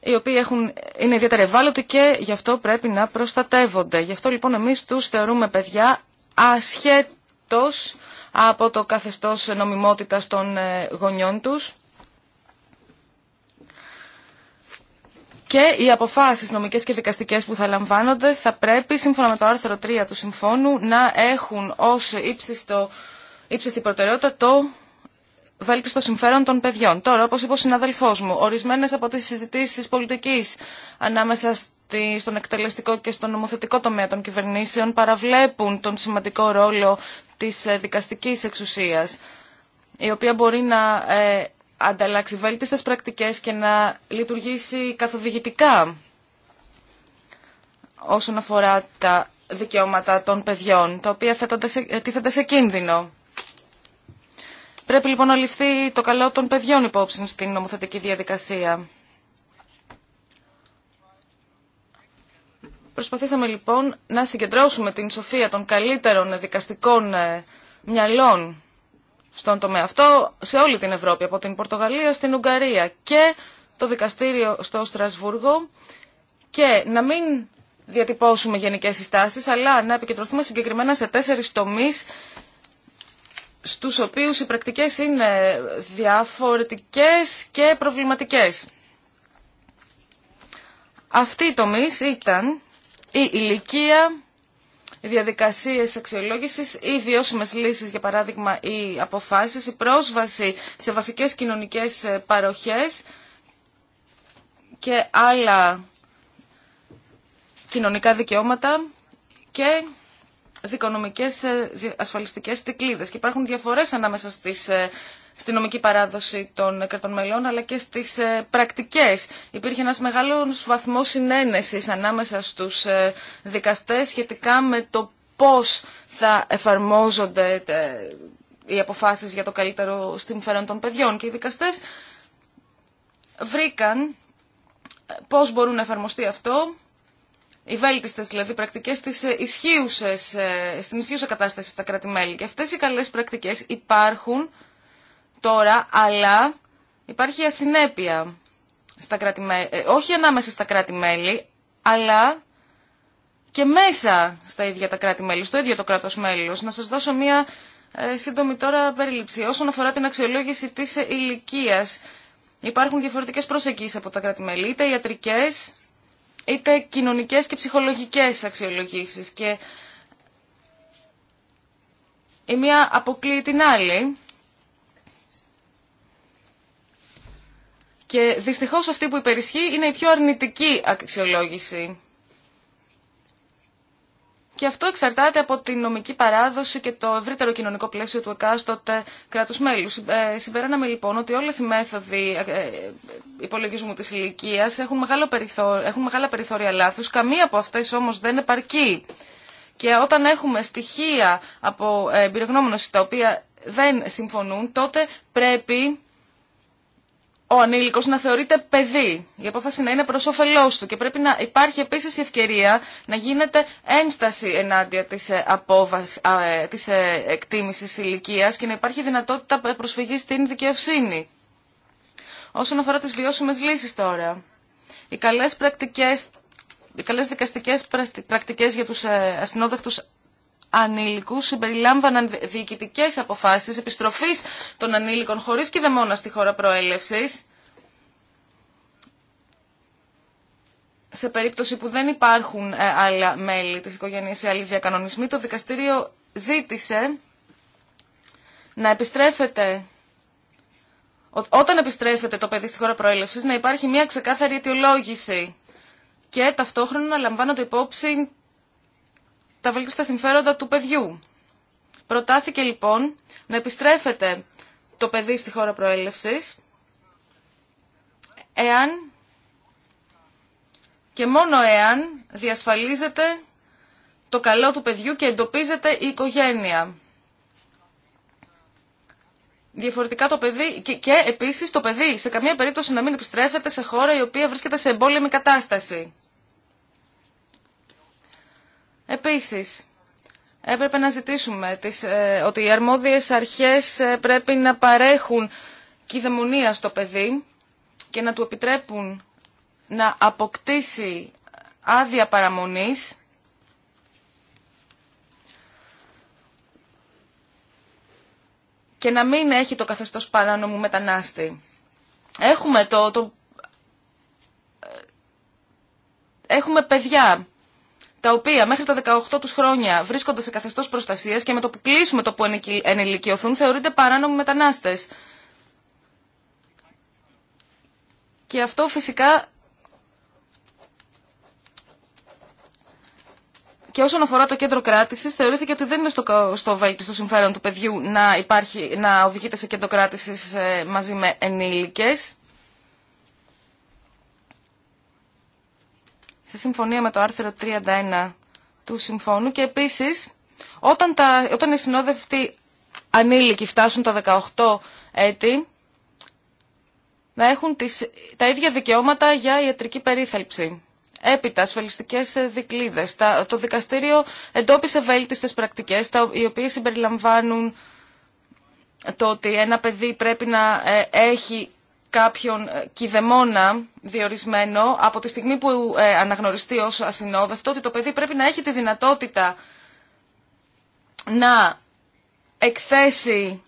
οι οποίοι έχουν, είναι ιδιαίτερα ευάλωτοι και γι' αυτό πρέπει να προστατεύονται. Γι' αυτό λοιπόν εμείς τους θεωρούμε παιδιά ασχέτως από το καθεστώς νομιμότητας των ε, γονιών τους. Και οι αποφάσεις νομικές και δικαστικές που θα λαμβάνονται θα πρέπει, σύμφωνα με το άρθρο 3 του Συμφώνου, να έχουν ως ύψιστο, ύψιστη προτεραιότητα το βέλτιστο συμφέρον των παιδιών. Τώρα, όπως είπε ο συναδελφό μου, ορισμένες από τις συζητήσει τη πολιτικής ανάμεσα στον εκτελεστικό και στον νομοθετικό τομέα των κυβερνήσεων παραβλέπουν τον σημαντικό ρόλο της ε, δικαστικής εξουσίας, η οποία μπορεί να ε, ανταλλάξει βέλτιστε πρακτικές και να λειτουργήσει καθοδηγητικά όσον αφορά τα δικαιώματα των παιδιών, τα οποία θέτονται σε ε, κίνδυνο. Πρέπει λοιπόν να ληφθεί το καλό των παιδιών υπόψη στην νομοθετική διαδικασία. Προσπαθήσαμε λοιπόν να συγκεντρώσουμε την σοφία των καλύτερων δικαστικών ε, μυαλών στον τομέα αυτό σε όλη την Ευρώπη, από την Πορτογαλία στην Ουγγαρία και το δικαστήριο στο Στρασβούργο και να μην διατυπώσουμε γενικές συστάσεις, αλλά να επικεντρωθούμε συγκεκριμένα σε τέσσερις τομείς στους οποίους οι πρακτικές είναι διαφορετικές και προβληματικές. Αυτή η τομείς ήταν η ηλικία, οι διαδικασίες αξιολόγησης, οι βιώσιμες λύσεις, για παράδειγμα, οι αποφάσεις, η πρόσβαση σε βασικές κοινωνικές παροχές και άλλα κοινωνικά δικαιώματα και δικονομικές ε, ασφαλιστικές τυκλίδες και υπάρχουν διαφορές ανάμεσα στις, ε, στη νομική παράδοση των κρατών μελών αλλά και στις ε, πρακτικές. Υπήρχε ένας μεγάλος βαθμός συνένεσης ανάμεσα στους δικαστές σχετικά με το πώς θα εφαρμόζονται οι αποφάσεις για το καλύτερο συμφέρον των παιδιών και οι δικαστές βρήκαν πώς μπορούν να εφαρμοστεί αυτό οι βέλτιστε δηλαδή πρακτικές ε, ε, στην ισχύουσα κατάσταση στα κράτη-μέλη. Και αυτές οι καλές πρακτικές υπάρχουν τώρα, αλλά υπάρχει ασυνέπεια στα κρατη ε, όχι ανάμεσα στα κράτη-μέλη, αλλά και μέσα στα ίδια τα κράτη-μέλη, στο ίδιο το κράτος μέλος. Να σας δώσω μία σύντομη τώρα περίληψη. Όσον αφορά την αξιολόγηση της ηλικίας, υπάρχουν διαφορετικές προσεγγίσεις από τα κράτη-μέλη, είτε ιατρικές, είτε κοινωνικές και ψυχολογικές αξιολογήσεις και η μία αποκλείει την άλλη και δυστυχώς αυτή που υπερισχύει είναι η πιο αρνητική αξιολόγηση και αυτό εξαρτάται από την νομική παράδοση και το ευρύτερο κοινωνικό πλαίσιο του εκάστοτε κράτους μέλους. Ε, συμπεράναμε λοιπόν ότι όλες οι μέθοδοι ε, ε, υπολογισμού της ηλικία έχουν, έχουν μεγάλα περιθώρια λάθους, καμία από αυτές όμως δεν επαρκεί. Και όταν έχουμε στοιχεία από εμπειρογνώμονε τα οποία δεν συμφωνούν, τότε πρέπει ο ανήλικό να θεωρείται παιδί. Η απόφαση να είναι προ όφελό του και πρέπει να υπάρχει επίση η ευκαιρία να γίνεται ένσταση ενάντια τη εκτίμηση της ε, ε, ε, εκτίμησης και να υπάρχει δυνατότητα προσφυγή στην δικαιοσύνη. Όσον αφορά τις βιώσιμες λύσεις τώρα, οι καλές, πρακτικές, οι καλές δικαστικές πρακτικές για τους ασυνόδευτους ανήλικους συμπεριλάμβαναν διοικητικές αποφάσεις επιστροφής των ανήλικων χωρίς και δαιμόνα στη χώρα προέλευσης. σε περίπτωση που δεν υπάρχουν ε, άλλα μέλη της οικογένειας ή άλλοι διακανονισμοί, το δικαστήριο ζήτησε να επιστρέφεται, όταν επιστρέφεται το παιδί στη χώρα προέλευσης, να υπάρχει μια ξεκάθαρη αιτιολόγηση και ταυτόχρονα να λαμβάνονται υπόψη τα βελτιστά συμφέροντα του παιδιού. Προτάθηκε λοιπόν να επιστρέφεται το παιδί στη χώρα προέλευσης εάν και μόνο εάν διασφαλίζεται το καλό του παιδιού και εντοπίζεται η οικογένεια. Διαφορετικά το παιδί και, και επίσης το παιδί σε καμία περίπτωση να μην επιστρέφεται σε χώρα η οποία βρίσκεται σε εμπόλεμη κατάσταση. Επίσης, έπρεπε να ζητήσουμε ε, ότι οι αρμόδιες αρχές ε, πρέπει να παρέχουν κυδαιμονία στο παιδί και να του επιτρέπουν να αποκτήσει άδεια παραμονής και να μην έχει το καθεστώς παράνομου μετανάστη. Έχουμε το, το... Ε, έχουμε παιδιά τα οποία μέχρι τα 18 του χρόνια βρίσκονται σε καθεστώ προστασία και με το που κλείσουμε το που ενηλικιωθούν θεωρείται παράνομοι μετανάστε. Και αυτό φυσικά Και όσον αφορά το κέντρο κράτηση, θεωρήθηκε ότι δεν είναι στο, στο βέλτιστο συμφέρον του παιδιού να, υπάρχει, να οδηγείται σε κέντρο κράτηση ε, μαζί με ενήλικες. στη συμφωνία με το άρθρο 31 του συμφώνου και επίσης όταν, τα, όταν οι συνόδευτοι ανήλικοι φτάσουν τα 18 έτη να έχουν τις, τα ίδια δικαιώματα για ιατρική περίθαλψη. Έπειτα, ασφαλιστικέ δικλείδε. Το δικαστήριο εντόπισε βέλτιστε πρακτικέ, οι οποίε συμπεριλαμβάνουν το ότι ένα παιδί πρέπει να ε, έχει κάποιον ε, κηδεμόνα διορισμένο από τη στιγμή που ε, αναγνωριστεί ως ασυνόδευτο ότι το παιδί πρέπει να έχει τη δυνατότητα να εκθέσει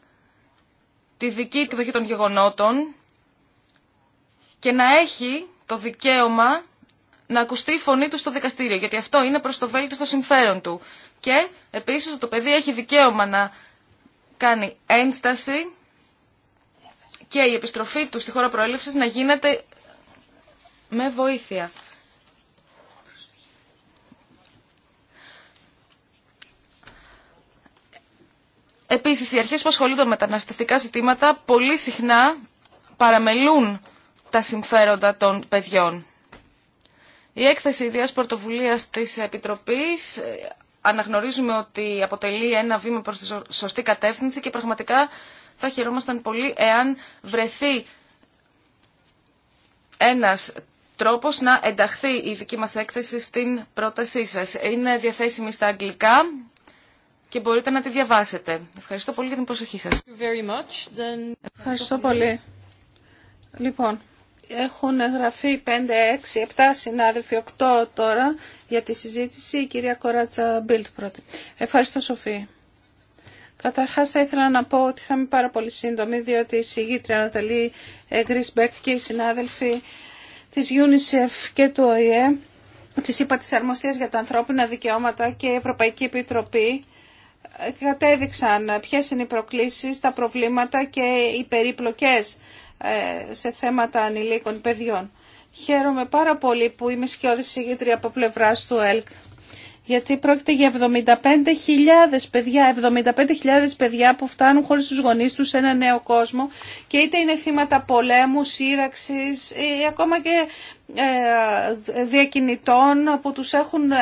τη δική εκδοχή των γεγονότων και να έχει το δικαίωμα να ακουστεί η φωνή του στο δικαστήριο, γιατί αυτό είναι προς το βέλτιστο συμφέρον του. Και επίσης το παιδί έχει δικαίωμα να κάνει ένσταση και η επιστροφή του στη χώρα προέλευσης να γίνεται με βοήθεια. Επίσης, οι αρχές που ασχολούνται με μεταναστευτικά ζητήματα πολύ συχνά παραμελούν τα συμφέροντα των παιδιών. Η έκθεση ιδίας πρωτοβουλίας της Επιτροπής ε, αναγνωρίζουμε ότι αποτελεί ένα βήμα προς τη σωστή κατεύθυνση και πραγματικά θα χαιρόμασταν πολύ εάν βρεθεί ένας τρόπος να ενταχθεί η δική μας έκθεση στην πρότασή σας. Είναι διαθέσιμη στα αγγλικά και μπορείτε να τη διαβάσετε. Ευχαριστώ πολύ για την προσοχή σας. Ευχαριστώ πολύ. Λοιπόν, έχουν γραφεί 5, 6, 7 συνάδελφοι, 8 τώρα για τη συζήτηση. Η κυρία Κοράτσα Μπίλτ πρώτη. Ευχαριστώ Σοφία. Καταρχά θα ήθελα να πω ότι θα είμαι πάρα πολύ σύντομη διότι η συγγήτρια Αναταλή ε, Γκρισμπέκ και οι συνάδελφοι τη UNICEF και του ΟΗΕ τη ΥΠΑ τη Αρμοστία για τα Ανθρώπινα Δικαιώματα και η Ευρωπαϊκή Επιτροπή ε, κατέδειξαν ποιε είναι οι προκλήσει τα προβλήματα και οι περιπλοκές ε, σε θέματα ανηλίκων παιδιών. Χαίρομαι πάρα πολύ που είμαι σκιώδη συγγήτρια από πλευρά του ΕΛΚ γιατί πρόκειται για 75.000 παιδιά, 75.000 παιδιά που φτάνουν χωρίς τους γονείς τους σε ένα νέο κόσμο και είτε είναι θύματα πολέμου, σύραξης ή ακόμα και ε, διακινητών που τους έχουν ε,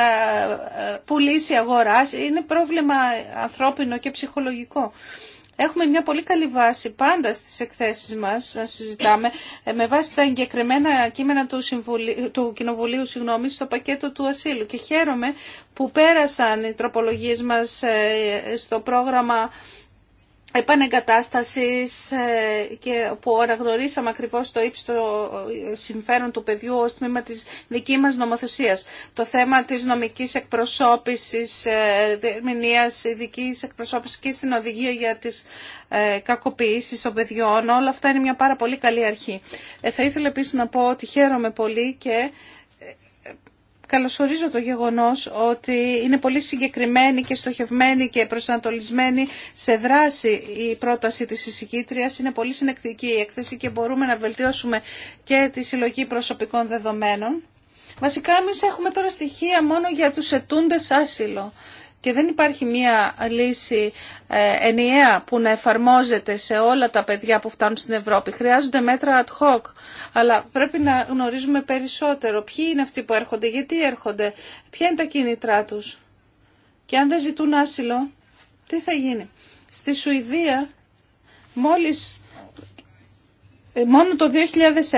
πουλήσει αγοράς. Είναι πρόβλημα ανθρώπινο και ψυχολογικό. Έχουμε μια πολύ καλή βάση πάντα στις εκθέσεις μας να συζητάμε ε, με βάση τα εγκεκριμένα κείμενα του, του Κοινοβουλίου συγγνώμη, στο πακέτο του ασύλου και χαίρομαι που πέρασαν οι τροπολογίες μας ε, στο πρόγραμμα επανεγκατάστασης ε, και που αναγνωρίσαμε ακριβώς το ύψιστο ε, συμφέρον του παιδιού ως τμήμα της δική μας νομοθεσίας. Το θέμα της νομικής εκπροσώπησης, ε, ερμηνείας ειδική εκπροσώπησης και στην οδηγία για τις κακοποιήσεις των παιδιών, όλα αυτά είναι μια πάρα πολύ καλή αρχή. Θα ήθελα επίσης να πω ότι χαίρομαι πολύ και καλωσορίζω το γεγονός ότι είναι πολύ συγκεκριμένη και στοχευμένη και προσανατολισμένη σε δράση η πρόταση της εισηγήτριας. Είναι πολύ συνεκτική η έκθεση και μπορούμε να βελτιώσουμε και τη συλλογή προσωπικών δεδομένων. Βασικά εμεί έχουμε τώρα στοιχεία μόνο για τους ετούντες άσυλο και δεν υπάρχει μία λύση ε, ενιαία που να εφαρμόζεται σε όλα τα παιδιά που φτάνουν στην Ευρώπη. Χρειάζονται μέτρα ad hoc, αλλά πρέπει να γνωρίζουμε περισσότερο ποιοι είναι αυτοί που έρχονται, γιατί έρχονται, ποια είναι τα κίνητρά τους. Και αν δεν ζητούν άσυλο, τι θα γίνει. Στη Σουηδία, μόλις ε, μόνο το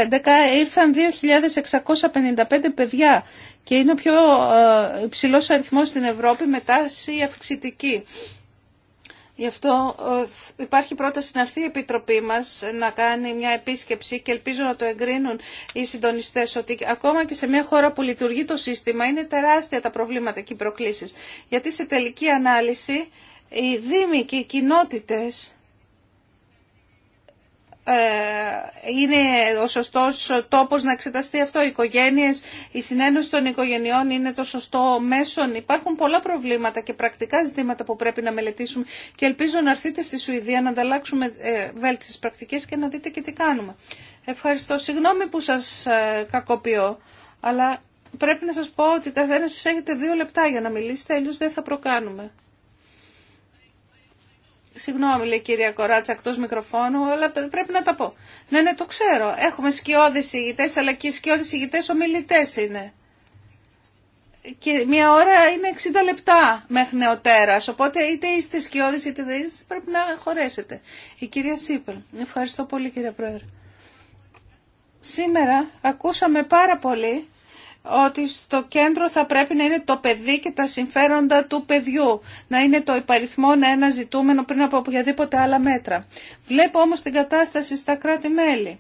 2011 ήρθαν 2.655 παιδιά και είναι ο πιο ε, ψηλό αριθμό στην Ευρώπη με τάση αυξητική. Γι' αυτό ε, υπάρχει πρόταση να έρθει η Επιτροπή μα να κάνει μια επίσκεψη και ελπίζω να το εγκρίνουν οι συντονιστές ότι ακόμα και σε μια χώρα που λειτουργεί το σύστημα είναι τεράστια τα προβλήματα και οι προκλήσεις. Γιατί σε τελική ανάλυση οι δήμοι και οι κοινότητε. Ε, είναι ο σωστός τόπος να εξεταστεί αυτό. Οι οικογένειες, η συνένωση των οικογενειών είναι το σωστό μέσον. Υπάρχουν πολλά προβλήματα και πρακτικά ζητήματα που πρέπει να μελετήσουμε και ελπίζω να έρθετε στη Σουηδία να ανταλλάξουμε ε, βέλτιστες πρακτικές και να δείτε και τι κάνουμε. Ευχαριστώ. Συγγνώμη που σας ε, κακοποιώ, αλλά πρέπει να σας πω ότι καθένας έχετε δύο λεπτά για να μιλήσετε, αλλιώς δεν θα προκάνουμε. Συγγνώμη, λέει η κυρία Κοράτσα, εκτό μικροφώνου, αλλά πρέπει να τα πω. Ναι, ναι, το ξέρω. Έχουμε σκιώδει ηγητέ, αλλά και οι σκιώδει ηγητέ ομιλητέ είναι. Και μία ώρα είναι 60 λεπτά μέχρι νεοτέρα. Οπότε είτε είστε σκιώδει είτε δεν είστε, πρέπει να χωρέσετε. Η κυρία Σίπελ. Ευχαριστώ πολύ, κύριε Πρόεδρε. Σήμερα ακούσαμε πάρα πολύ ότι στο κέντρο θα πρέπει να είναι το παιδί και τα συμφέροντα του παιδιού, να είναι το υπαριθμό να ένα ζητούμενο πριν από οποιαδήποτε άλλα μέτρα. Βλέπω όμως την κατάσταση στα κράτη-μέλη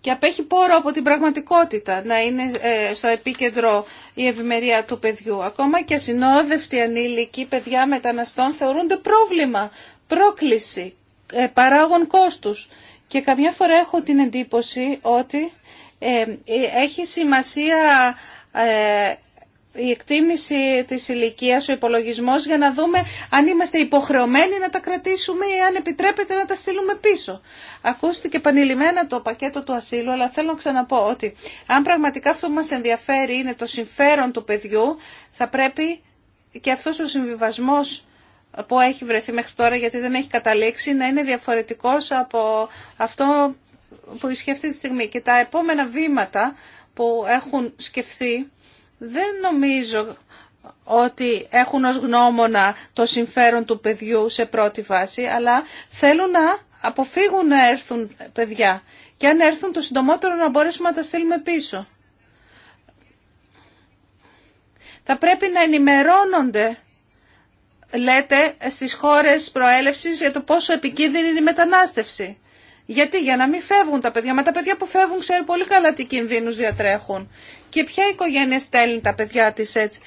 και απέχει πόρο από την πραγματικότητα να είναι ε, στο επίκεντρο η ευημερία του παιδιού. Ακόμα και ασυνόδευτοι ανήλικοι παιδιά μεταναστών θεωρούνται πρόβλημα, πρόκληση, ε, παράγον κόστους. Και καμιά φορά έχω την εντύπωση ότι ε, έχει σημασία ε, η εκτίμηση της ηλικία, ο υπολογισμός για να δούμε αν είμαστε υποχρεωμένοι να τα κρατήσουμε ή αν επιτρέπεται να τα στείλουμε πίσω. Ακούστηκε επανειλημμένα το πακέτο του ασύλου, αλλά θέλω να ξαναπώ ότι αν πραγματικά αυτό που μας ενδιαφέρει είναι το συμφέρον του παιδιού, θα πρέπει και αυτός ο συμβιβασμός που έχει βρεθεί μέχρι τώρα γιατί δεν έχει καταλήξει να είναι διαφορετικός από αυτό που ισχύει τη στιγμή και τα επόμενα βήματα που έχουν σκεφτεί δεν νομίζω ότι έχουν ως γνώμονα το συμφέρον του παιδιού σε πρώτη βάση, αλλά θέλουν να αποφύγουν να έρθουν παιδιά. Και αν έρθουν το συντομότερο να μπορέσουμε να τα στείλουμε πίσω. Θα πρέπει να ενημερώνονται, λέτε, στις χώρες προέλευσης για το πόσο επικίνδυνη είναι η μετανάστευση. Γιατί, για να μην φεύγουν τα παιδιά. Μα τα παιδιά που φεύγουν ξέρουν πολύ καλά τι κινδύνους διατρέχουν. Και ποια οικογένεια στέλνει τα παιδιά της έτσι.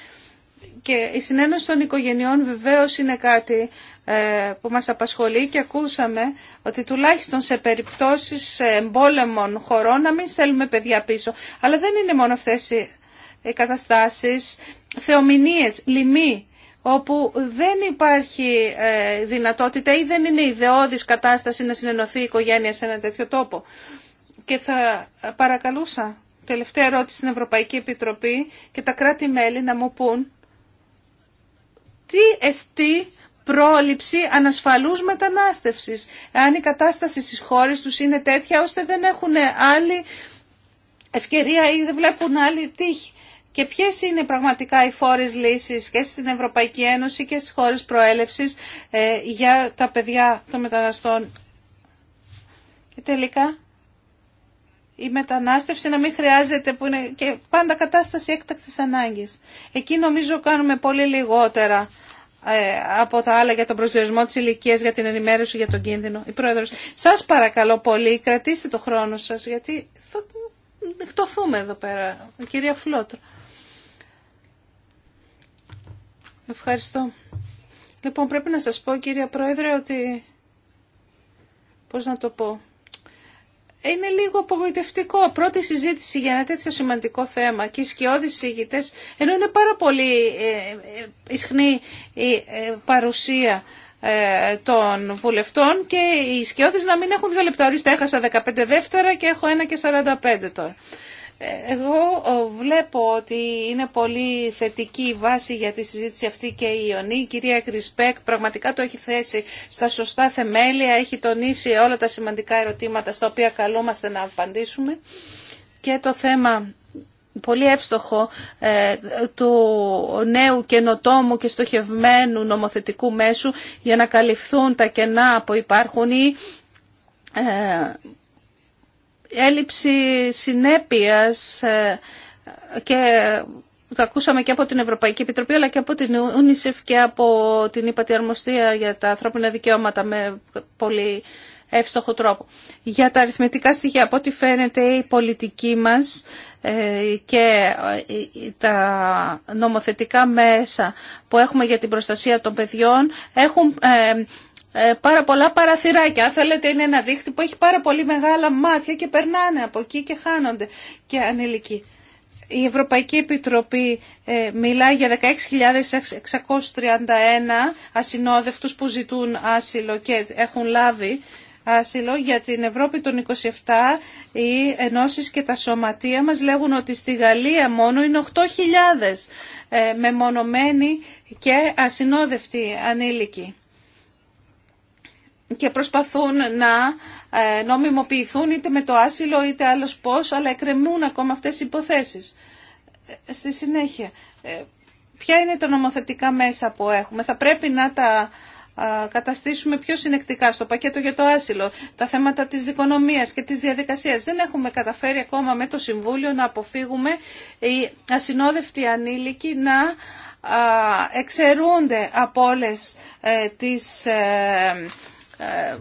Και η συνένωση των οικογενειών βεβαίως είναι κάτι ε, που μας απασχολεί και ακούσαμε ότι τουλάχιστον σε περιπτώσεις εμπόλεμων χωρών να μην στέλνουμε παιδιά πίσω. Αλλά δεν είναι μόνο αυτές οι καταστάσεις, θεομηνίες, λοιμοί, όπου δεν υπάρχει ε, δυνατότητα ή δεν είναι ιδεώδης κατάσταση να συνενωθεί η οικογένεια σε ένα τέτοιο τόπο. Και θα παρακαλούσα τελευταία ερώτηση στην Ευρωπαϊκή Επιτροπή και τα κράτη-μέλη να μου πούν τι εστί πρόληψη ανασφαλούς μετανάστευσης, αν η κατάσταση στις χώρες τους είναι τέτοια ώστε δεν έχουν άλλη ευκαιρία ή δεν βλέπουν άλλη τύχη και ποιες είναι πραγματικά οι φόρες λύσεις και στην Ευρωπαϊκή Ένωση και στις χώρες προέλευσης ε, για τα παιδιά των μεταναστών. Και τελικά η μετανάστευση να μην χρειάζεται που είναι και πάντα κατάσταση έκτακτης ανάγκης. Εκεί νομίζω κάνουμε πολύ λιγότερα ε, από τα άλλα για τον προσδιορισμό της ηλικία για την ενημέρωση για τον κίνδυνο. Η σας παρακαλώ πολύ, κρατήστε το χρόνο σας, γιατί θα χτωθούμε εδώ πέρα, κυρία Φλότρο. Ευχαριστώ. Λοιπόν, πρέπει να σας πω, κύριε Πρόεδρε, ότι... Πώς να το πω... Είναι λίγο απογοητευτικό. Πρώτη συζήτηση για ένα τέτοιο σημαντικό θέμα και οι σκιώδεις συζήτητες, ενώ είναι πάρα πολύ ε, ε, ισχνή η ε, παρουσία των βουλευτών και οι σκιώδεις να μην έχουν δύο λεπτά. Ορίστε, έχασα 15 δεύτερα και έχω ένα και 45 τώρα. Εγώ ε, βλέπω ότι είναι πολύ θετική η βάση για τη συζήτηση αυτή και η Ιωνή. Η κυρία Κρισπέκ πραγματικά το έχει θέσει στα σωστά θεμέλια, έχει τονίσει όλα τα σημαντικά ερωτήματα στα οποία καλούμαστε να απαντήσουμε και το θέμα πολύ εύστοχο ε, του νέου καινοτόμου και στοχευμένου νομοθετικού μέσου για να καλυφθούν τα κενά που υπάρχουν ή ε, έλλειψη συνέπειας ε, και το ακούσαμε και από την Ευρωπαϊκή Επιτροπή αλλά και από την UNICEF και από την ΥΠΑΤΗ Αρμοστία για τα ανθρώπινα δικαιώματα με πολύ εύστοχο τρόπο. Για τα αριθμητικά στοιχεία, από ό,τι φαίνεται η πολιτική μας ε, και ε, τα νομοθετικά μέσα που έχουμε για την προστασία των παιδιών έχουν ε, πάρα πολλά παραθυράκια. θέλετε είναι ένα δίχτυ που έχει πάρα πολύ μεγάλα μάτια και περνάνε από εκεί και χάνονται και ανηλικοί. Η Ευρωπαϊκή Επιτροπή ε, μιλάει για 16.631 ασυνόδευτους που ζητούν άσυλο και έχουν λάβει άσυλο για την Ευρώπη των 27 οι ενώσεις και τα σωματεία μας λέγουν ότι στη Γαλλία μόνο είναι 8.000 ε, μεμονωμένοι και ασυνόδευτοι ανήλικοι και προσπαθούν να ε, νομιμοποιηθούν είτε με το άσυλο είτε άλλος πώς, αλλά εκκρεμούν ακόμα αυτές οι υποθέσεις. Ε, στη συνέχεια, ε, ποια είναι τα νομοθετικά μέσα που έχουμε. Θα πρέπει να τα καταστήσουμε πιο συνεκτικά στο πακέτο για το άσυλο, τα θέματα της δικονομίας και της διαδικασίας. Δεν έχουμε καταφέρει ακόμα με το Συμβούλιο να αποφύγουμε οι ασυνόδευτοι ανήλικοι να εξαιρούνται από όλες τις ε,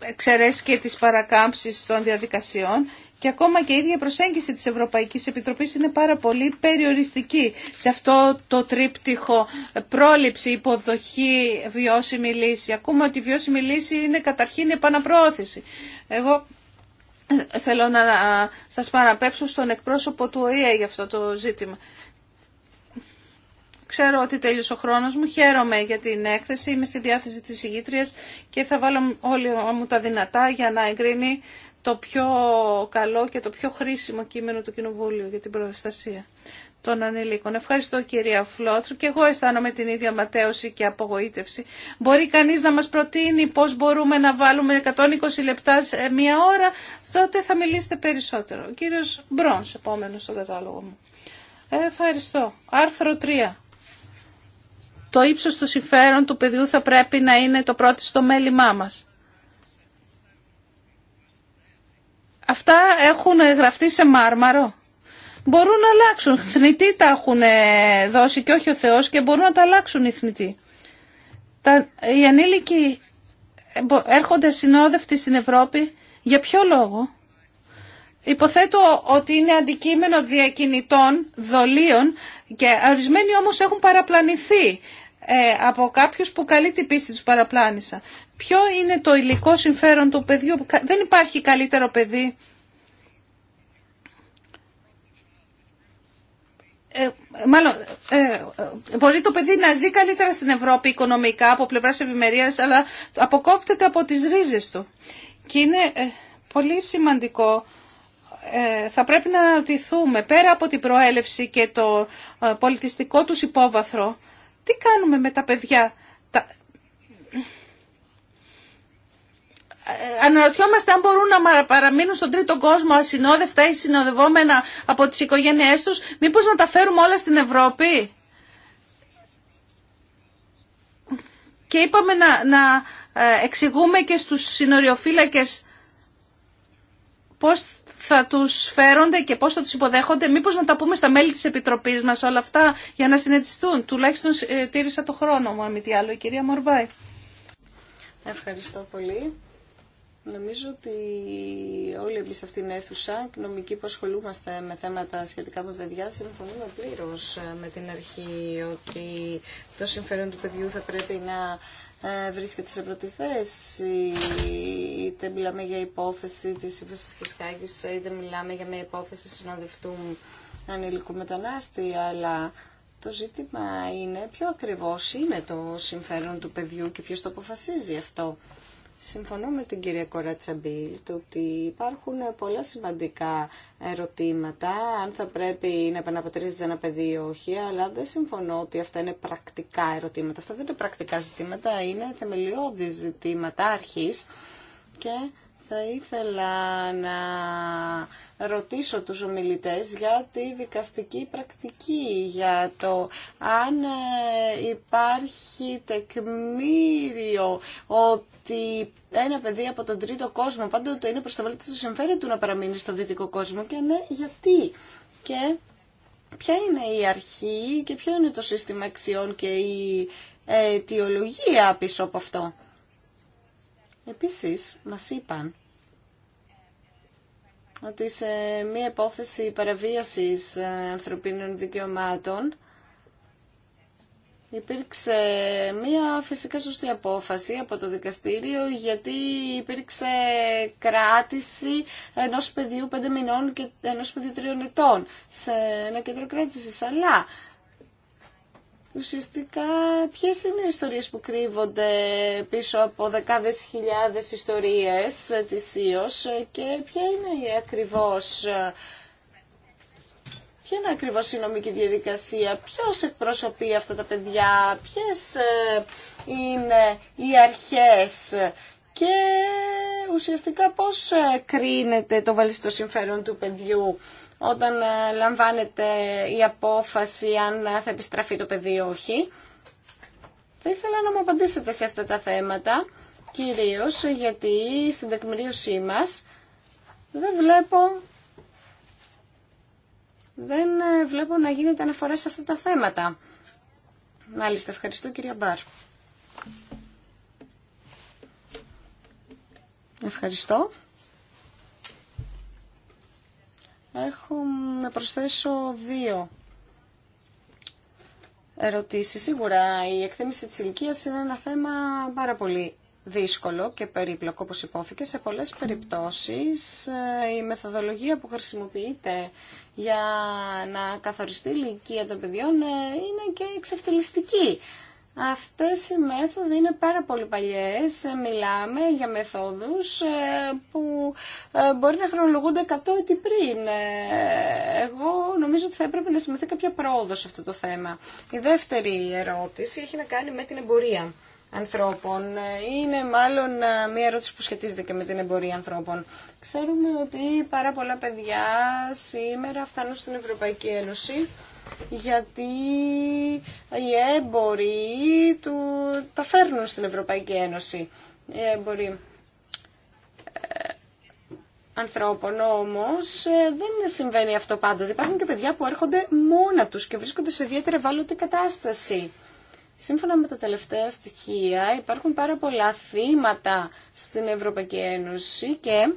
εξαιρέσει και τις παρακάμψεις των διαδικασιών και ακόμα και η ίδια προσέγγιση της Ευρωπαϊκής Επιτροπής είναι πάρα πολύ περιοριστική σε αυτό το τρίπτυχο πρόληψη, υποδοχή, βιώσιμη λύση. Ακούμε ότι η βιώσιμη λύση είναι καταρχήν επαναπροώθηση. Εγώ ε, θέλω να σας παραπέψω στον εκπρόσωπο του ΟΗΕ για αυτό το ζήτημα. Ξέρω ότι τέλειωσε ο χρόνος μου. Χαίρομαι για την έκθεση. Είμαι στη διάθεση της ηγήτριας και θα βάλω όλοι μου τα δυνατά για να εγκρίνει το πιο καλό και το πιο χρήσιμο κείμενο του Κοινοβούλιο για την προστασία των ανηλίκων. Ευχαριστώ κυρία Φλότρου και εγώ αισθάνομαι την ίδια ματέωση και απογοήτευση. Μπορεί κανείς να μας προτείνει πώς μπορούμε να βάλουμε 120 λεπτά σε μία ώρα, τότε θα μιλήσετε περισσότερο. Ο κύριος Μπρόνς, επόμενο στον κατάλογο μου. Ε, ευχαριστώ. Άρθρο 3 το ύψος του συμφέρον του παιδιού θα πρέπει να είναι το πρώτο στο μέλημά μας. Αυτά έχουν γραφτεί σε μάρμαρο. Μπορούν να αλλάξουν. Θνητοί τα έχουν δώσει και όχι ο Θεός και μπορούν να τα αλλάξουν οι θνητοί. Τα, οι ανήλικοι έρχονται συνόδευτοι στην Ευρώπη για ποιο λόγο. Υποθέτω ότι είναι αντικείμενο διακινητών δολίων και ορισμένοι όμως έχουν παραπλανηθεί ε, από κάποιους που καλή την πίστη τους παραπλάνησαν. Ποιο είναι το υλικό συμφέρον του παιδιού. Δεν υπάρχει καλύτερο παιδί. Ε, μάλλον, ε, ε, μπορεί το παιδί να ζει καλύτερα στην Ευρώπη οικονομικά από πλευρά ευημερία, αλλά αποκόπτεται από τις ρίζες του. Και είναι πολύ σημαντικό ε, θα πρέπει να αναρωτηθούμε πέρα από την προέλευση και το ε, πολιτιστικό του υπόβαθρο, τι κάνουμε με τα παιδιά. Ε, αναρωτιόμαστε αν μπορούν να παραμείνουν στον τρίτο κόσμο ασυνόδευτα ή συνοδευόμενα από τις οικογένειές τους. Μήπως να τα φέρουμε όλα στην Ευρώπη. Και είπαμε να, να εξηγούμε και στους συνοριοφύλακες πώς θα του φέρονται και πώ θα τους υποδέχονται. Μήπως να τα πούμε στα μέλη της Επιτροπής μας όλα αυτά για να συνετιστούν. Τουλάχιστον ε, τήρησα το χρόνο μου, αν μη τι άλλο, η κυρία Μορβάη. Ευχαριστώ πολύ. Νομίζω ότι όλοι εμεί αυτήν την αίθουσα, νομικοί που ασχολούμαστε με θέματα σχετικά με παιδιά, συμφωνούμε πλήρω ε, με την αρχή ότι το συμφέρον του παιδιού θα πρέπει να ε, βρίσκεται σε πρώτη θέση, είτε μιλάμε για υπόθεση της ύφεσης της κάγης είτε μιλάμε για μια υπόθεση συνοδευτού ανηλικού μετανάστη, αλλά το ζήτημα είναι ποιο ακριβώς είναι το συμφέρον του παιδιού και ποιος το αποφασίζει αυτό. Συμφωνώ με την κυρία Κορατσαμπίλ το ότι υπάρχουν πολλά σημαντικά ερωτήματα αν θα πρέπει να επαναπατρίζεται ένα παιδί ή όχι, αλλά δεν συμφωνώ ότι αυτά είναι πρακτικά ερωτήματα. Αυτά δεν είναι πρακτικά ζητήματα, είναι θεμελιώδη ζητήματα αρχής και θα ήθελα να ρωτήσω τους ομιλητές για τη δικαστική πρακτική, για το αν ε, υπάρχει τεκμήριο ότι ένα παιδί από τον τρίτο κόσμο πάντοτε είναι προς το βέλτιστο συμφέρει του να παραμείνει στο δυτικό κόσμο και ναι, γιατί. Και ποια είναι η αρχή και ποιο είναι το σύστημα αξιών και η αιτιολογία πίσω από αυτό. Επίσης, μας είπαν ότι σε μία υπόθεση παραβίασης ε, ανθρωπίνων δικαιωμάτων υπήρξε μία φυσικά σωστή απόφαση από το δικαστήριο γιατί υπήρξε κράτηση ενός παιδιού πέντε μηνών και ενός παιδιού τριών ετών σε ένα κέντρο κράτησης. Αλλά Ουσιαστικά, ποιε είναι οι ιστορίες που κρύβονται πίσω από δεκάδες χιλιάδες ιστορίες της ΙΟΣ και ποια είναι η ακριβώς Ποια είναι ακριβώ η νομική διαδικασία, ποιο εκπροσωπεί αυτά τα παιδιά, ποιε ε, είναι οι αρχέ και ουσιαστικά πώς ε, κρίνεται το βαλιστό συμφέρον του παιδιού όταν ε, λαμβάνεται η απόφαση αν ε, θα επιστραφεί το παιδί ή όχι. Θα ήθελα να μου απαντήσετε σε αυτά τα θέματα, κυρίως γιατί στην τεκμηρίωσή μας δεν βλέπω, δεν ε, βλέπω να γίνεται αναφορά σε αυτά τα θέματα. Μάλιστα, ευχαριστώ κυρία Μπάρ. Ευχαριστώ. Έχω να προσθέσω δύο ερωτήσεις. Σίγουρα η εκτίμηση της ηλικία είναι ένα θέμα πάρα πολύ δύσκολο και περίπλοκο, όπως υπόθηκε. Σε πολλές περιπτώσεις ε, η μεθοδολογία που χρησιμοποιείται για να καθοριστεί η ηλικία των παιδιών ε, είναι και εξευτελιστική. Αυτές οι μέθοδοι είναι πάρα πολύ παλιές. Μιλάμε για μεθόδους ε, που ε, μπορεί να χρονολογούνται 100 έτη πριν. Ε, εγώ νομίζω ότι θα έπρεπε να συμμεθεί κάποια πρόοδο σε αυτό το θέμα. Η δεύτερη ερώτηση έχει να κάνει με την εμπορία ανθρώπων. Είναι μάλλον μια ερώτηση που σχετίζεται και με την εμπορία ανθρώπων. Ξέρουμε ότι πάρα πολλά παιδιά σήμερα φτάνουν στην Ευρωπαϊκή Ένωση γιατί οι έμποροι του, τα φέρνουν στην Ευρωπαϊκή Ένωση. Οι έμποροι ε, ανθρώπων όμως ε, δεν συμβαίνει αυτό πάντοτε. Υπάρχουν και παιδιά που έρχονται μόνα τους και βρίσκονται σε ιδιαίτερη ευάλωτη κατάσταση. Σύμφωνα με τα τελευταία στοιχεία υπάρχουν πάρα πολλά θύματα στην Ευρωπαϊκή Ένωση και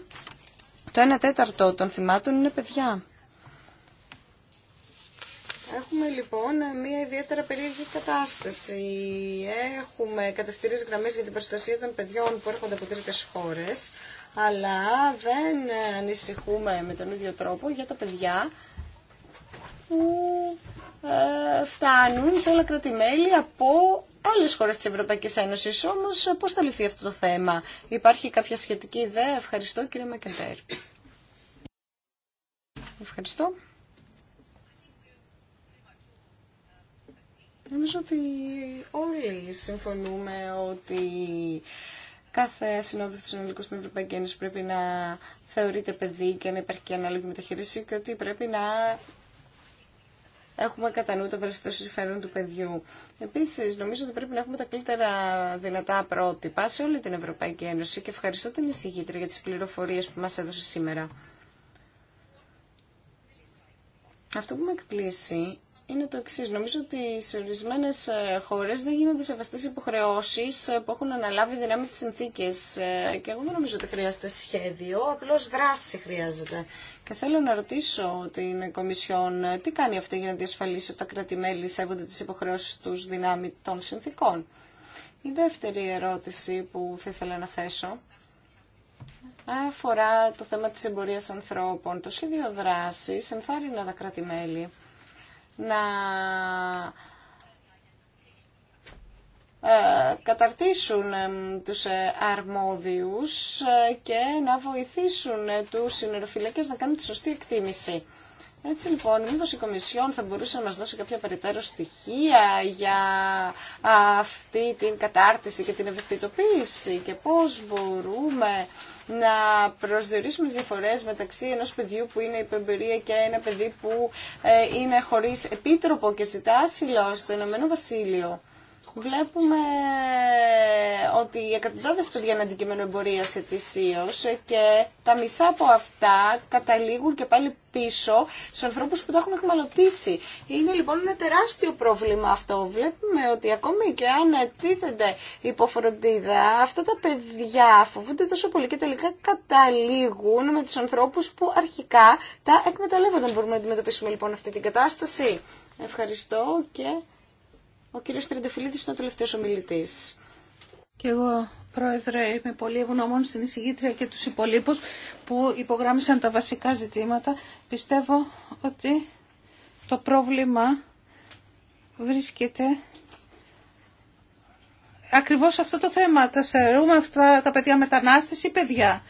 το 1 τέταρτο των θυμάτων είναι παιδιά. Έχουμε λοιπόν μια ιδιαίτερα περίεργη κατάσταση. Έχουμε κατευθυντήριες γραμμές για την προστασία των παιδιών που έρχονται από τρίτε χώρε, αλλά δεν ανησυχούμε με τον ίδιο τρόπο για τα παιδιά που ε, φτάνουν σε όλα κρατημέλη από άλλε χώρε τη Ευρωπαϊκή Ένωση. Όμω πώ θα λυθεί αυτό το θέμα. Υπάρχει κάποια σχετική ιδέα. Ευχαριστώ κύριε Μακεντέρ. Ευχαριστώ. Νομίζω ότι όλοι συμφωνούμε ότι κάθε συνόδευση συνολικού στην Ευρωπαϊκή Ένωση πρέπει να θεωρείται παιδί και να υπάρχει και ανάλογη μεταχείριση και ότι πρέπει να έχουμε κατά νου το περισσότερο συμφέρον του παιδιού. Επίση, νομίζω ότι πρέπει να έχουμε τα καλύτερα δυνατά πρότυπα σε όλη την Ευρωπαϊκή Ένωση και ευχαριστώ την εισηγήτρια για τι πληροφορίε που μα έδωσε σήμερα. Αυτό που με εκπλήσει είναι το εξή. Νομίζω ότι σε ορισμένε ε, χώρε δεν γίνονται σεβαστέ υποχρεώσει ε, που έχουν αναλάβει δυνάμει τι συνθήκε. Ε, και εγώ δεν νομίζω ότι χρειάζεται σχέδιο, απλώ δράση χρειάζεται. Και θέλω να ρωτήσω την Κομισιόν τι κάνει αυτή για να διασφαλίσει ότι τα κράτη-μέλη σέβονται τι υποχρεώσει του δυνάμει των συνθήκων. Η δεύτερη ερώτηση που θα ήθελα να θέσω αφορά το θέμα της εμπορίας ανθρώπων. Το σχέδιο δράσης να τα κράτη-μέλη να ε, καταρτήσουν ε, τους ε, αρμόδιους και να βοηθήσουν τους συνεροφυλακές να κάνουν τη σωστή εκτίμηση. Έτσι λοιπόν, μήπω η Κομισιόν θα μπορούσε να μα δώσει κάποια περαιτέρω στοιχεία για αυτή την κατάρτιση και την ευαισθητοποίηση και πώς μπορούμε να προσδιορίσουμε τι διαφορές μεταξύ ενό παιδιού που είναι υπεμπειρία και ένα παιδί που ε, είναι χωρίς επίτροπο και ζητά άσυλο στο Ηνωμένο Βασίλειο βλέπουμε ότι οι εκατοντάδες παιδιά είναι αντικείμενο εμπορία ετησίω και τα μισά από αυτά καταλήγουν και πάλι πίσω στου ανθρώπου που τα έχουν εχμαλωτήσει. Είναι λοιπόν ένα τεράστιο πρόβλημα αυτό. Βλέπουμε ότι ακόμη και αν τίθενται υποφροντίδα, αυτά τα παιδιά φοβούνται τόσο πολύ και τελικά καταλήγουν με του ανθρώπου που αρχικά τα εκμεταλλεύονται. Μπορούμε να αντιμετωπίσουμε λοιπόν αυτή την κατάσταση. Ευχαριστώ και ο κύριος Τρεντεφιλίδη είναι ο τελευταίος ομιλητής. Και εγώ, Πρόεδρε, είμαι πολύ ευγνωμών στην εισηγήτρια και τους υπολείπους που υπογράμμισαν τα βασικά ζητήματα. Πιστεύω ότι το πρόβλημα βρίσκεται ακριβώς αυτό το θέμα. Τα σερούμε αυτά τα παιδιά μετανάστες ή παιδιά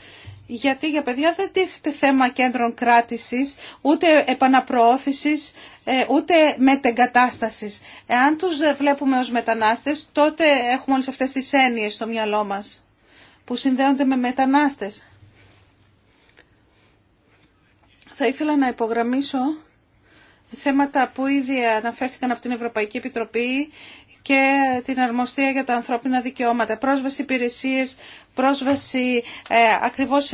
γιατί για παιδιά δεν τίθεται θέμα κέντρων κράτησης, ούτε επαναπροώθησης, ε, ούτε μετεγκατάστασης. Εάν τους βλέπουμε ως μετανάστες, τότε έχουμε όλες αυτές τις έννοιες στο μυαλό μας, που συνδέονται με μετανάστες. Θα ήθελα να υπογραμμίσω θέματα που ήδη αναφέρθηκαν από την Ευρωπαϊκή Επιτροπή και την αρμοστία για τα ανθρώπινα δικαιώματα, πρόσβαση υπηρεσίες πρόσβαση ε, ακριβώς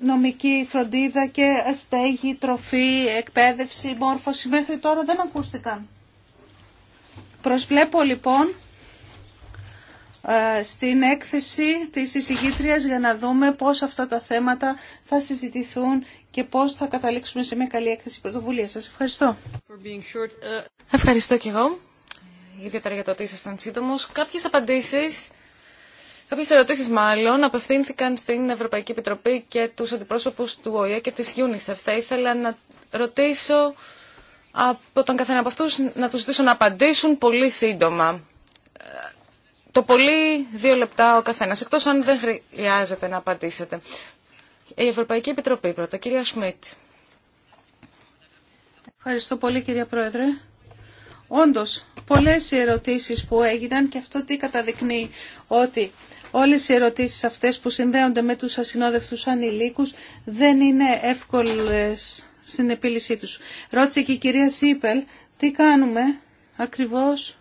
νομική φροντίδα και στέγη, τροφή, εκπαίδευση, μόρφωση. Μέχρι τώρα δεν ακούστηκαν. Προσβλέπω λοιπόν ε, στην έκθεση της εισηγήτριας για να δούμε πώς αυτά τα θέματα θα συζητηθούν και πώς θα καταλήξουμε σε μια καλή έκθεση πρωτοβουλία. Σας ευχαριστώ. Ε, ευχαριστώ και εγώ, ιδιαίτερα για το ότι ήσασταν σύντομος. Κάποιες απαντήσεις Κάποιε ερωτήσει μάλλον απευθύνθηκαν στην Ευρωπαϊκή Επιτροπή και τους αντιπρόσωπους του ΟΗΕ και τη UNICEF. Θα ήθελα να ρωτήσω από τον καθένα από αυτούς να τους ζητήσω να απαντήσουν πολύ σύντομα. Το πολύ δύο λεπτά ο καθένας, εκτός αν δεν χρειάζεται να απαντήσετε. Η Ευρωπαϊκή Επιτροπή πρώτα, κυρία Σμιτ. Ευχαριστώ πολύ κυρία Πρόεδρε. Όντως, πολλές οι ερωτήσεις που έγιναν και αυτό τι καταδεικνύει ότι Όλες οι ερωτήσεις αυτές που συνδέονται με τους ασυνόδευτους ανηλίκους δεν είναι εύκολες στην επίλυσή τους. Ρώτησε και η κυρία Σίπελ τι κάνουμε ακριβώς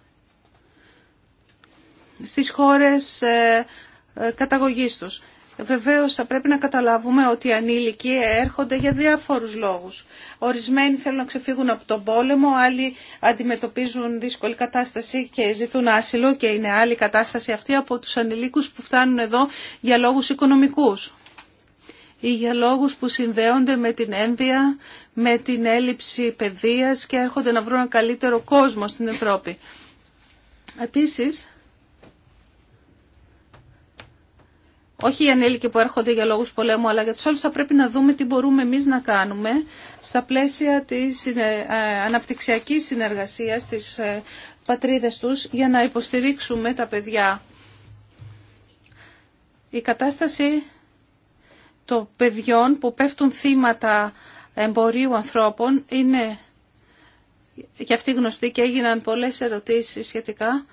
στις χώρες ε, ε, καταγωγής τους. Βεβαίως θα πρέπει να καταλάβουμε ότι οι ανήλικοι έρχονται για διάφορους λόγους. Ορισμένοι θέλουν να ξεφύγουν από τον πόλεμο, άλλοι αντιμετωπίζουν δύσκολη κατάσταση και ζητούν άσυλο και είναι άλλη κατάσταση αυτή από τους ανηλίκους που φτάνουν εδώ για λόγους οικονομικούς ή για λόγους που συνδέονται με την ένδυα, με την έλλειψη παιδείας και έρχονται να βρουν καλύτερο κόσμο στην Ευρώπη. Επίσης, όχι οι ανήλικοι που έρχονται για λόγους πολέμου, αλλά για τους άλλους θα πρέπει να δούμε τι μπορούμε εμείς να κάνουμε στα πλαίσια της ε, ε, αναπτυξιακής συνεργασίας στις ε, πατρίδες τους για να υποστηρίξουμε τα παιδιά. Η κατάσταση των παιδιών που πέφτουν θύματα εμπορίου ανθρώπων είναι και αυτή γνωστή και έγιναν πολλές ερωτήσεις σχετικά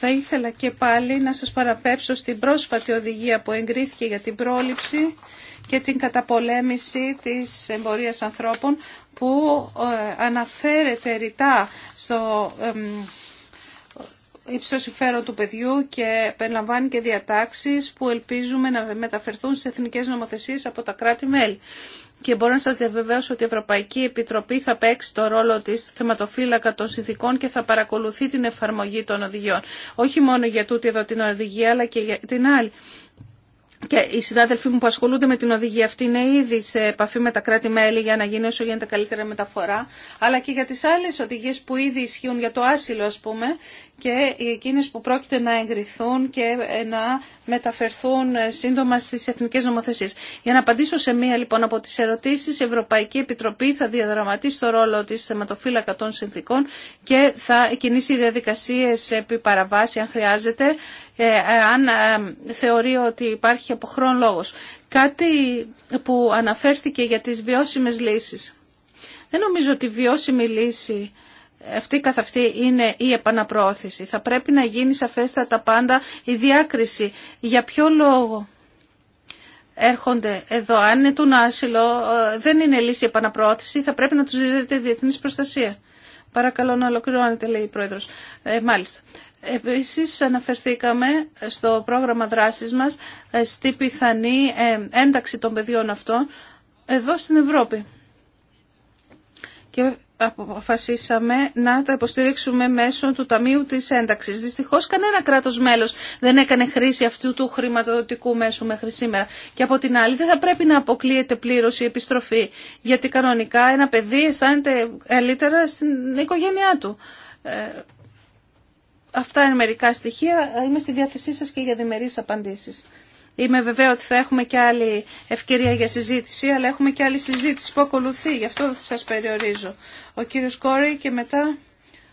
θα ήθελα και πάλι να σας παραπέψω στην πρόσφατη οδηγία που εγκρίθηκε για την πρόληψη και την καταπολέμηση της εμπορίας ανθρώπων που ε, αναφέρεται ρητά στο ύψος του παιδιού και περιλαμβάνει και διατάξεις που ελπίζουμε να μεταφερθούν σε εθνικές νομοθεσίες από τα κράτη-μέλη και μπορώ να σας διαβεβαίωσω ότι η Ευρωπαϊκή Επιτροπή θα παίξει το ρόλο της θεματοφύλακα των συνθηκών και θα παρακολουθεί την εφαρμογή των οδηγιών. Όχι μόνο για τούτη εδώ την οδηγία, αλλά και για την άλλη και οι συνάδελφοί μου που ασχολούνται με την οδηγία αυτή είναι ήδη σε επαφή με τα κράτη-μέλη για να γίνει όσο γίνεται καλύτερα μεταφορά, αλλά και για τι άλλε οδηγίε που ήδη ισχύουν για το άσυλο, α πούμε, και εκείνες που πρόκειται να εγκριθούν και ε, να μεταφερθούν ε, σύντομα στι εθνικέ νομοθεσίε. Για να απαντήσω σε μία λοιπόν από τι ερωτήσει, η Ευρωπαϊκή Επιτροπή θα διαδραματίσει το ρόλο τη θεματοφύλακα των συνθήκων και θα κινήσει διαδικασίε επί παραβάση αν χρειάζεται ε, αν ε, θεωρεί ότι υπάρχει από χρόνο λόγος. Κάτι που αναφέρθηκε για τις βιώσιμες λύσεις. Δεν νομίζω ότι βιώσιμη λύση αυτή καθ' αυτή είναι η επαναπροώθηση. Θα πρέπει να γίνει σαφέστατα πάντα η διάκριση. Για ποιο λόγο έρχονται εδώ, αν είναι τον άσυλο, ε, δεν είναι λύση η επαναπροώθηση, θα πρέπει να τους δίδεται διεθνής προστασία. Παρακαλώ να ολοκληρώνετε, λέει η Πρόεδρος. μάλιστα. Επίσης αναφερθήκαμε στο πρόγραμμα δράσης μας ε, στη πιθανή ε, ένταξη των παιδιών αυτών εδώ στην Ευρώπη. Και αποφασίσαμε να τα υποστηρίξουμε μέσω του Ταμείου της Ένταξης. Δυστυχώς κανένα κράτος μέλος δεν έκανε χρήση αυτού του χρηματοδοτικού μέσου μέχρι σήμερα. Και από την άλλη δεν θα πρέπει να αποκλείεται πλήρως η επιστροφή, γιατί κανονικά ένα παιδί αισθάνεται καλύτερα στην οικογένειά του. Ε, Αυτά είναι μερικά στοιχεία. Είμαι στη διάθεσή σας και για διμερείς απαντήσεις. Είμαι βεβαίω ότι θα έχουμε και άλλη ευκαιρία για συζήτηση, αλλά έχουμε και άλλη συζήτηση που ακολουθεί, γι' αυτό θα σας περιορίζω. Ο κύριος Κόρη και μετά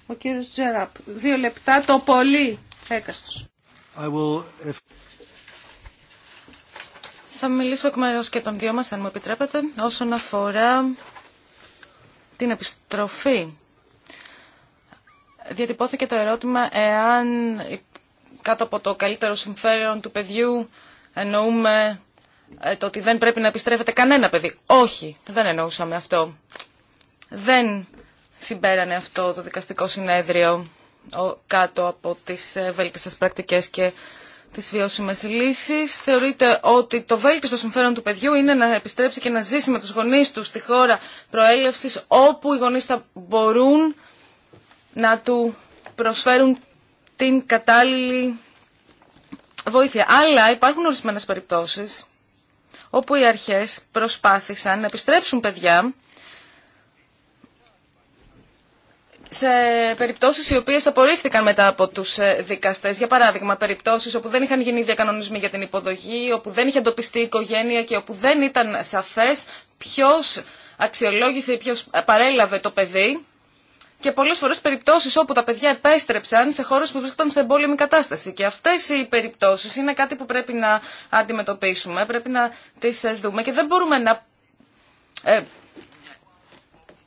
ο κύριος Τζεραπ. Δύο λεπτά το πολύ έκαστος. Θα μιλήσω εκ μέρους και των δύο μας, αν μου επιτρέπετε, όσον αφορά την επιστροφή διατυπώθηκε το ερώτημα εάν κάτω από το καλύτερο συμφέρον του παιδιού εννοούμε ε, το ότι δεν πρέπει να επιστρέφεται κανένα παιδί. Όχι, δεν εννοούσαμε αυτό. Δεν συμπέρανε αυτό το δικαστικό συνέδριο κάτω από τις ε, βέλτιστες πρακτικές και τις βιώσιμες λύσεις. Θεωρείται ότι το βέλτιστο συμφέρον του παιδιού είναι να επιστρέψει και να ζήσει με τους γονείς του στη χώρα προέλευσης όπου οι γονείς θα μπορούν να του προσφέρουν την κατάλληλη βοήθεια. Αλλά υπάρχουν ορισμένες περιπτώσεις όπου οι αρχές προσπάθησαν να επιστρέψουν παιδιά σε περιπτώσεις οι οποίες απορρίφθηκαν μετά από τους ε, δικαστές. Για παράδειγμα, περιπτώσεις όπου δεν είχαν γίνει διακανονισμοί για την υποδοχή, όπου δεν είχε εντοπιστεί η οικογένεια και όπου δεν ήταν σαφές ποιος αξιολόγησε ή ποιος παρέλαβε το παιδί και πολλέ φορέ περιπτώσει όπου τα παιδιά επέστρεψαν σε χώρε που βρίσκονταν σε εμπόλεμη κατάσταση. Και αυτέ οι περιπτώσει είναι κάτι που πρέπει να αντιμετωπίσουμε, πρέπει να τι ε, δούμε και δεν μπορούμε να... Ε,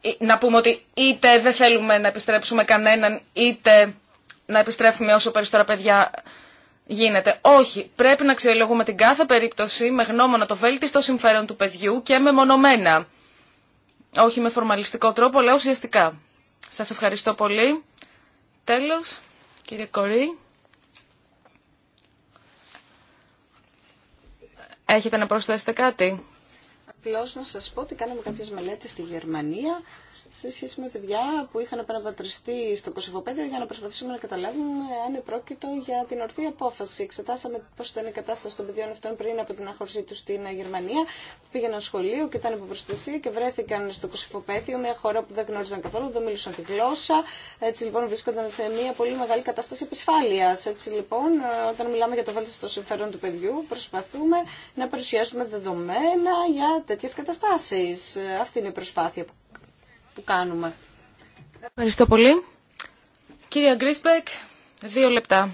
ε, να πούμε ότι είτε δεν θέλουμε να επιστρέψουμε κανέναν, είτε να επιστρέφουμε όσο περισσότερα παιδιά γίνεται. Όχι, πρέπει να αξιολογούμε την κάθε περίπτωση με γνώμονα το βέλτιστο συμφέρον του παιδιού και με μονομένα. Όχι με φορμαλιστικό τρόπο, αλλά ουσιαστικά. Σας ευχαριστώ πολύ. Τέλος, κύριε Κορή. Έχετε να προσθέσετε κάτι. Απλώς να σας πω ότι κάναμε κάποιες μελέτες στη Γερμανία σε σχέση με παιδιά που είχαν επαναπατριστεί στο Κωσυβοπέδιο για να προσπαθήσουμε να καταλάβουμε αν πρόκειτο για την ορθή απόφαση. Εξετάσαμε πώ ήταν η κατάσταση των παιδιών αυτών πριν από την αχώρησή του στην Γερμανία. Πήγαιναν σχολείο και ήταν υπό προστασία και βρέθηκαν στο Κωσυφοπέδιο, μια χώρα που δεν γνώριζαν καθόλου, δεν μιλούσαν τη γλώσσα. Έτσι λοιπόν βρίσκονταν σε μια πολύ μεγάλη κατάσταση επισφάλεια. Έτσι λοιπόν, όταν μιλάμε για το βέλτιστο συμφέρον του παιδιού, προσπαθούμε να παρουσιάσουμε δεδομένα για τέτοιε καταστάσει. Αυτή είναι η προσπάθεια που κάνουμε. Ευχαριστώ πολύ. Κύριε Γκρίσπεκ, δύο λεπτά.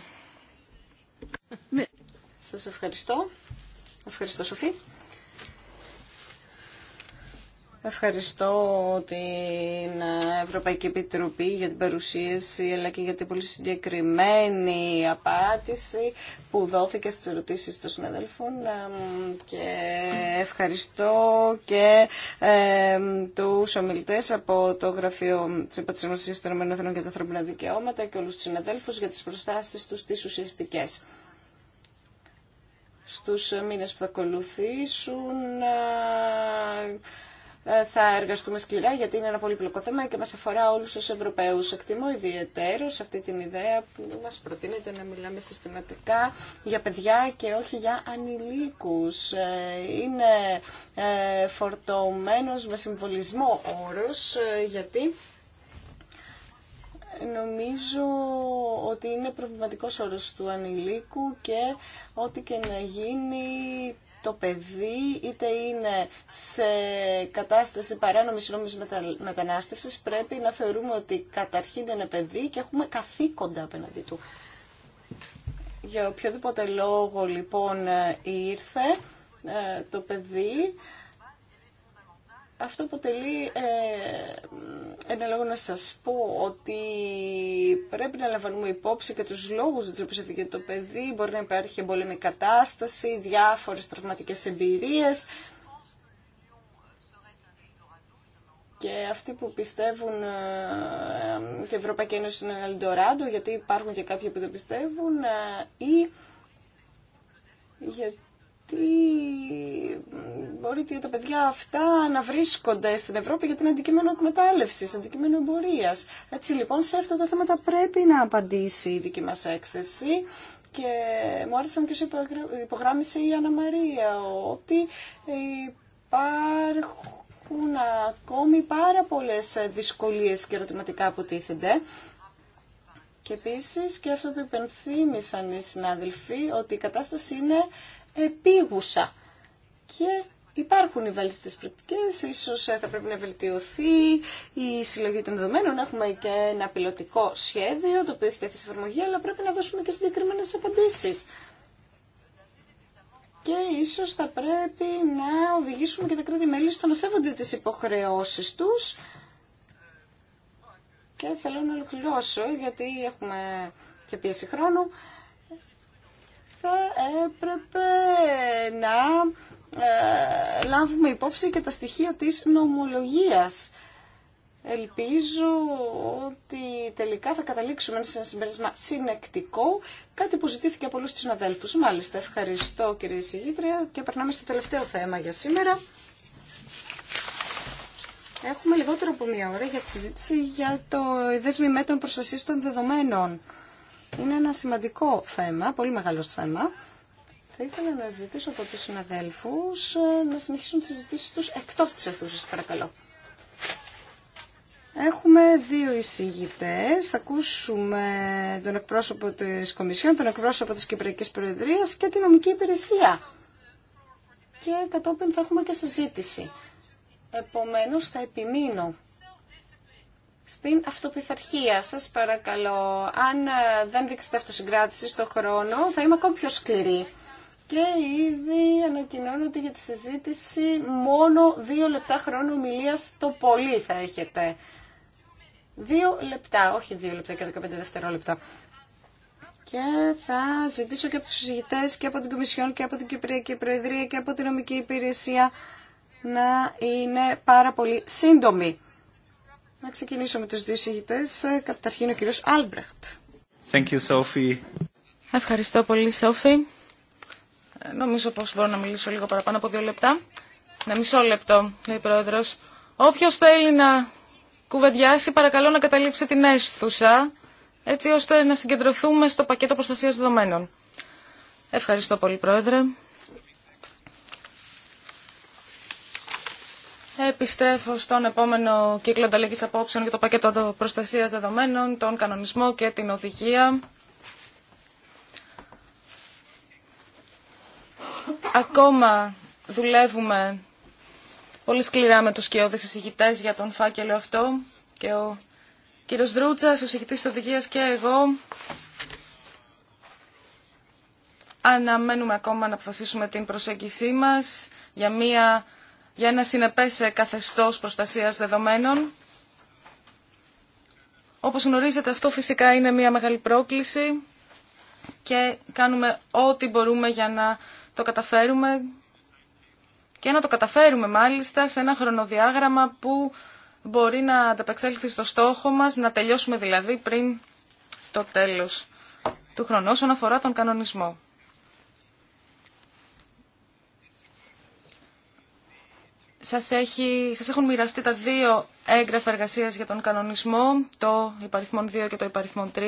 Σας ευχαριστώ. Ευχαριστώ Σοφή. Ευχαριστώ την Ευρωπαϊκή Επιτροπή για την παρουσίαση αλλά και για την πολύ συγκεκριμένη απάντηση που δόθηκε στις ερωτήσεις των συναδέλφων και ευχαριστώ και ε, τους ομιλητές από το Γραφείο της Επατσιμασίας των ΕΕ για τα Ανθρώπινα Δικαιώματα και όλους τους συναδέλφους για τις προστάσεις τους τις ουσιαστικές στους μήνες που θα ακολουθήσουν ε, θα εργαστούμε σκληρά γιατί είναι ένα πολύπλοκο θέμα και μας αφορά όλους τους Ευρωπαίους. Εκτιμώ ιδιαίτερο αυτή την ιδέα που μας προτείνεται να μιλάμε συστηματικά για παιδιά και όχι για ανηλίκους. Ε, είναι ε, φορτωμένος με συμβολισμό όρος γιατί νομίζω ότι είναι προβληματικός όρος του ανηλίκου και ό,τι και να γίνει το παιδί είτε είναι σε κατάσταση παράνομης νόμισης μετανάστευση. πρέπει να θεωρούμε ότι καταρχήν είναι παιδί και έχουμε καθήκοντα απέναντι του. Για οποιοδήποτε λόγο λοιπόν ε, ήρθε ε, το παιδί αυτό αποτελεί, ε, εν να σας πω, ότι πρέπει να λαμβάνουμε υπόψη και τους λόγους για τους έφυγε το παιδί. Μπορεί να υπάρχει εμπόλεμη κατάσταση, διάφορες τραυματικές εμπειρίες. Και αυτοί που πιστεύουν ότι ε, ε, η Ευρωπαϊκή Ένωση είναι Ελντοράντο, γιατί υπάρχουν και κάποιοι που το πιστεύουν, ε, ή γιατί τι μπορείτε τα παιδιά αυτά να βρίσκονται στην Ευρώπη για την αντικείμενο εκμετάλλευση, αντικείμενο εμπορία. Έτσι λοιπόν σε αυτά τα θέματα πρέπει να απαντήσει η δική μας έκθεση και μου άρεσαν και όσο υπογράμμισε η Άννα Μαρία ότι υπάρχουν ακόμη πάρα πολλές δυσκολίες και ερωτηματικά που τίθενται. Και επίσης και αυτό που υπενθύμησαν οι συνάδελφοι ότι η κατάσταση είναι επίγουσα. Και υπάρχουν οι τις πρακτικέ, ίσως ε, θα πρέπει να βελτιωθεί η συλλογή των δεδομένων, έχουμε και ένα πιλωτικό σχέδιο το οποίο έχει τεθεί σε εφαρμογή, αλλά πρέπει να δώσουμε και συγκεκριμένε απαντήσει. Και ίσως θα πρέπει να οδηγήσουμε και τα κράτη-μέλη στο να σέβονται τις υποχρεώσει του. Και θέλω να ολοκληρώσω, γιατί έχουμε και πίεση χρόνου θα έπρεπε να ε, λάβουμε υπόψη και τα στοιχεία της νομολογίας. Ελπίζω ότι τελικά θα καταλήξουμε σε ένα συμπέρασμα συνεκτικό, κάτι που ζητήθηκε από όλους τους συναδέλφους. Μάλιστα, ευχαριστώ κύριε Συγήτρια και περνάμε στο τελευταίο θέμα για σήμερα. Έχουμε λιγότερο από μία ώρα για τη συζήτηση για το δέσμη μέτων προστασίας των δεδομένων. Είναι ένα σημαντικό θέμα, πολύ μεγάλο θέμα. Θα ήθελα να ζητήσω από τους συναδέλφους ε, να συνεχίσουν τις συζητήσεις τους εκτός της αιθούσης, παρακαλώ. Έχουμε δύο εισηγητές. Θα ακούσουμε τον εκπρόσωπο της Κομισιόν, τον εκπρόσωπο της Κυπριακής Προεδρίας και την νομική υπηρεσία. Και κατόπιν θα έχουμε και συζήτηση. Επομένως θα επιμείνω στην αυτοπιθαρχία. Σας παρακαλώ, αν ε, δεν δείξετε αυτοσυγκράτηση στον χρόνο, θα είμαι ακόμη πιο σκληρή. Και ήδη ανακοινώνω ότι για τη συζήτηση μόνο δύο λεπτά χρόνο ομιλίας το πολύ θα έχετε. Δύο λεπτά, όχι δύο λεπτά και 15 δευτερόλεπτα. Και θα ζητήσω και από τους συζητητές και από την Κομισιόν και από την Κυπριακή Προεδρία και από την Νομική Υπηρεσία να είναι πάρα πολύ σύντομοι να ξεκινήσω με τους δύο συγητές. Ε, καταρχήν ο κύριος Άλμπρεχτ. Ευχαριστώ πολύ, Σόφη. Ε, νομίζω πως μπορώ να μιλήσω λίγο παραπάνω από δύο λεπτά. Να μισό λεπτό, λέει ο Πρόεδρος. Όποιος θέλει να κουβεντιάσει, παρακαλώ να καταλήψει την αίσθουσα, έτσι ώστε να συγκεντρωθούμε στο πακέτο προστασίας δεδομένων. Ευχαριστώ πολύ, Πρόεδρε. Επιστρέφω στον επόμενο κύκλο ανταλλαγής απόψεων για το πακέτο προστασίας δεδομένων, τον κανονισμό και την οδηγία. Ακόμα δουλεύουμε πολύ σκληρά με τους σκιώδες εισηγητές για τον φάκελο αυτό και ο κύριος Δρούτσας, ο εισηγητής της οδηγίας και εγώ αναμένουμε ακόμα να αποφασίσουμε την προσέγγισή μας για μία για ένα συνεπές καθεστώς προστασίας δεδομένων. Όπως γνωρίζετε αυτό φυσικά είναι μια μεγάλη πρόκληση και κάνουμε ό,τι μπορούμε για να το καταφέρουμε και να το καταφέρουμε μάλιστα σε ένα χρονοδιάγραμμα που μπορεί να ανταπεξέλθει στο στόχο μας, να τελειώσουμε δηλαδή πριν το τέλος του χρόνου όσον αφορά τον κανονισμό. σας, έχει, σας έχουν μοιραστεί τα δύο έγγραφα εργασίας για τον κανονισμό, το υπαριθμόν 2 και το υπαριθμόν 3.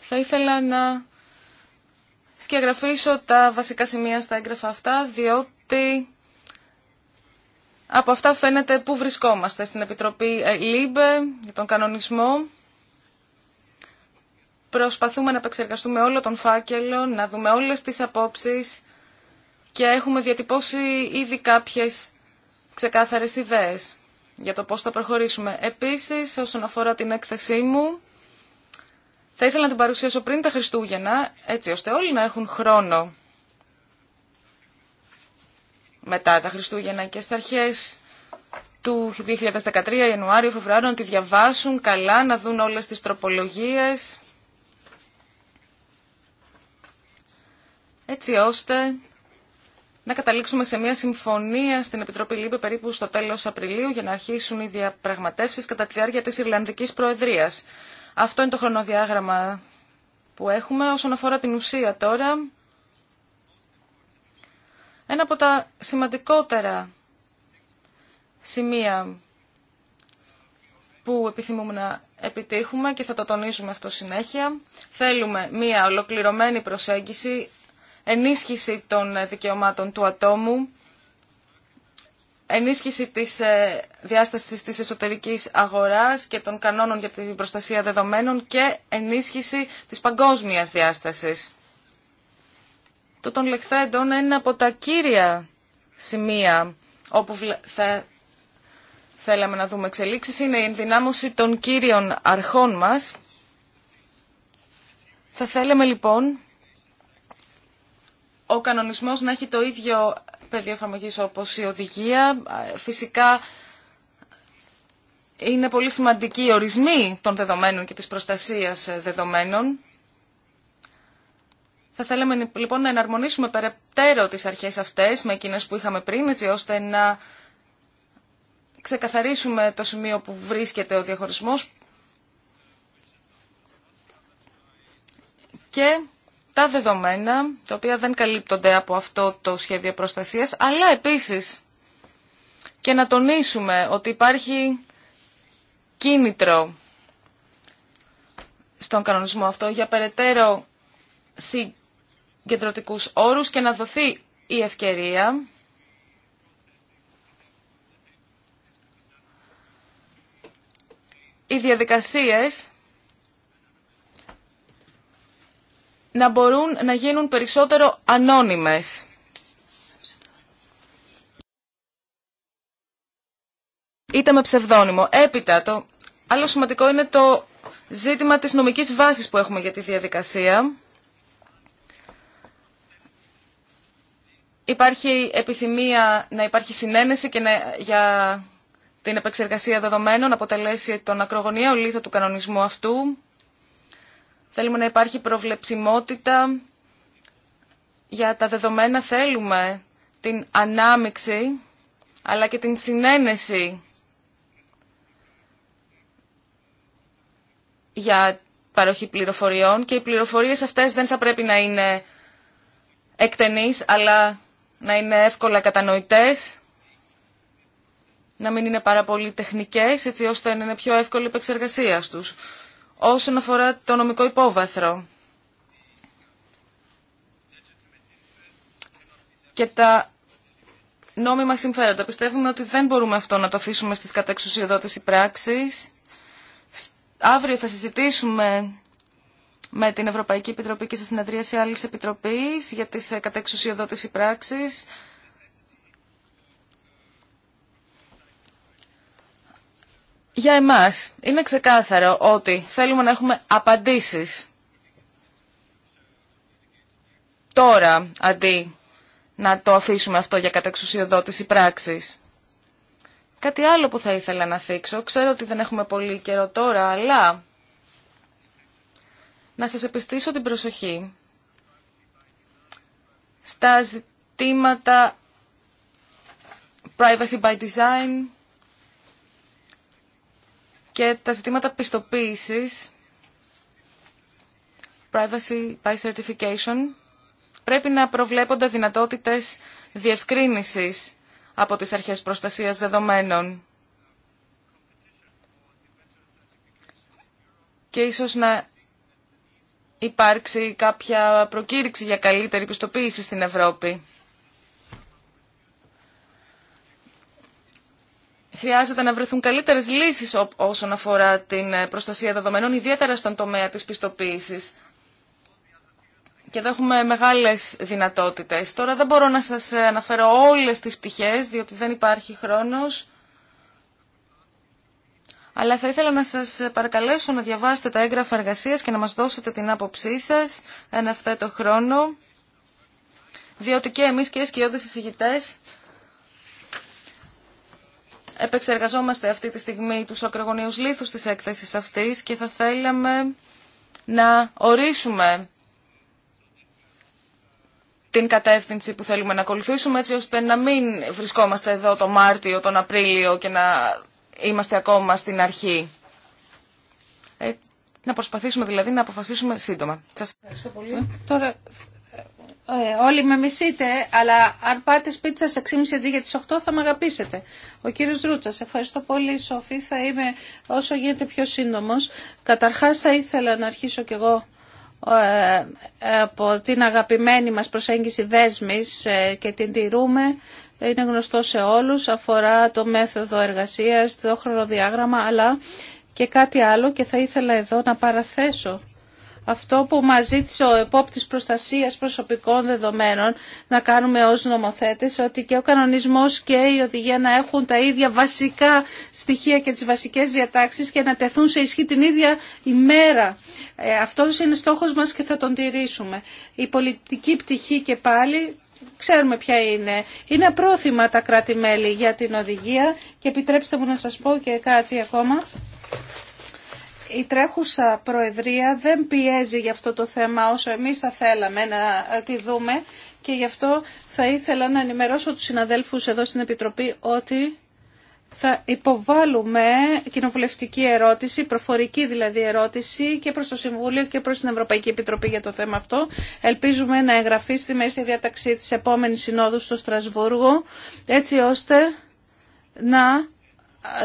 Θα ήθελα να σκιαγραφήσω τα βασικά σημεία στα έγγραφα αυτά, διότι από αυτά φαίνεται πού βρισκόμαστε στην Επιτροπή ε, ΛΥΜΠΕ για τον κανονισμό. Προσπαθούμε να επεξεργαστούμε όλο τον φάκελο, να δούμε όλες τις απόψεις και έχουμε διατυπώσει ήδη κάποιες ξεκάθαρες ιδέες για το πώς θα προχωρήσουμε. Επίσης, όσον αφορά την έκθεσή μου, θα ήθελα να την παρουσιάσω πριν τα Χριστούγεννα, έτσι ώστε όλοι να έχουν χρόνο μετά τα Χριστούγεννα και στα αρχές του 2013, Ιανουάριο, Φεβρουάριο, να τη διαβάσουν καλά, να δουν όλες τις τροπολογίες, έτσι ώστε να καταλήξουμε σε μια συμφωνία στην Επιτροπή Λύπη περίπου στο τέλος Απριλίου για να αρχίσουν οι διαπραγματεύσεις κατά τη διάρκεια της Ιρλανδικής Προεδρίας. Αυτό είναι το χρονοδιάγραμμα που έχουμε. Όσον αφορά την ουσία τώρα, ένα από τα σημαντικότερα σημεία που επιθυμούμε να επιτύχουμε και θα το τονίζουμε αυτό συνέχεια. Θέλουμε μία ολοκληρωμένη προσέγγιση ενίσχυση των ε, δικαιωμάτων του ατόμου, ενίσχυση της ε, διάστασης της εσωτερικής αγοράς και των κανόνων για την προστασία δεδομένων και ενίσχυση της παγκόσμιας διάστασης. Το των λεχθέντων είναι από τα κύρια σημεία όπου θα θέλαμε να δούμε εξελίξεις, είναι η ενδυνάμωση των κύριων αρχών μας. Θα θέλαμε λοιπόν ο κανονισμός να έχει το ίδιο πεδίο εφαρμογή όπως η οδηγία. Φυσικά είναι πολύ σημαντική η ορισμή των δεδομένων και της προστασίας δεδομένων. Θα θέλαμε λοιπόν να εναρμονίσουμε περαιτέρω τις αρχές αυτές με εκείνες που είχαμε πριν, έτσι ώστε να ξεκαθαρίσουμε το σημείο που βρίσκεται ο διαχωρισμός και τα δεδομένα, τα οποία δεν καλύπτονται από αυτό το σχέδιο προστασίας, αλλά επίσης και να τονίσουμε ότι υπάρχει κίνητρο στον κανονισμό αυτό για περαιτέρω συγκεντρωτικούς όρους και να δοθεί η ευκαιρία οι διαδικασίες να μπορούν να γίνουν περισσότερο ανώνυμες. Είτε με ψευδόνυμο. Έπειτα, το άλλο σημαντικό είναι το ζήτημα της νομικής βάσης που έχουμε για τη διαδικασία. Υπάρχει επιθυμία να υπάρχει συνένεση και για την επεξεργασία δεδομένων, αποτελέσει τον ακρογωνιαίο λίθο του κανονισμού αυτού. Θέλουμε να υπάρχει προβλεψιμότητα για τα δεδομένα. Θέλουμε την ανάμιξη αλλά και την συνένεση για παροχή πληροφοριών και οι πληροφορίες αυτές δεν θα πρέπει να είναι εκτενείς αλλά να είναι εύκολα κατανοητές, να μην είναι πάρα πολύ τεχνικές έτσι ώστε να είναι πιο εύκολη η επεξεργασία τους όσον αφορά το νομικό υπόβαθρο. Και τα νόμιμα συμφέροντα. Πιστεύουμε ότι δεν μπορούμε αυτό να το αφήσουμε στις κατεξουσιοδότηση πράξεις. Αύριο θα συζητήσουμε με την Ευρωπαϊκή Επιτροπή και στη συνεδρίαση άλλης επιτροπής για τις κατεξουσιοδότηση πράξεις. Για εμάς είναι ξεκάθαρο ότι θέλουμε να έχουμε απαντήσεις τώρα αντί να το αφήσουμε αυτό για καταξουσιοδότηση πράξης. Κάτι άλλο που θα ήθελα να θίξω, ξέρω ότι δεν έχουμε πολύ καιρό τώρα, αλλά να σας επιστήσω την προσοχή στα ζητήματα privacy by design, και τα ζητήματα πιστοποίησης, privacy by certification, πρέπει να προβλέπονται δυνατότητες διευκρίνησης από τις αρχές προστασίας δεδομένων. Και ίσως να υπάρξει κάποια προκήρυξη για καλύτερη πιστοποίηση στην Ευρώπη. χρειάζεται να βρεθούν καλύτερες λύσεις όσον αφορά την ε, προστασία δεδομένων, ιδιαίτερα στον τομέα της πιστοποίησης. Και εδώ έχουμε μεγάλες δυνατότητες. Τώρα δεν μπορώ να σας ε, αναφέρω όλες τις πτυχές, διότι δεν υπάρχει χρόνος. Αλλά θα ήθελα να σας παρακαλέσω να διαβάσετε τα έγγραφα εργασίας και να μας δώσετε την άποψή σας εν το χρόνο, διότι και εμείς και οι σκιώδες εισηγητές επεξεργαζόμαστε αυτή τη στιγμή τους ακρογωνίους λίθους της έκθεσης αυτής και θα θέλαμε να ορίσουμε την κατεύθυνση που θέλουμε να ακολουθήσουμε έτσι ώστε να μην βρισκόμαστε εδώ το Μάρτιο, τον Απρίλιο και να είμαστε ακόμα στην αρχή. Ε, να προσπαθήσουμε δηλαδή να αποφασίσουμε σύντομα. Σας ευχαριστώ πολύ. Ε, τώρα ε, όλοι με μισείτε, αλλά αν πάτε σπίτι σας 6.30 για τις 8 θα με αγαπήσετε. Ο κύριος Ρούτσας, ευχαριστώ πολύ Σοφή, θα είμαι όσο γίνεται πιο σύντομος. Καταρχάς θα ήθελα να αρχίσω κι εγώ ε, από την αγαπημένη μας προσέγγιση δέσμης ε, και την τηρούμε. Είναι γνωστό σε όλους, αφορά το μέθοδο εργασίας, το χρονοδιάγραμμα, αλλά και κάτι άλλο και θα ήθελα εδώ να παραθέσω αυτό που μας ζήτησε ο επόπτης προστασίας προσωπικών δεδομένων να κάνουμε ως νομοθέτες, ότι και ο κανονισμός και η οδηγία να έχουν τα ίδια βασικά στοιχεία και τις βασικές διατάξεις και να τεθούν σε ισχύ την ίδια ημέρα. Ε, αυτός είναι στόχος μας και θα τον τηρήσουμε. Η πολιτική πτυχή και πάλι ξέρουμε ποια είναι. Είναι απρόθυμα τα κράτη-μέλη για την οδηγία και επιτρέψτε μου να σας πω και κάτι ακόμα η τρέχουσα Προεδρία δεν πιέζει για αυτό το θέμα όσο εμείς θα θέλαμε να ε, τη δούμε και γι' αυτό θα ήθελα να ενημερώσω τους συναδέλφους εδώ στην Επιτροπή ότι θα υποβάλουμε κοινοβουλευτική ερώτηση, προφορική δηλαδή ερώτηση και προς το Συμβούλιο και προς την Ευρωπαϊκή Επιτροπή για το θέμα αυτό. Ελπίζουμε να εγγραφεί στη μέση διάταξη της επόμενης συνόδου στο Στρασβούργο έτσι ώστε να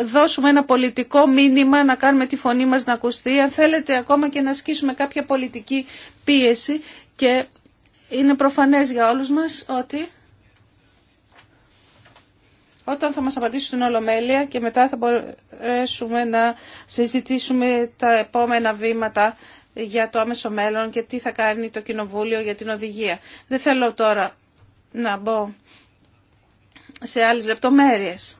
δώσουμε ένα πολιτικό μήνυμα, να κάνουμε τη φωνή μας να ακουστεί, αν θέλετε ακόμα και να ασκήσουμε κάποια πολιτική πίεση και είναι προφανές για όλους μας ότι όταν θα μας απαντήσουν στην Ολομέλεια και μετά θα μπορέσουμε να συζητήσουμε τα επόμενα βήματα για το άμεσο μέλλον και τι θα κάνει το Κοινοβούλιο για την οδηγία. Δεν θέλω τώρα να μπω σε άλλες λεπτομέρειες.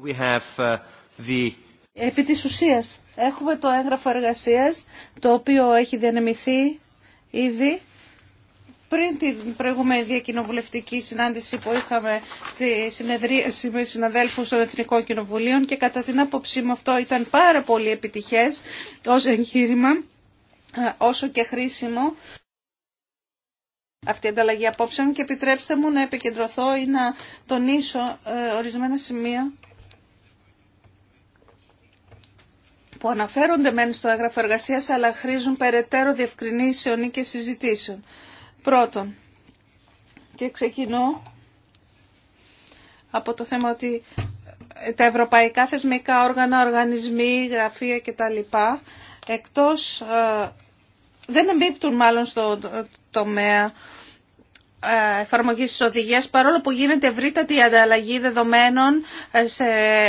Uh, Επί έχουμε το έγγραφο εργασίας, το οποίο έχει διανεμηθεί ήδη πριν την προηγούμενη διακοινοβουλευτική συνάντηση που είχαμε τη συνεδρίαση με συναδέλφου των Εθνικών Κοινοβουλίων και κατά την άποψή μου αυτό ήταν πάρα πολύ επιτυχές ως εγχείρημα, ε, όσο και χρήσιμο αυτή η ανταλλαγή απόψεων και επιτρέψτε μου να επικεντρωθώ ή να τονίσω ε, ορισμένα σημεία που αναφέρονται μεν στο έγγραφο εργασία, αλλά χρήζουν περαιτέρω διευκρινήσεων και συζητήσεων. Πρώτον, και ξεκινώ από το θέμα ότι τα ευρωπαϊκά θεσμικά όργανα, οργανισμοί, γραφεία κτλ. εκτός, ε, δεν εμπίπτουν μάλλον στο τομέα ε, εφαρμογή τη οδηγία, παρόλο που γίνεται ευρύτατη ανταλλαγή δεδομένων ε, σε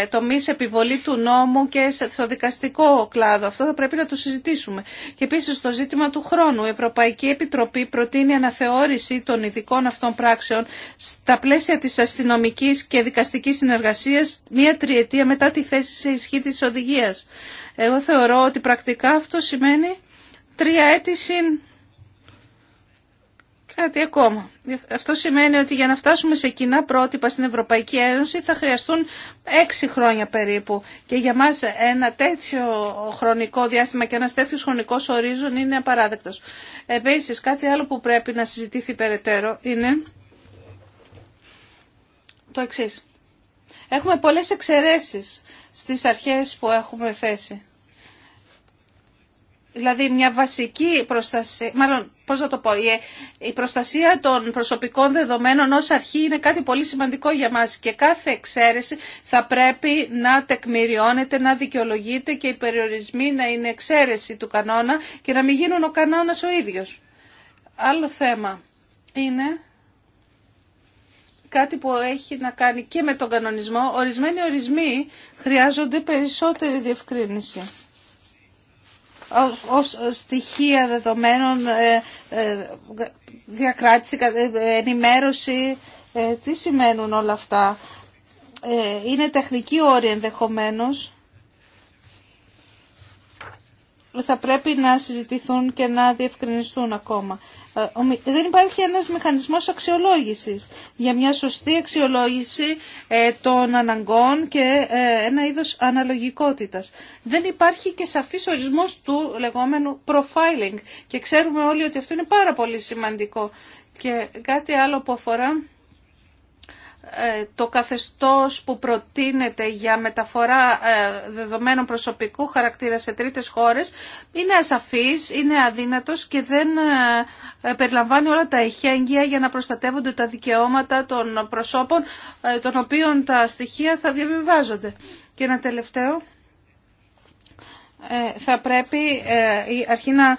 τομεί επιβολή του νόμου και στο δικαστικό κλάδο. Αυτό θα πρέπει να το συζητήσουμε. Και επίση στο ζήτημα του χρόνου. Η Ευρωπαϊκή Επιτροπή προτείνει αναθεώρηση των ειδικών αυτών πράξεων στα πλαίσια τη αστυνομική και δικαστική συνεργασία μία τριετία μετά τη θέση σε ισχύ τη οδηγία. Εγώ θεωρώ ότι πρακτικά αυτό σημαίνει τρία έτη συν Κάτι ακόμα. Αυτό σημαίνει ότι για να φτάσουμε σε κοινά πρότυπα στην Ευρωπαϊκή Ένωση θα χρειαστούν έξι χρόνια περίπου. Και για μας ένα τέτοιο χρονικό διάστημα και ένα τέτοιο χρονικό ορίζον είναι απαράδεκτος. Επίση, κάτι άλλο που πρέπει να συζητήθει περαιτέρω είναι το εξή. Έχουμε πολλές εξαιρέσεις στις αρχές που έχουμε θέσει. Δηλαδή μια βασική προστασία, μάλλον πώς να το πω, ε, η προστασία των προσωπικών δεδομένων ως αρχή είναι κάτι πολύ σημαντικό για μας και κάθε εξαίρεση θα πρέπει να τεκμηριώνεται, να δικαιολογείται και οι περιορισμοί να είναι εξαίρεση του κανόνα και να μην γίνουν ο κανόνας ο ίδιος. Άλλο θέμα είναι κάτι που έχει να κάνει και με τον κανονισμό. Ορισμένοι ορισμοί χρειάζονται περισσότερη διευκρίνηση ως στοιχεία δεδομένων ε, ε, διακράτηση, ε, ενημέρωση. Τι σημαίνουν όλα αυτά. Είναι τεχνική όρη ενδεχομένως. Θα πρέπει να συζητηθούν και να διευκρινιστούν ακόμα. Ε, δεν υπάρχει ένας μηχανισμός αξιολόγησης για μια σωστή αξιολόγηση ε, των αναγκών και ε, ένα είδος αναλογικότητας. Δεν υπάρχει και σαφής ορισμός του λεγόμενου profiling και ξέρουμε όλοι ότι αυτό είναι πάρα πολύ σημαντικό. Και κάτι άλλο που αφορά ε, το καθεστώς που προτείνεται για μεταφορά ε, δεδομένων προσωπικού χαρακτήρα σε τρίτες χώρες είναι ασαφής, είναι αδύνατος και δεν ε, περιλαμβάνει όλα τα εχέγγυα για να προστατεύονται τα δικαιώματα των προσώπων των οποίων τα στοιχεία θα διαβιβάζονται. Και ένα τελευταίο, θα πρέπει η αρχή να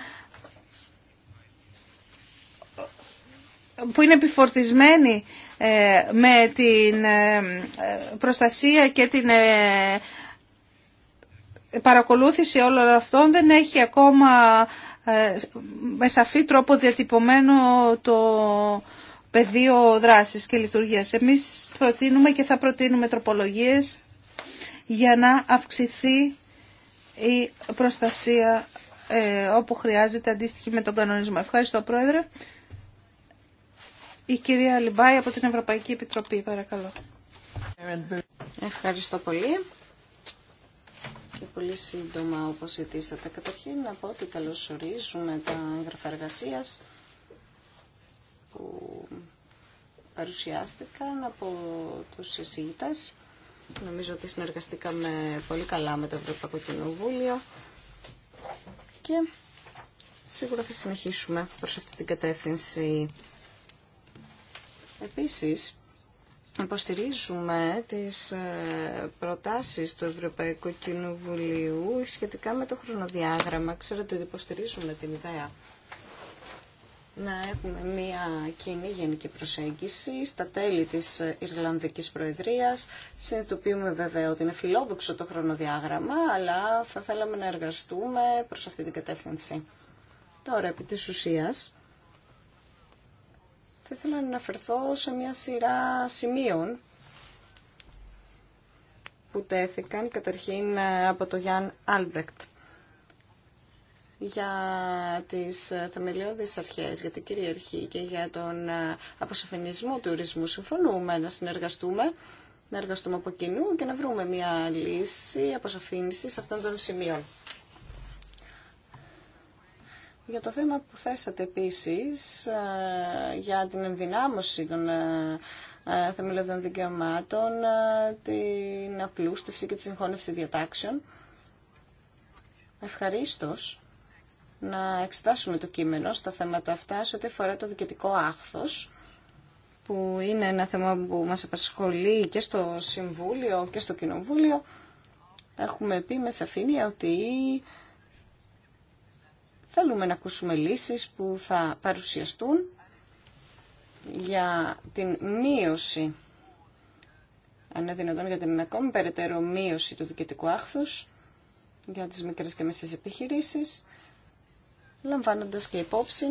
που είναι επιφορτισμένη ε, με την ε, προστασία και την ε, παρακολούθηση όλων αυτών δεν έχει ακόμα με σαφή τρόπο διατυπωμένο το πεδίο δράσης και λειτουργίας. Εμείς προτείνουμε και θα προτείνουμε τροπολογίες για να αυξηθεί η προστασία όπου χρειάζεται αντίστοιχη με τον κανονισμό. Ευχαριστώ Πρόεδρε. Η κυρία Λιμπάη από την Ευρωπαϊκή Επιτροπή, παρακαλώ. Ευχαριστώ πολύ. Και πολύ σύντομα όπως ζητήσατε. Καταρχήν να πω ότι ορίζουν τα έγγραφα εργασία που παρουσιάστηκαν από τους εισηγητές. Νομίζω ότι συνεργαστήκαμε πολύ καλά με το Ευρωπαϊκό Κοινοβούλιο και σίγουρα θα συνεχίσουμε προς αυτή την κατεύθυνση. Επίσης, υποστηρίζουμε τις ε, προτάσεις του Ευρωπαϊκού Κοινοβουλίου σχετικά με το χρονοδιάγραμμα. Ξέρετε ότι υποστηρίζουμε την ιδέα να έχουμε μία κοινή γενική προσέγγιση στα τέλη της Ιρλανδικής Προεδρίας. Συνειδητοποιούμε βέβαια ότι είναι φιλόδοξο το χρονοδιάγραμμα, αλλά θα θέλαμε να εργαστούμε προς αυτή την κατεύθυνση. Τώρα, επί της ουσίας, θα ήθελα να αναφερθώ σε μια σειρά σημείων που τέθηκαν καταρχήν ε, από το Γιάνν Άλμπρεκτ για τις ε, θεμελιώδεις αρχές, για την κυριαρχή και για τον ε, αποσαφηνισμό του ορισμού. Συμφωνούμε να συνεργαστούμε, να εργαστούμε από κοινού και να βρούμε μια λύση αποσαφήνισης αυτών των σημείων. Για το θέμα που θέσατε επίσης, ε, για την ενδυνάμωση των ε, ε, θεμελιωδών δικαιωμάτων, την απλούστευση και τη συγχώνευση διατάξεων, ευχαρίστως να εξετάσουμε το κείμενο στα θέματα αυτά σε ό,τι αφορά το διοικητικό άχθος, που είναι ένα θέμα που μας απασχολεί και στο Συμβούλιο και στο Κοινοβούλιο. Έχουμε πει με σαφήνεια ότι Θέλουμε να ακούσουμε λύσεις που θα παρουσιαστούν για την μείωση, αν είναι δυνατόν για την ακόμη περαιτέρω μείωση του διοικητικού άχθους για τις μικρές και μεσές επιχειρήσεις, λαμβάνοντας και υπόψη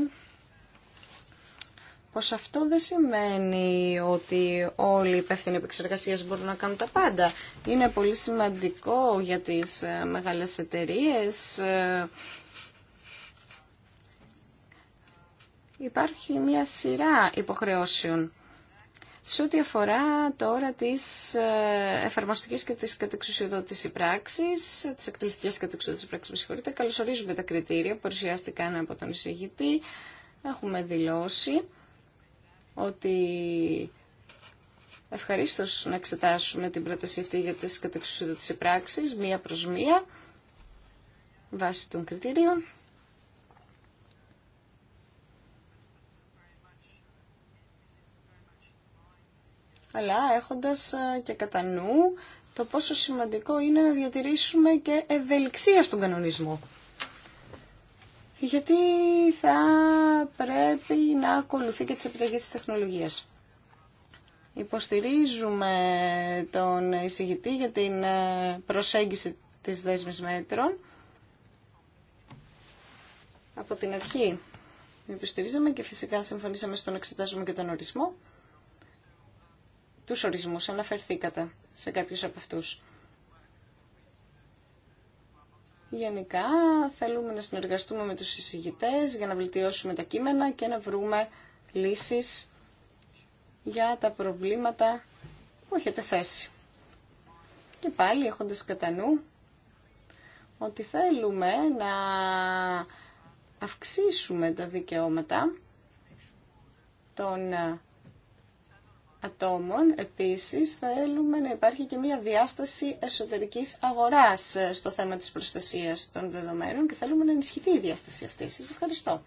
πως αυτό δεν σημαίνει ότι όλοι οι υπεύθυνοι επεξεργασία μπορούν να κάνουν τα πάντα. Είναι πολύ σημαντικό για τις ε, μεγάλες εταιρείες ε, υπάρχει μια σειρά υποχρεώσεων σε ό,τι αφορά τώρα τις ε, εφαρμοστικές και τις κατεξουσιοδότηση πράξης, τις εκτελεστικές κατεξουσιοδότηση πράξης, με συγχωρείτε, καλωσορίζουμε τα κριτήρια που παρουσιάστηκαν από τον εισηγητή. Έχουμε δηλώσει ότι ευχαρίστως να εξετάσουμε την πρόταση αυτή για τις κατεξουσιοδότηση πράξης, μία προς μία, βάσει των κριτήριων. αλλά έχοντας ε, και κατά νου το πόσο σημαντικό είναι να διατηρήσουμε και ευελιξία στον κανονισμό. Γιατί θα πρέπει να ακολουθεί και τις επιταγές της τεχνολογίας. Υποστηρίζουμε τον εισηγητή για την ε, προσέγγιση της δέσμης μέτρων. Από την αρχή υποστηρίζαμε και φυσικά συμφωνήσαμε στο να εξετάζουμε και τον ορισμό τους ορισμούς, αναφερθήκατε σε κάποιους από αυτούς. Γενικά θέλουμε να συνεργαστούμε με τους εισηγητές για να βελτιώσουμε τα κείμενα και να βρούμε λύσεις για τα προβλήματα που έχετε θέσει. Και πάλι έχοντας κατά νου ότι θέλουμε να αυξήσουμε τα δικαιώματα των ατόμων. Επίσης, θέλουμε να υπάρχει και μια διάσταση εσωτερικής αγοράς ε, στο θέμα της προστασίας των δεδομένων και θέλουμε να ενισχυθεί η διάσταση αυτή. Σας ευχαριστώ.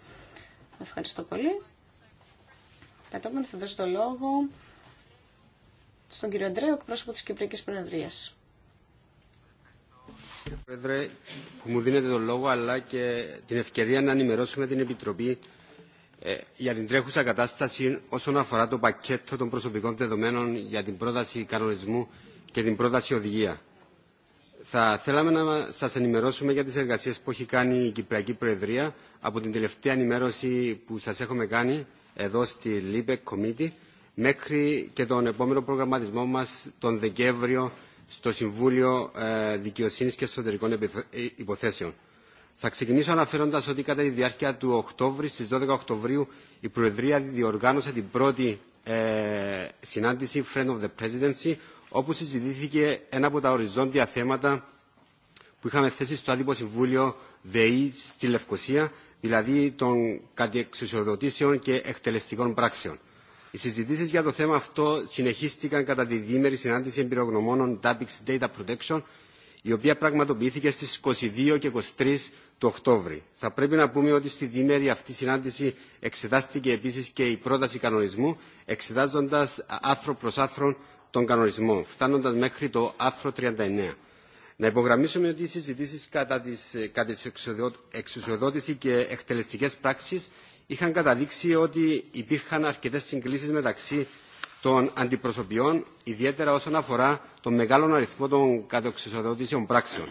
Ευχαριστώ πολύ. Κατόπιν θα δώσω το λόγο στον κύριο Αντρέο, εκπρόσωπο της Κυπριακής Προεδρίας. Πρόεδρε, που μου δίνετε το λόγο, αλλά και την ευκαιρία να ενημερώσουμε την Επιτροπή ε, για την τρέχουσα κατάσταση όσον αφορά το πακέτο των προσωπικών δεδομένων για την πρόταση κανονισμού και την πρόταση οδηγία. Θα θέλαμε να σας ενημερώσουμε για τις εργασίες που έχει κάνει η Κυπριακή Προεδρία από την τελευταία ενημέρωση που σας έχουμε κάνει εδώ στη LIBEC Committee μέχρι και τον επόμενο προγραμματισμό μας τον Δεκέμβριο στο Συμβούλιο ε, Δικαιοσύνης και Εσωτερικών ε, Υποθέσεων. Θα ξεκινήσω αναφέροντα ότι κατά τη διάρκεια του Οκτώβρη, στι 12 Οκτωβρίου, η Προεδρία διοργάνωσε την πρώτη ε, συνάντηση Friend of the Presidency, όπου συζητήθηκε ένα από τα οριζόντια θέματα που είχαμε θέσει στο άτυπο συμβούλιο ΔΕΗ e στη Λευκοσία, δηλαδή των κατεξουσιοδοτήσεων και εκτελεστικών πράξεων. Οι συζητήσει για το θέμα αυτό συνεχίστηκαν κατά τη διήμερη συνάντηση εμπειρογνωμόνων DAPIX Data Protection η οποία πραγματοποιήθηκε στις 22 και 23 του Οκτώβρη. Θα πρέπει να πούμε ότι στη διήμερη αυτή συνάντηση εξετάστηκε επίσης και η πρόταση κανονισμού, εξετάζοντας άθρο προς άρθρο τον κανονισμό, φτάνοντας μέχρι το άρθρο 39. Να υπογραμμίσουμε ότι οι συζητήσει κατά τη εξουσιοδότηση και εκτελεστικέ πράξει είχαν καταδείξει ότι υπήρχαν αρκετέ συγκλήσει μεταξύ των αντιπροσωπιών, ιδιαίτερα όσον αφορά τον μεγάλο αριθμό των κατοξισοδοτήσεων πράξεων.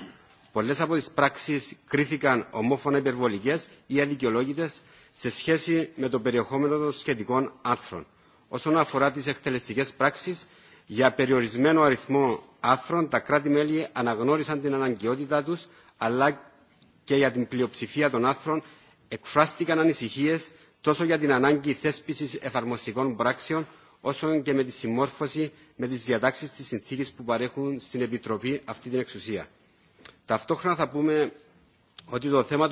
Πολλέ από τι πράξει κρίθηκαν ομόφωνα υπερβολικέ ή αδικαιολόγητε σε σχέση με το περιεχόμενο των σχετικών άρθρων. Όσον αφορά τι εκτελεστικέ πράξει, για περιορισμένο αριθμό άρθρων, τα κράτη-μέλη αναγνώρισαν την αναγκαιότητά του, αλλά και για την πλειοψηφία των άρθρων εκφράστηκαν ανησυχίε τόσο για την ανάγκη θέσπιση εφαρμοστικών πράξεων, όσο και με τη συμμόρφωση με τι διατάξει τη συνθήκη που παρέχουν στην Επιτροπή αυτή την εξουσία. Ταυτόχρονα θα πούμε ότι το θέμα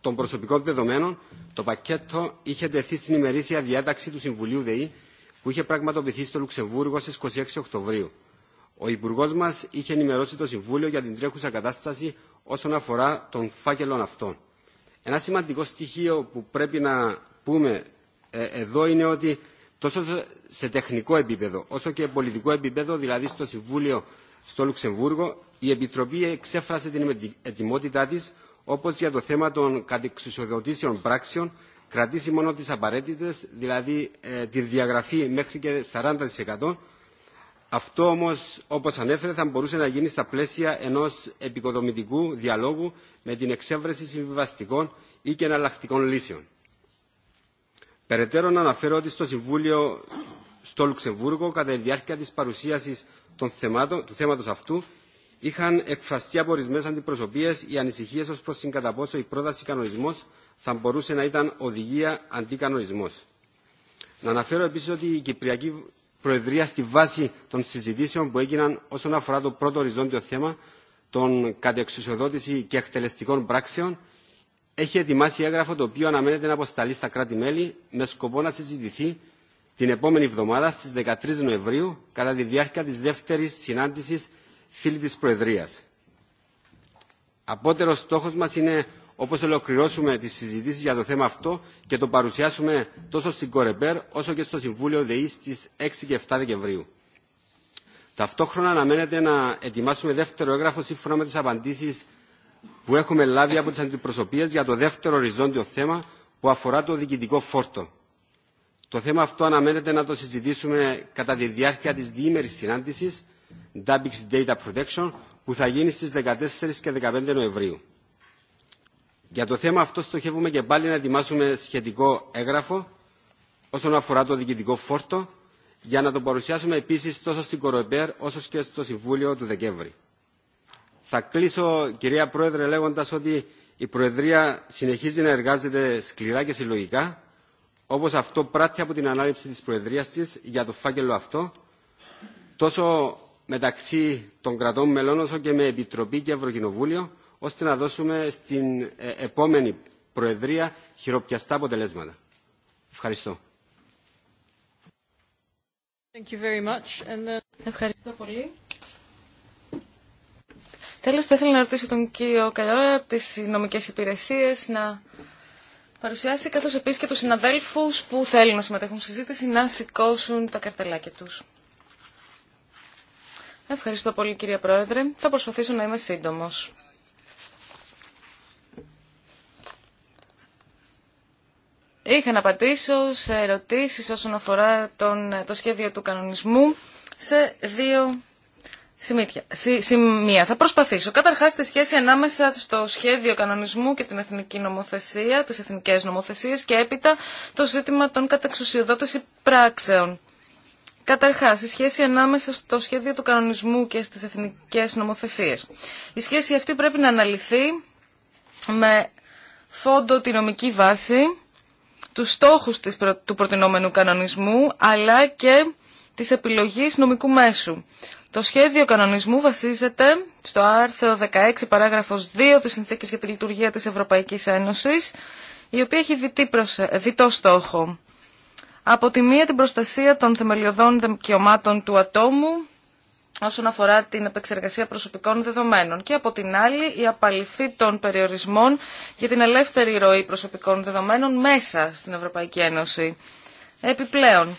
των, προσωπικών δεδομένων, το πακέτο είχε τεθεί στην ημερήσια διάταξη του Συμβουλίου ΔΕΗ που είχε πραγματοποιηθεί στο Λουξεμβούργο στι 26 Οκτωβρίου. Ο Υπουργό μα είχε ενημερώσει το Συμβούλιο για την τρέχουσα κατάσταση όσον αφορά των φάκελων αυτών. Ένα σημαντικό στοιχείο που πρέπει να πούμε ε, εδώ είναι ότι τόσο σε τεχνικό επίπεδο όσο και πολιτικό επίπεδο, δηλαδή στο Συμβούλιο στο Λουξεμβούργο, η Επιτροπή εξέφρασε την ετοιμότητά τη όπω για το θέμα των κατεξουσιοδοτήσεων πράξεων κρατήσει μόνο τι απαραίτητε, δηλαδή ε, τη διαγραφή μέχρι και 40%. Αυτό όμω, όπω ανέφερε, θα μπορούσε να γίνει στα πλαίσια ενό επικοδομητικού διαλόγου με την εξέβρεση συμβιβαστικών ή και εναλλακτικών λύσεων. Περαιτέρω να αναφέρω ότι στο Συμβούλιο στο Λουξεμβούργο κατά τη διάρκεια τη παρουσίαση του θέματο αυτού είχαν εκφραστεί από ορισμένε αντιπροσωπείε οι ανησυχίε ω προ την κατά πόσο η πρόταση κανονισμό θα μπορούσε να ήταν οδηγία αντί κανονισμό. Να αναφέρω επίση ότι η Κυπριακή Προεδρία, στη βάση των συζητήσεων που έγιναν όσον αφορά το πρώτο οριζόντιο θέμα των κατεξουσιοδότηση και εκτελεστικών πράξεων, έχει ετοιμάσει έγγραφο το οποίο αναμένεται να αποσταλεί στα κράτη-μέλη με σκοπό να συζητηθεί την επόμενη εβδομάδα στις 13 Νοεμβρίου κατά τη διάρκεια της δεύτερης συνάντησης φίλη της Προεδρίας. Απότερος στόχος μας είναι όπως ολοκληρώσουμε τις συζητήσεις για το θέμα αυτό και το παρουσιάσουμε τόσο στην Κορεπέρ όσο και στο Συμβούλιο ΔΕΗ στις 6 και 7 Δεκεμβρίου. Ταυτόχρονα αναμένεται να ετοιμάσουμε δεύτερο έγγραφο σύμφωνα με τις απαντήσεις που έχουμε λάβει από τις αντιπροσωπείες για το δεύτερο οριζόντιο θέμα που αφορά το διοικητικό φόρτο. Το θέμα αυτό αναμένεται να το συζητήσουμε κατά τη διάρκεια της διήμερης συνάντησης DABIX Data Protection που θα γίνει στις 14 και 15 Νοεμβρίου. Για το θέμα αυτό στοχεύουμε και πάλι να ετοιμάσουμε σχετικό έγγραφο όσον αφορά το διοικητικό φόρτο για να το παρουσιάσουμε επίσης τόσο στην Κοροϊπέρ όσο και στο Συμβούλιο του Δεκέμβρη. Θα κλείσω, κυρία Πρόεδρε, λέγοντας ότι η Προεδρία συνεχίζει να εργάζεται σκληρά και συλλογικά, όπως αυτό πράττει από την ανάληψη της Προεδρίας της για το φάκελο αυτό, τόσο μεταξύ των κρατών μελών όσο και με Επιτροπή και Ευρωκοινοβούλιο, ώστε να δώσουμε στην ε, επόμενη Προεδρία χειροπιαστά αποτελέσματα. Ευχαριστώ. Τέλο, θα ήθελα να ρωτήσω τον κύριο Καλιόρα από τι νομικέ υπηρεσίε να παρουσιάσει, καθώ επίσης και του συναδέλφου που θέλουν να συμμετέχουν στη συζήτηση να σηκώσουν τα καρτελάκια του. Ευχαριστώ πολύ, κύριε Πρόεδρε. Θα προσπαθήσω να είμαι σύντομο. Είχα να απαντήσω σε ερωτήσεις όσον αφορά τον, το σχέδιο του κανονισμού σε δύο σημεία. Θα προσπαθήσω. Καταρχάς, τη σχέση ανάμεσα στο σχέδιο κανονισμού και την εθνική νομοθεσία, τις εθνικές νομοθεσίες και έπειτα το ζήτημα των καταξουσιοδότηση πράξεων. Καταρχάς, η σχέση ανάμεσα στο σχέδιο του κανονισμού και στις εθνικές νομοθεσίες. Η σχέση αυτή πρέπει να αναλυθεί με φόντο τη νομική βάση, τους στόχους του προτινόμενου κανονισμού, αλλά και της επιλογής νομικού μέσου. Το σχέδιο κανονισμού βασίζεται στο άρθρο 16 παράγραφος 2 της Συνθήκης για τη Λειτουργία της Ευρωπαϊκής Ένωσης, η οποία έχει διτό στόχο. Από τη μία την προστασία των θεμελιωδών δικαιωμάτων του ατόμου όσον αφορά την επεξεργασία προσωπικών δεδομένων και από την άλλη η απαλληφή των περιορισμών για την ελεύθερη ροή προσωπικών δεδομένων μέσα στην Ευρωπαϊκή Ένωση. Επιπλέον,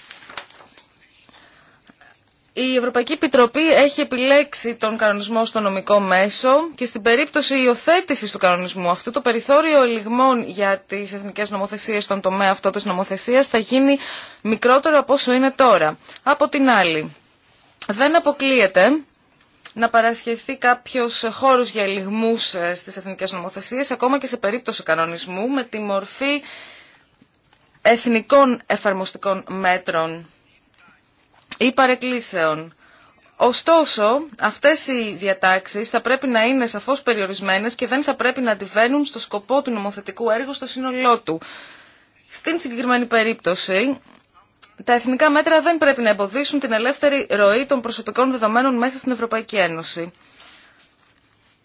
η Ευρωπαϊκή Επιτροπή έχει επιλέξει τον κανονισμό στο νομικό μέσο και στην περίπτωση υιοθέτηση του κανονισμού αυτού το περιθώριο λιγμών για τι εθνικέ νομοθεσίε στον τομέα αυτό τη νομοθεσία θα γίνει μικρότερο από όσο είναι τώρα. Από την άλλη, δεν αποκλείεται να παρασχεθεί κάποιο χώρο για λιγμού ε, στι εθνικέ νομοθεσίε, ακόμα και σε περίπτωση κανονισμού, με τη μορφή εθνικών εφαρμοστικών μέτρων ή παρεκκλήσεων. Ωστόσο, αυτές οι διατάξεις θα πρέπει να είναι σαφώς περιορισμένες και δεν θα πρέπει να αντιβαίνουν στο σκοπό του νομοθετικού έργου στο σύνολό του. Στην συγκεκριμένη περίπτωση, τα εθνικά μέτρα δεν πρέπει να εμποδίσουν την ελεύθερη ροή των προσωπικών δεδομένων μέσα στην Ευρωπαϊκή Ένωση.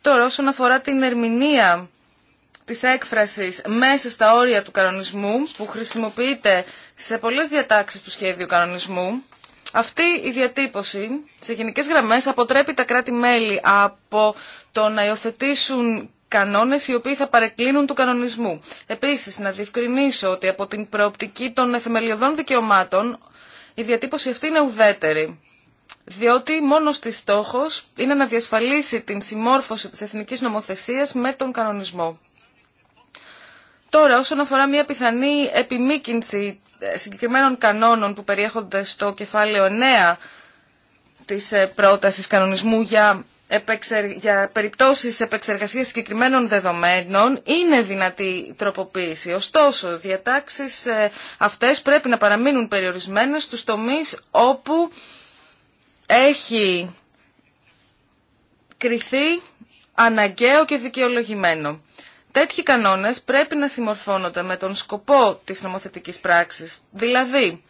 Τώρα, όσον αφορά την ερμηνεία της έκφρασης μέσα στα όρια του κανονισμού, που χρησιμοποιείται σε πολλές διατάξεις του σχέδιου κανονισμού, αυτή η διατύπωση σε γενικές γραμμές αποτρέπει τα κράτη-μέλη από το να υιοθετήσουν κανόνες οι οποίοι θα παρεκκλίνουν του κανονισμού. Επίσης, να διευκρινίσω ότι από την προοπτική των εθεμελιωδών δικαιωμάτων η διατύπωση αυτή είναι ουδέτερη, διότι μόνος της στόχος είναι να διασφαλίσει την συμμόρφωση της εθνικής νομοθεσίας με τον κανονισμό. Τώρα, όσον αφορά μια πιθανή επιμήκυνση ε, συγκεκριμένων κανόνων που περιέχονται στο κεφάλαιο 9 της ε, πρότασης κανονισμού για, περιπτώσει για περιπτώσεις επεξεργασίας συγκεκριμένων δεδομένων, είναι δυνατή τροποποίηση. Ωστόσο, διατάξεις ε, αυτές πρέπει να παραμείνουν περιορισμένες στους τομείς όπου έχει κριθεί αναγκαίο και δικαιολογημένο. Τέτοιοι κανόνες πρέπει να συμμορφώνονται με τον σκοπό της νομοθετικής πράξης. Δηλαδή,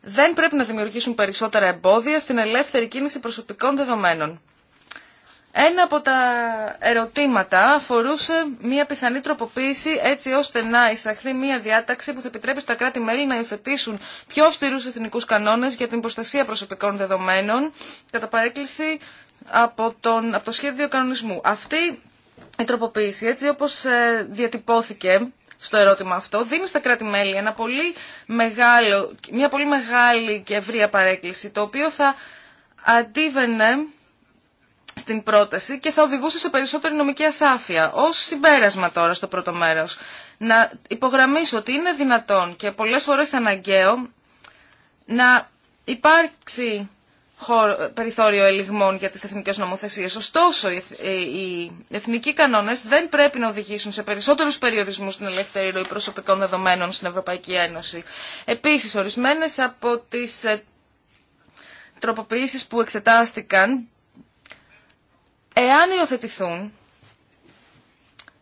δεν πρέπει να δημιουργήσουν περισσότερα εμπόδια στην ελεύθερη κίνηση προσωπικών δεδομένων. Ένα από τα ερωτήματα αφορούσε μια πιθανή τροποποίηση έτσι ώστε να εισαχθεί μια διάταξη που θα επιτρέπει στα κράτη-μέλη να υιοθετήσουν πιο αυστηρούς εθνικούς κανόνες για την προστασία προσωπικών δεδομένων κατά παρέκκληση από, το σχέδιο κανονισμού η τροποποίηση, έτσι όπως ε, διατυπώθηκε στο ερώτημα αυτό, δίνει στα κράτη-μέλη πολύ μεγάλο, μια πολύ μεγάλη και ευρία παρέκκληση, το οποίο θα αντίβαινε στην πρόταση και θα οδηγούσε σε περισσότερη νομική ασάφεια. Ω συμπέρασμα τώρα στο πρώτο μέρο, να υπογραμμίσω ότι είναι δυνατόν και πολλέ φορέ αναγκαίο να υπάρξει περιθώριο ελιγμών για τις εθνικές νομοθεσίες. Ωστόσο, ε, οι εθνικοί κανόνες δεν πρέπει να οδηγήσουν σε περισσότερους περιορισμούς στην ελευθερία ροή προσωπικών δεδομένων στην Ευρωπαϊκή Ένωση. Επίσης, ορισμένες από τις ε, τροποποιήσεις που εξετάστηκαν, εάν υιοθετηθούν,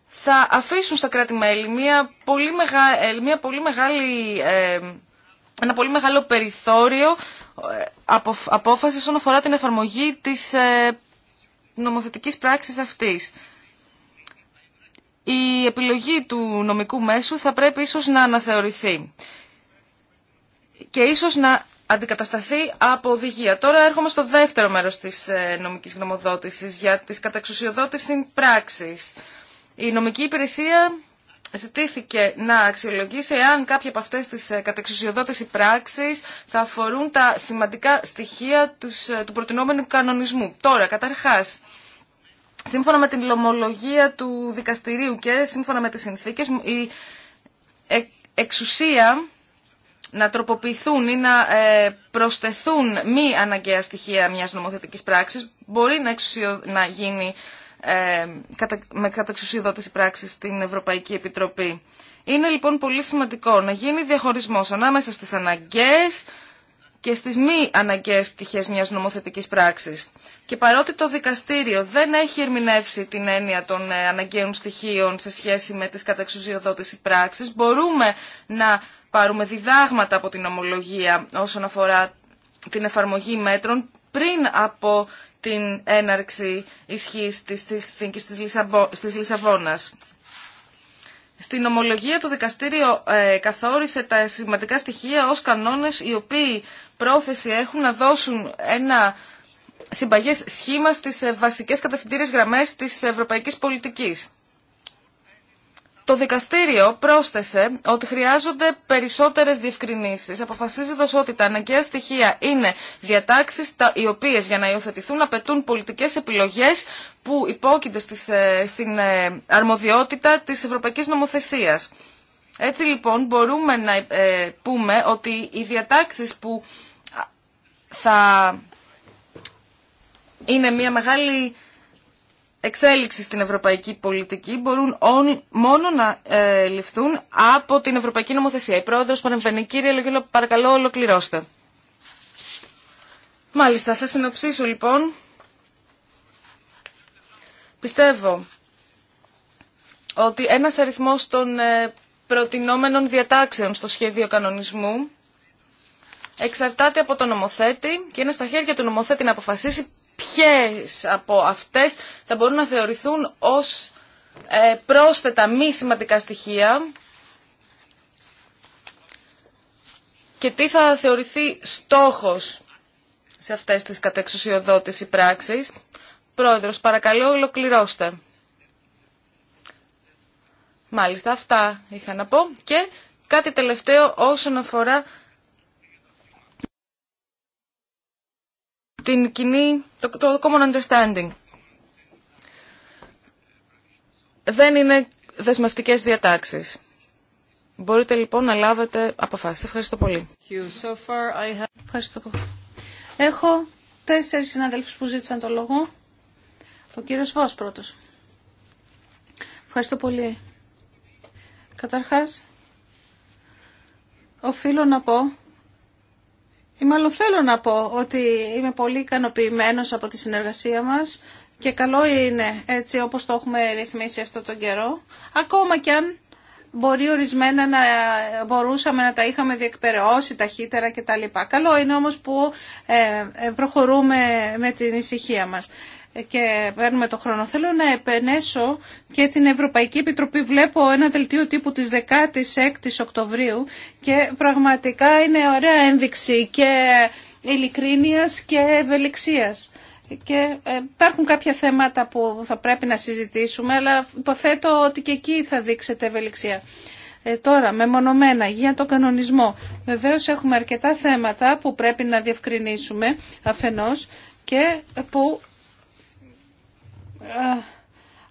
θα αφήσουν στα κράτη-μέλη μια, πολύ ε, μεγάλη ένα πολύ μεγάλο περιθώριο ε, απόφαση όσον αφορά την εφαρμογή της ε, νομοθετικής πράξης αυτής. Η επιλογή του νομικού μέσου θα πρέπει ίσως να αναθεωρηθεί και ίσως να αντικατασταθεί από οδηγία. Τώρα έρχομαι στο δεύτερο μέρος της ε, νομικής γνωμοδότησης για τις καταξουσιοδότησης πράξης. Η νομική υπηρεσία ζητήθηκε να αξιολογήσει εάν κάποια από αυτές τις ε, κατεξουσιοδότες πράξεις θα αφορούν τα σημαντικά στοιχεία ε, του προτινόμενου κανονισμού. Τώρα, καταρχάς, σύμφωνα με την λομολογία του δικαστηρίου και σύμφωνα με τις συνθήκες, η ε, εξουσία να τροποποιηθούν ή να προσθεθούν μη αναγκαία στοιχεία μιας νομοθετικής πράξης μπορεί να, να γίνει ε, με καταξουσιοδότηση πράξη στην Ευρωπαϊκή Επιτροπή. Είναι λοιπόν πολύ σημαντικό να γίνει διαχωρισμός ανάμεσα στις αναγκαίες και στις μη αναγκαίες πτυχές μιας νομοθετικής πράξης. Και παρότι το δικαστήριο δεν έχει ερμηνεύσει την έννοια των ε, αναγκαίων στοιχείων σε σχέση με τις καταξουσιοδότηση πράξης, μπορούμε να πάρουμε διδάγματα από την ομολογία όσον αφορά την εφαρμογή μέτρων πριν από την έναρξη ισχύς της θήκης της, της Λισαβόνας. Στην ομολογία το δικαστήριο ε, καθόρισε τα σημαντικά στοιχεία ως κανόνες οι οποίοι πρόθεση έχουν να δώσουν ένα συμπαγές σχήμα στις ε, βασικές κατευθυντήριες γραμμές της ευρωπαϊκής πολιτικής. Το δικαστήριο πρόσθεσε ότι χρειάζονται περισσότερες διευκρινήσεις, αποφασίζοντας ότι τα αναγκαία στοιχεία είναι διατάξεις οι οποίες για να υιοθετηθούν απαιτούν πολιτικές επιλογές που υπόκεινται ε, στην ε, αρμοδιότητα της Ευρωπαϊκής Νομοθεσίας. Έτσι λοιπόν μπορούμε να ε, πούμε ότι οι διατάξεις που θα είναι μια μεγάλη εξέλιξη στην ευρωπαϊκή πολιτική μπορούν μόνο να ε, ληφθούν από την ευρωπαϊκή νομοθεσία. Η πρόεδρος παρεμβαίνει. Κύριε Λογίλο, παρακαλώ ολοκληρώστε. Μάλιστα, θα συνοψίσω λοιπόν. Πιστεύω ότι ένας αριθμός των ε, προτινόμενων διατάξεων στο σχέδιο κανονισμού εξαρτάται από τον νομοθέτη και είναι στα χέρια του νομοθέτη να αποφασίσει ποιες από αυτές θα μπορούν να θεωρηθούν ως ε, πρόσθετα μη σημαντικά στοιχεία και τι θα θεωρηθεί στόχος σε αυτές τις κατεξουσιοδότηση πράξεις. Πρόεδρος, παρακαλώ ολοκληρώστε. Μάλιστα, αυτά είχα να πω. Και κάτι τελευταίο όσον αφορά την κοινή, το, το common understanding. Δεν είναι δεσμευτικές διατάξεις. Μπορείτε λοιπόν να λάβετε αποφάσεις. Ευχαριστώ πολύ. Ευχαριστώ πολύ. Έχω τέσσερις συναδέλφους που ζήτησαν το λόγο. Ο κύριος Βός πρώτος. Ευχαριστώ πολύ. Καταρχάς, οφείλω να πω ή ε, θέλω να πω ότι είμαι πολύ ικανοποιημένος από τη συνεργασία μας και καλό είναι έτσι όπως το έχουμε ρυθμίσει αυτό τον καιρό, ακόμα κι αν μπορεί ορισμένα να μπορούσαμε να τα είχαμε διεκπαιρεώσει ταχύτερα κτλ. Καλό είναι όμως που ε, ε, προχωρούμε με την ησυχία μας και παίρνουμε το χρόνο. Θέλω να επενέσω και την Ευρωπαϊκή Επιτροπή. Βλέπω ένα δελτίο τύπου της 16ης Οκτωβρίου και πραγματικά είναι ωραία ένδειξη και ειλικρίνειας και ευελιξίας. Και ε, υπάρχουν κάποια θέματα που θα πρέπει να συζητήσουμε, αλλά υποθέτω ότι και εκεί θα δείξετε ευελιξία. Ε, τώρα, μεμονωμένα για τον κανονισμό. Βεβαίως έχουμε αρκετά θέματα που πρέπει να διευκρινίσουμε αφενός και που ε,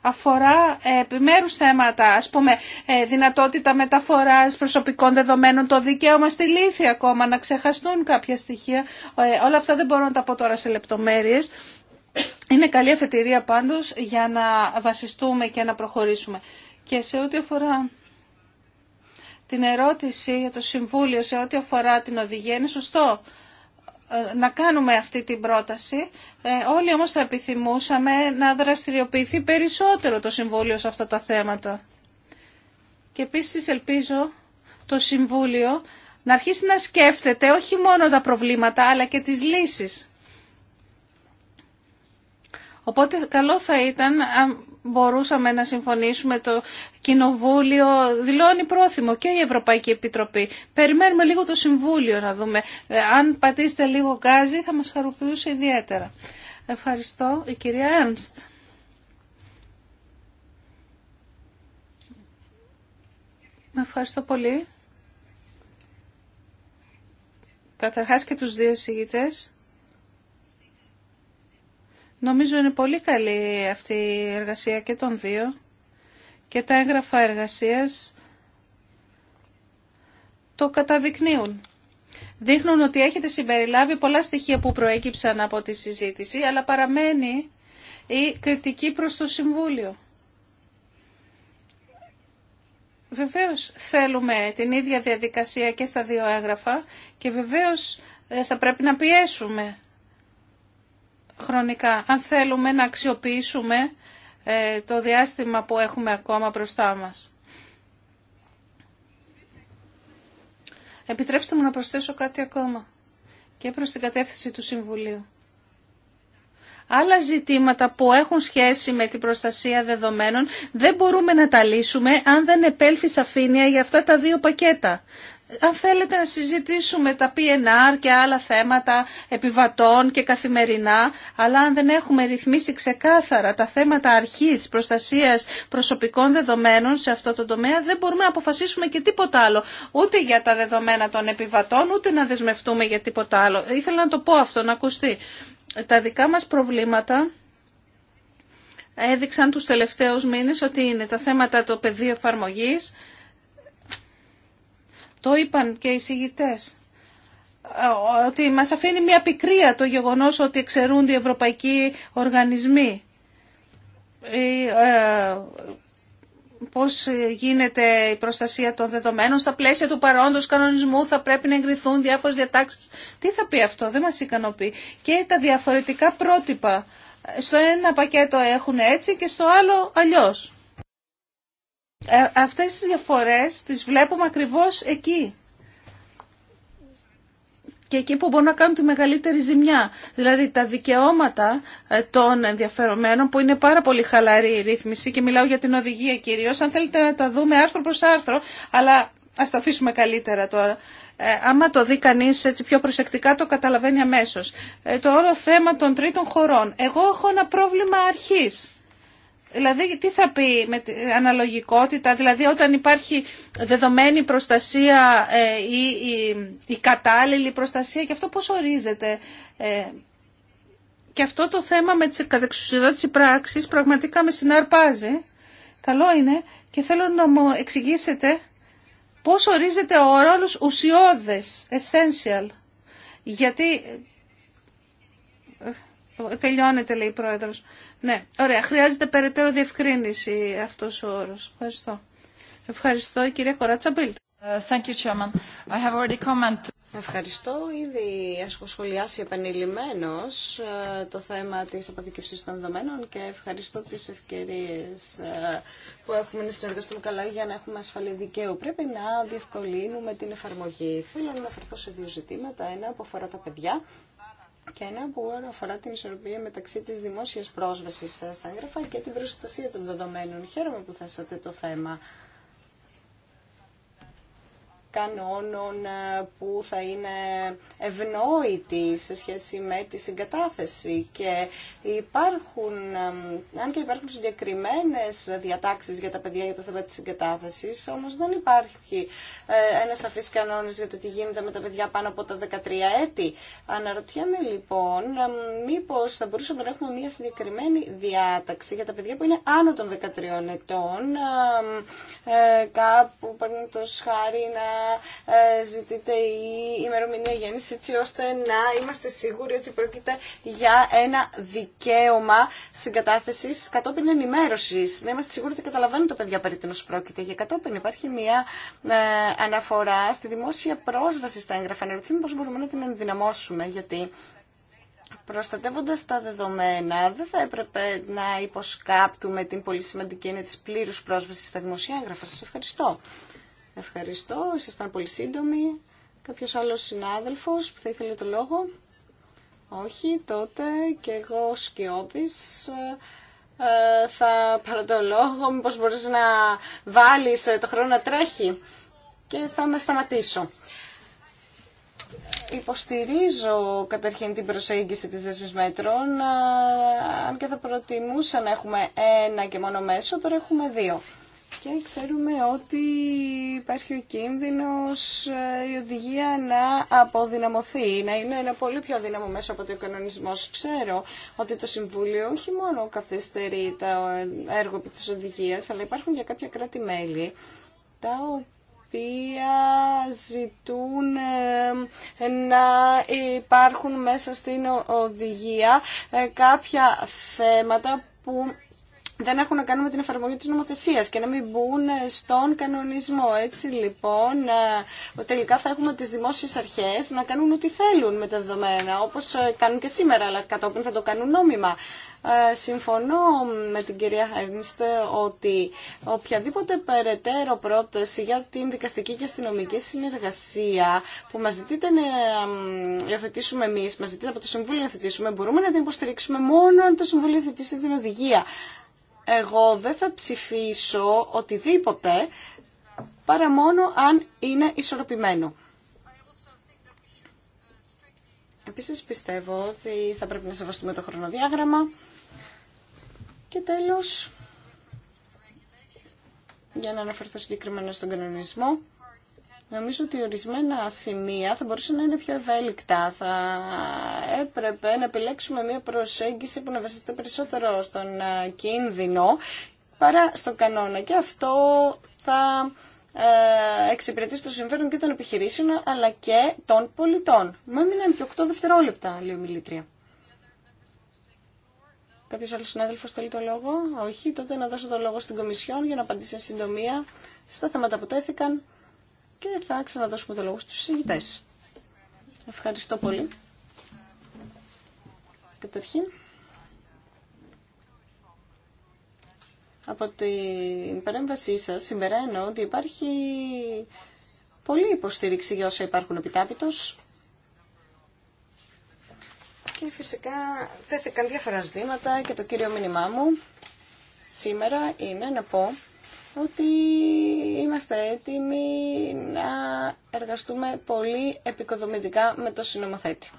αφορά ε, επιμέρους θέματα, ας πούμε ε, δυνατότητα μεταφοράς προσωπικών δεδομένων, το δικαίωμα στη λύθη ακόμα, να ξεχαστούν κάποια στοιχεία. Όλα αυτά δεν μπορώ να τα πω τώρα σε λεπτομέρειες. Είναι καλή αφετηρία πάντως για να βασιστούμε και να προχωρήσουμε. Και σε ό,τι αφορά την ερώτηση για το Συμβούλιο, σε ό,τι αφορά την οδηγία, είναι σωστό ε, να κάνουμε αυτή την πρόταση. Ε, όλοι όμως θα επιθυμούσαμε να δραστηριοποιηθεί περισσότερο το Συμβούλιο σε αυτά τα θέματα. Και επίσης ελπίζω το Συμβούλιο να αρχίσει να σκέφτεται όχι μόνο τα προβλήματα αλλά και τις λύσεις. Οπότε καλό θα ήταν μπορούσαμε να συμφωνήσουμε. Το Κοινοβούλιο δηλώνει πρόθυμο και η Ευρωπαϊκή Επιτροπή. Περιμένουμε λίγο το Συμβούλιο να δούμε. Ε, αν πατήσετε λίγο γκάζι θα μας χαροποιούσε ιδιαίτερα. Ευχαριστώ. Η κυρία Έρνστ. Ευχαριστώ πολύ. Καταρχάς και τους δύο συγγητές. Νομίζω είναι πολύ καλή αυτή η εργασία και των δύο και τα έγγραφα εργασίας το καταδεικνύουν. Δείχνουν ότι έχετε συμπεριλάβει πολλά στοιχεία που προέκυψαν από τη συζήτηση, αλλά παραμένει η κριτική προς το Συμβούλιο. Βεβαίως θέλουμε την ίδια διαδικασία και στα δύο έγγραφα και βεβαίως ε, θα πρέπει να πιέσουμε χρονικά, αν θέλουμε να αξιοποιήσουμε ε, το διάστημα που έχουμε ακόμα μπροστά μας. Επιτρέψτε μου να προσθέσω κάτι ακόμα και προς την κατεύθυνση του Συμβουλίου. Άλλα ζητήματα που έχουν σχέση με την προστασία δεδομένων δεν μπορούμε να τα λύσουμε αν δεν επέλθει σαφήνεια για αυτά τα δύο πακέτα αν θέλετε να συζητήσουμε τα PNR και άλλα θέματα επιβατών και καθημερινά, αλλά αν δεν έχουμε ρυθμίσει ξεκάθαρα τα θέματα αρχής προστασίας προσωπικών δεδομένων σε αυτό το τομέα, δεν μπορούμε να αποφασίσουμε και τίποτα άλλο, ούτε για τα δεδομένα των επιβατών, ούτε να δεσμευτούμε για τίποτα άλλο. Ήθελα να το πω αυτό, να ακουστεί. Τα δικά μας προβλήματα έδειξαν τους τελευταίους μήνες ότι είναι τα θέματα το πεδίο εφαρμογής, το είπαν και οι συγητές ε, ότι μας αφήνει μια πικρία το γεγονός ότι εξαιρούν οι ευρωπαϊκοί οργανισμοί. Ε, πώς γίνεται η προστασία των δεδομένων στα πλαίσια του παρόντος κανονισμού θα πρέπει να εγκριθούν διάφορες διατάξεις. Τι θα πει αυτό, δεν μας ικανοποιεί. Και τα διαφορετικά πρότυπα. Στο ένα πακέτο έχουν έτσι και στο άλλο αλλιώς. Ε, αυτές τις διαφορές τις βλέπουμε ακριβώς εκεί. Και εκεί που μπορούν να κάνουν τη μεγαλύτερη ζημιά. Δηλαδή τα δικαιώματα ε, των ενδιαφερομένων που είναι πάρα πολύ χαλαρή η ρύθμιση και μιλάω για την οδηγία κυρίως. Αν θέλετε να τα δούμε άρθρο προς άρθρο, αλλά ας το αφήσουμε καλύτερα τώρα. Ε, άμα το δει κανεί έτσι πιο προσεκτικά το καταλαβαίνει αμέσως. Ε, το όλο θέμα των τρίτων χωρών. Εγώ έχω ένα πρόβλημα αρχής. Δηλαδή, τι θα πει με την αναλογικότητα, δηλαδή όταν υπάρχει δεδομένη προστασία ε, ή η κατάλληλη προστασία και αυτό πώς ορίζεται. Ε. Και αυτό το θέμα με τις κατεξουσιοδότηση πράξης πραγματικά με συναρπάζει. Καλό είναι και θέλω να μου εξηγήσετε πώς ορίζεται ο ρόλος ουσιώδες, essential. Γιατί Τελειώνεται, λέει η Πρόεδρος. Ναι, ωραία. Χρειάζεται περαιτέρω διευκρίνηση αυτός ο όρος. Ευχαριστώ. Ευχαριστώ, κυρία Κοράτσα Μπίλτ. Uh, thank you, Chairman. I have already comment. Ευχαριστώ. Ήδη έχω σχολιάσει επανειλημμένο uh, το θέμα τη αποθήκευση των δεδομένων και ευχαριστώ τι ευκαιρίε uh, που έχουμε να συνεργαστούμε καλά για να έχουμε ασφαλή δικαίου. Πρέπει να διευκολύνουμε την εφαρμογή. Θέλω να αναφερθώ σε δύο ζητήματα. Ένα που αφορά τα παιδιά και ένα που αφορά την ισορροπία μεταξύ της δημόσιας πρόσβασης στα έγγραφα και την προστασία των δεδομένων. Χαίρομαι που θέσατε το θέμα κανόνων ε, που θα είναι ευνόητοι σε σχέση με τη συγκατάθεση και υπάρχουν, ε, αν και υπάρχουν συγκεκριμένες διατάξεις για τα παιδιά για το θέμα της συγκατάθεσης, όμως δεν υπάρχει ε, ένα σαφής κανόνας για το τι γίνεται με τα παιδιά πάνω από τα 13 έτη. Αναρωτιέμαι λοιπόν μήπως θα μπορούσαμε να έχουμε μια συγκεκριμένη διάταξη για τα παιδιά που είναι άνω των 13 ετών, κάπου παρ' το να ε, ζητείτε η ημερομηνία γέννηση έτσι ώστε να είμαστε σίγουροι ότι πρόκειται για ένα δικαίωμα συγκατάθεση κατόπιν ενημέρωση. Να είμαστε σίγουροι ότι καταλαβαίνουν τα παιδιά περί τίνο πρόκειται. Για κατόπιν υπάρχει μια ε, αναφορά στη δημόσια πρόσβαση στα έγγραφα. ρωτήσουμε πώ μπορούμε να την ενδυναμώσουμε. Γιατί προστατεύοντας τα δεδομένα, δεν θα έπρεπε να υποσκάπτουμε την πολύ σημαντική έννοια της πλήρους πρόσβασης στα δημοσία έγγραφα. Σας ευχαριστώ. Ευχαριστώ, ήσασταν πολύ σύντομοι. Κάποιο άλλο συνάδελφος που θα ήθελε το λόγο. Όχι, τότε και εγώ σκιώδης ε, θα πάρω το λόγο, μήπως μπορείς να βάλεις ε, το χρόνο να τρέχει και θα με σταματήσω. Υποστηρίζω καταρχήν την προσέγγιση της δέσμης μέτρων, ε, αν και θα προτιμούσα να έχουμε ένα και μόνο μέσο, τώρα έχουμε δύο. Και ξέρουμε ότι υπάρχει ο κίνδυνος ε, η οδηγία να αποδυναμωθεί, να είναι ένα πολύ πιο δύναμο μέσα από το κανονισμό. Ξέρω ότι το Συμβούλιο όχι μόνο καθυστερεί το έργο της οδηγίας, αλλά υπάρχουν και κάποια κράτη-μέλη τα οποία ζητούν ε, να υπάρχουν μέσα στην οδηγία ε, κάποια θέματα που δεν έχουν να κάνουν με την εφαρμογή της νομοθεσίας και να μην μπουν στον κανονισμό. Έτσι λοιπόν ε, τελικά θα έχουμε τις δημόσιες αρχές να κάνουν ό,τι θέλουν με τα δεδομένα όπως ε, κάνουν και σήμερα αλλά κατόπιν θα το κάνουν νόμιμα. Ε, συμφωνώ με την κυρία Έγνιστε ότι οποιαδήποτε περαιτέρω πρόταση για την δικαστική και αστυνομική συνεργασία που μας ζητείτε να υιοθετήσουμε εμείς, μας ζητείτε από το Συμβούλιο να υιοθετήσουμε, μπορούμε να την υποστηρίξουμε μόνο αν το Συμβούλιο υιοθετήσει την οδηγία εγώ δεν θα ψηφίσω οτιδήποτε παρά μόνο αν είναι ισορροπημένο. Επίσης πιστεύω ότι θα πρέπει να σεβαστούμε το χρονοδιάγραμμα. Και τέλος, για να αναφερθώ συγκεκριμένα στον κανονισμό, Νομίζω ότι ορισμένα σημεία θα μπορούσαν να είναι πιο ευέλικτα. Θα έπρεπε να επιλέξουμε μια προσέγγιση που να βασίζεται περισσότερο στον ε, κίνδυνο παρά στον κανόνα. Και αυτό θα ε, εξυπηρετήσει το συμφέρον και των επιχειρήσεων αλλά και των πολιτών. Μα έμειναν και 8 δευτερόλεπτα, λέει ο μιλήτρια. Κάποιο άλλο συνάδελφο θέλει το λόγο. Όχι, τότε να δώσω το λόγο στην Κομισιόν για να απαντήσει σε συντομία στα θέματα που τέθηκαν και θα ξαναδώσουμε το λόγο στους συζητητές. Ευχαριστώ πολύ. Καταρχήν, από την παρέμβασή σας εννοώ ότι υπάρχει πολλή υποστήριξη για όσα υπάρχουν επιτάπητος και φυσικά τέθηκαν διάφορα ζητήματα και το κύριο μήνυμά μου σήμερα είναι να πω ότι είμαστε έτοιμοι να εργαστούμε πολύ επικοδομητικά με το συνομοθέτη.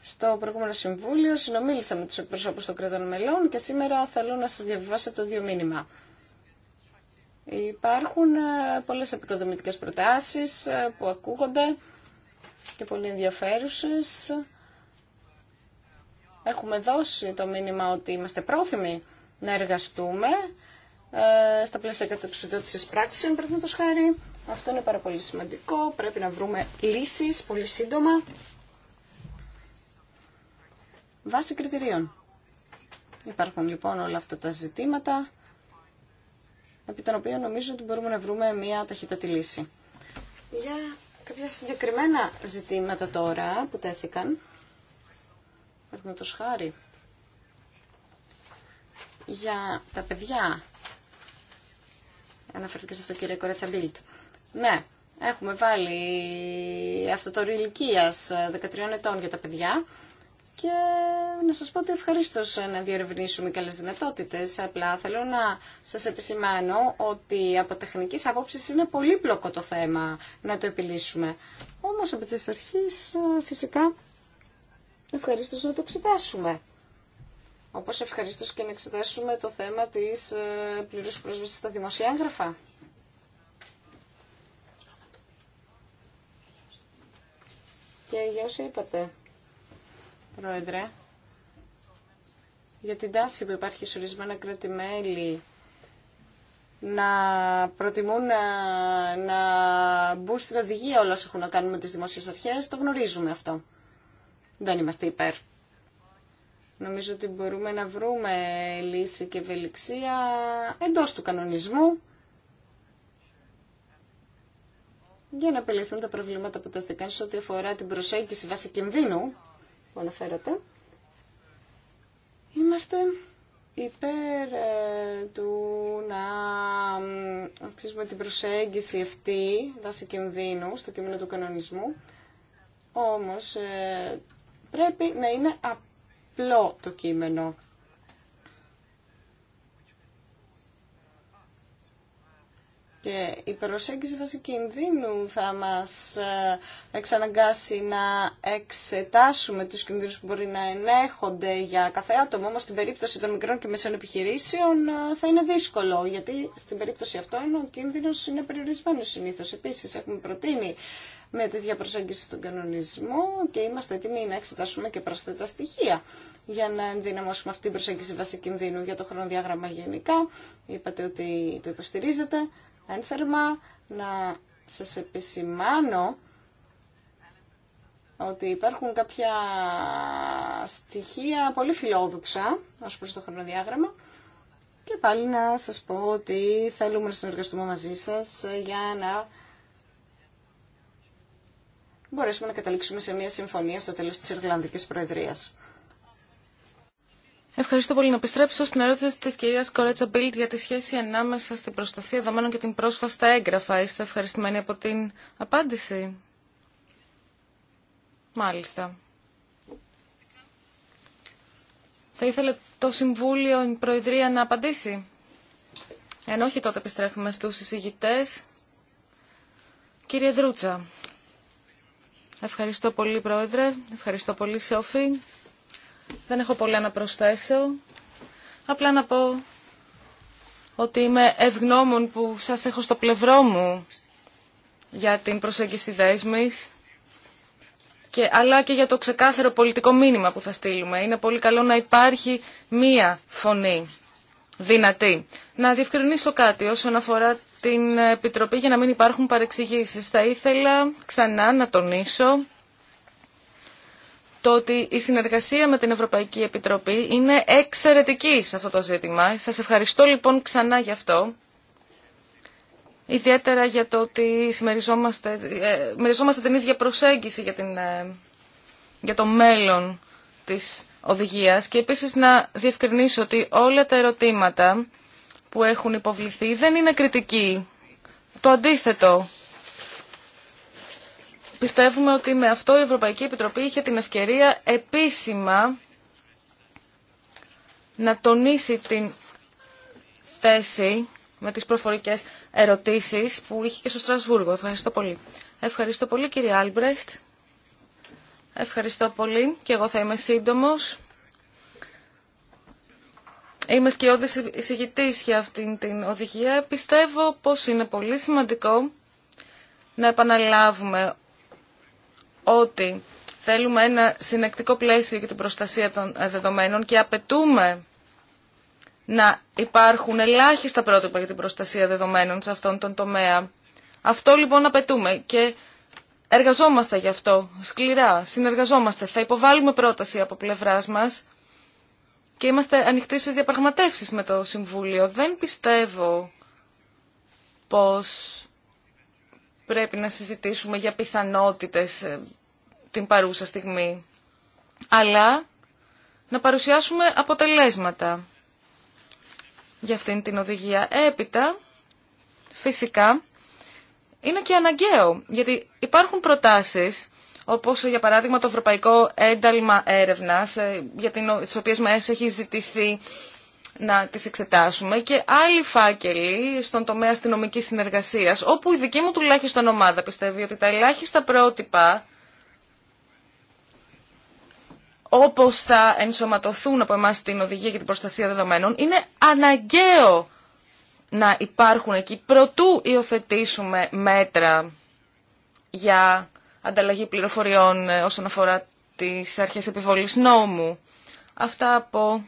Στο προηγούμενο συμβούλιο συνομίλησα με τους εκπροσώπους των κρατών μελών και σήμερα θέλω να σας διαβιβάσω το δύο μήνυμα. Υπάρχουν ε, πολλές επικοδομητικές προτάσεις ε, που ακούγονται και πολύ ενδιαφέρουσες. Έχουμε δώσει το μήνυμα ότι είμαστε πρόθυμοι να εργαστούμε ε, στα πλαίσια κατεψουδότησης πράξεων, πρέπει να το σχάρει. Αυτό είναι πάρα πολύ σημαντικό. Πρέπει να βρούμε λύσεις πολύ σύντομα Βάση κριτηρίων. Υπάρχουν λοιπόν όλα αυτά τα ζητήματα επί των οποίων νομίζω ότι μπορούμε να βρούμε μια ταχύτατη λύση. Για κάποια συγκεκριμένα ζητήματα τώρα που τέθηκαν, πρέπει να το για τα παιδιά Αναφερθήκε σε αυτό κύριε Κορέτσα Μπίλτ. Ναι, έχουμε βάλει αυτό το ηλικία 13 ε, ετών για τα παιδιά και να σας πω ότι ευχαριστώ ε, να διερευνήσουμε καλές δυνατότητες. Απλά θέλω να σας επισημάνω ότι από τεχνικής άποψης είναι πολύπλοκο το θέμα να το επιλύσουμε. Όμως από τις αρχές ε, φυσικά ευχαριστώ να το εξετάσουμε όπως ευχαριστώ και να εξετάσουμε το θέμα της ε, πλήρους πρόσβασης στα δημοσία έγγραφα. Και για όσα είπατε, Πρόεδρε, για την τάση που υπάρχει σε ορισμένα κράτη-μέλη να προτιμούν να, να μπουν στην οδηγία όλα έχουν να κάνουν με τις δημόσιες αρχές, το γνωρίζουμε αυτό. Δεν είμαστε υπέρ Νομίζω ότι μπορούμε να βρούμε λύση και ευελιξία εντός του κανονισμού για να απελευθούν τα προβλήματα που τέθηκαν σε ό,τι αφορά την προσέγγιση βάση κινδύνου που αναφέρατε. Είμαστε υπέρ ε, του να αυξήσουμε την προσέγγιση αυτή βάση κινδύνου στο κείμενο του κανονισμού, όμως ε, πρέπει να είναι απλό το κείμενο. Και η προσέγγιση βάση κινδύνου θα μας ε, εξαναγκάσει να εξετάσουμε τους κινδύνους που μπορεί να ενέχονται για κάθε άτομο, όμως στην περίπτωση των μικρών και μεσαίων επιχειρήσεων ε, θα είναι δύσκολο, γιατί στην περίπτωση αυτών ο κίνδυνος είναι περιορισμένος συνήθως. Επίσης έχουμε προτείνει με τέτοια προσέγγιση στον κανονισμό και είμαστε έτοιμοι να εξετάσουμε και πρόσθετα στοιχεία για να ενδυναμώσουμε αυτή την προσέγγιση βάση κινδύνου για το χρονοδιάγραμμα γενικά. Είπατε ότι το υποστηρίζετε ένθερμα. Να σας επισημάνω ότι υπάρχουν κάποια στοιχεία πολύ φιλόδοξα ως προς το χρονοδιάγραμμα και πάλι να σας πω ότι θέλουμε να συνεργαστούμε μαζί σας για να μπορέσουμε να καταλήξουμε σε μια συμφωνία στο τέλος της Ιρλανδικής Προεδρίας. Ευχαριστώ πολύ. Να επιστρέψω στην ερώτηση τη κυρία Κορέτσα Μπίλτ για τη σχέση ανάμεσα στην προστασία δεδομένων και την πρόσφατα στα έγγραφα. Είστε ευχαριστημένοι από την απάντηση. Μάλιστα. Θα ήθελε το Συμβούλιο, η Προεδρία να απαντήσει. Εν όχι τότε επιστρέφουμε στους συζητητές. Κύριε Δρούτσα. Ευχαριστώ πολύ, Πρόεδρε. Ευχαριστώ πολύ, Σόφη. Δεν έχω πολλά να προσθέσω. Απλά να πω ότι είμαι ευγνώμων που σας έχω στο πλευρό μου για την προσέγγιση δέσμης και, αλλά και για το ξεκάθαρο πολιτικό μήνυμα που θα στείλουμε. Είναι πολύ καλό να υπάρχει μία φωνή δυνατή. Να διευκρινίσω κάτι όσον αφορά την Επιτροπή για να μην υπάρχουν παρεξηγήσεις. Θα ήθελα ξανά να τονίσω το ότι η συνεργασία με την Ευρωπαϊκή Επιτροπή είναι εξαιρετική σε αυτό το ζήτημα. Σας ευχαριστώ λοιπόν ξανά γι' αυτό. Ιδιαίτερα για το ότι συμμεριζόμαστε, ε, την ίδια προσέγγιση για, την, ε, για το μέλλον της οδηγίας και επίσης να διευκρινίσω ότι όλα τα ερωτήματα που έχουν υποβληθεί δεν είναι κριτική. Το αντίθετο. Πιστεύουμε ότι με αυτό η Ευρωπαϊκή Επιτροπή είχε την ευκαιρία επίσημα να τονίσει την θέση με τις προφορικές ερωτήσεις που είχε και στο Στρασβούργο. Ευχαριστώ πολύ. Ευχαριστώ πολύ κύριε Άλμπρεχτ. Ευχαριστώ πολύ και εγώ θα είμαι σύντομος. Είμαι σκιώδης εισηγητής για αυτήν την οδηγία. Πιστεύω πως είναι πολύ σημαντικό να επαναλάβουμε ότι θέλουμε ένα συνεκτικό πλαίσιο για την προστασία των ε, δεδομένων και απαιτούμε να υπάρχουν ελάχιστα πρότυπα για την προστασία δεδομένων σε αυτόν τον τομέα. Αυτό λοιπόν απαιτούμε και εργαζόμαστε γι' αυτό σκληρά, συνεργαζόμαστε. Θα υποβάλουμε πρόταση από πλευράς μας και είμαστε ανοιχτοί στις διαπραγματεύσεις με το Συμβούλιο. Δεν πιστεύω πως πρέπει να συζητήσουμε για πιθανότητες ε, την παρούσα στιγμή, αλλά να παρουσιάσουμε αποτελέσματα για αυτήν την οδηγία. Έπειτα, φυσικά, είναι και αναγκαίο, γιατί υπάρχουν προτάσεις όπως για παράδειγμα το Ευρωπαϊκό Ένταλμα Έρευνας, ε, για τις οποίες μας έχει ζητηθεί να τις εξετάσουμε και άλλοι φάκελοι στον τομέα αστυνομική συνεργασίας, όπου η δική μου τουλάχιστον ομάδα πιστεύει ότι τα ελάχιστα πρότυπα όπως θα ενσωματωθούν από εμάς στην οδηγία για την προστασία δεδομένων, είναι αναγκαίο να υπάρχουν εκεί προτού υιοθετήσουμε μέτρα για ανταλλαγή πληροφοριών ε, όσον αφορά τις αρχές επιβολής νόμου. Αυτά από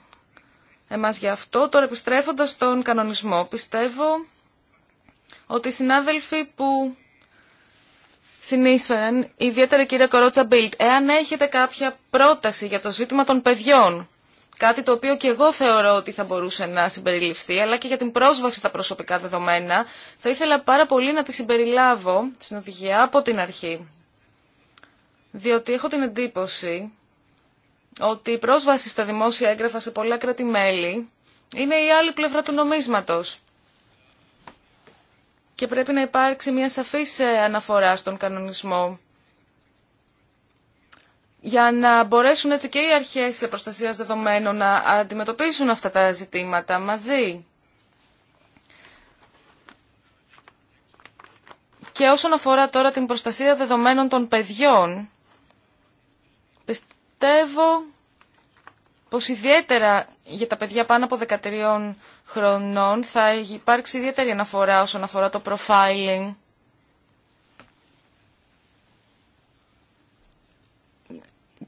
εμάς για αυτό. Τώρα επιστρέφοντας στον κανονισμό, πιστεύω ότι οι συνάδελφοι που συνείσφεραν, ιδιαίτερα κυρία Κορότσα Μπίλτ, εάν έχετε κάποια πρόταση για το ζήτημα των παιδιών, κάτι το οποίο και εγώ θεωρώ ότι θα μπορούσε να συμπεριληφθεί, αλλά και για την πρόσβαση στα προσωπικά δεδομένα, θα ήθελα πάρα πολύ να τη συμπεριλάβω στην οδηγία από την αρχή διότι έχω την εντύπωση ότι η πρόσβαση στα δημόσια έγγραφα σε πολλά κράτη-μέλη είναι η άλλη πλευρά του νομίσματος. Και πρέπει να υπάρξει μια σαφής ε, αναφορά στον κανονισμό για να μπορέσουν έτσι και οι αρχές προστασίας δεδομένων να αντιμετωπίσουν αυτά τα ζητήματα μαζί. Και όσον αφορά τώρα την προστασία δεδομένων των παιδιών, Πιστεύω πως ιδιαίτερα για τα παιδιά πάνω από 13 χρονών θα υπάρξει ιδιαίτερη αναφορά όσον αφορά το profiling.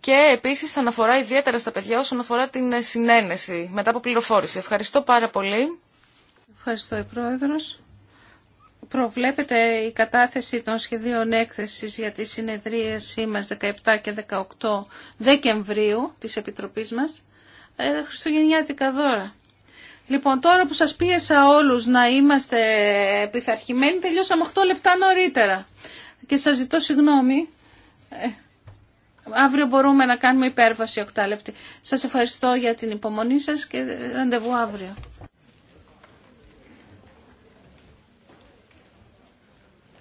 Και επίσης αναφορά ιδιαίτερα στα παιδιά όσον αφορά την συνένεση μετά από πληροφόρηση. Ευχαριστώ πάρα πολύ. Ευχαριστώ η Πρόεδρος προβλέπεται η κατάθεση των σχεδίων έκθεσης για τη συνεδρίασή μας 17 και 18 Δεκεμβρίου της Επιτροπής μας ε, χριστουγεννιάτικα δώρα. Λοιπόν, τώρα που σας πίεσα όλους να είμαστε επιθαρχημένοι, τελειώσαμε 8 λεπτά νωρίτερα. Και σας ζητώ συγγνώμη. Ε, αύριο μπορούμε να κάνουμε υπέρβαση 8 λεπτή. Σας ευχαριστώ για την υπομονή σας και ραντεβού αύριο.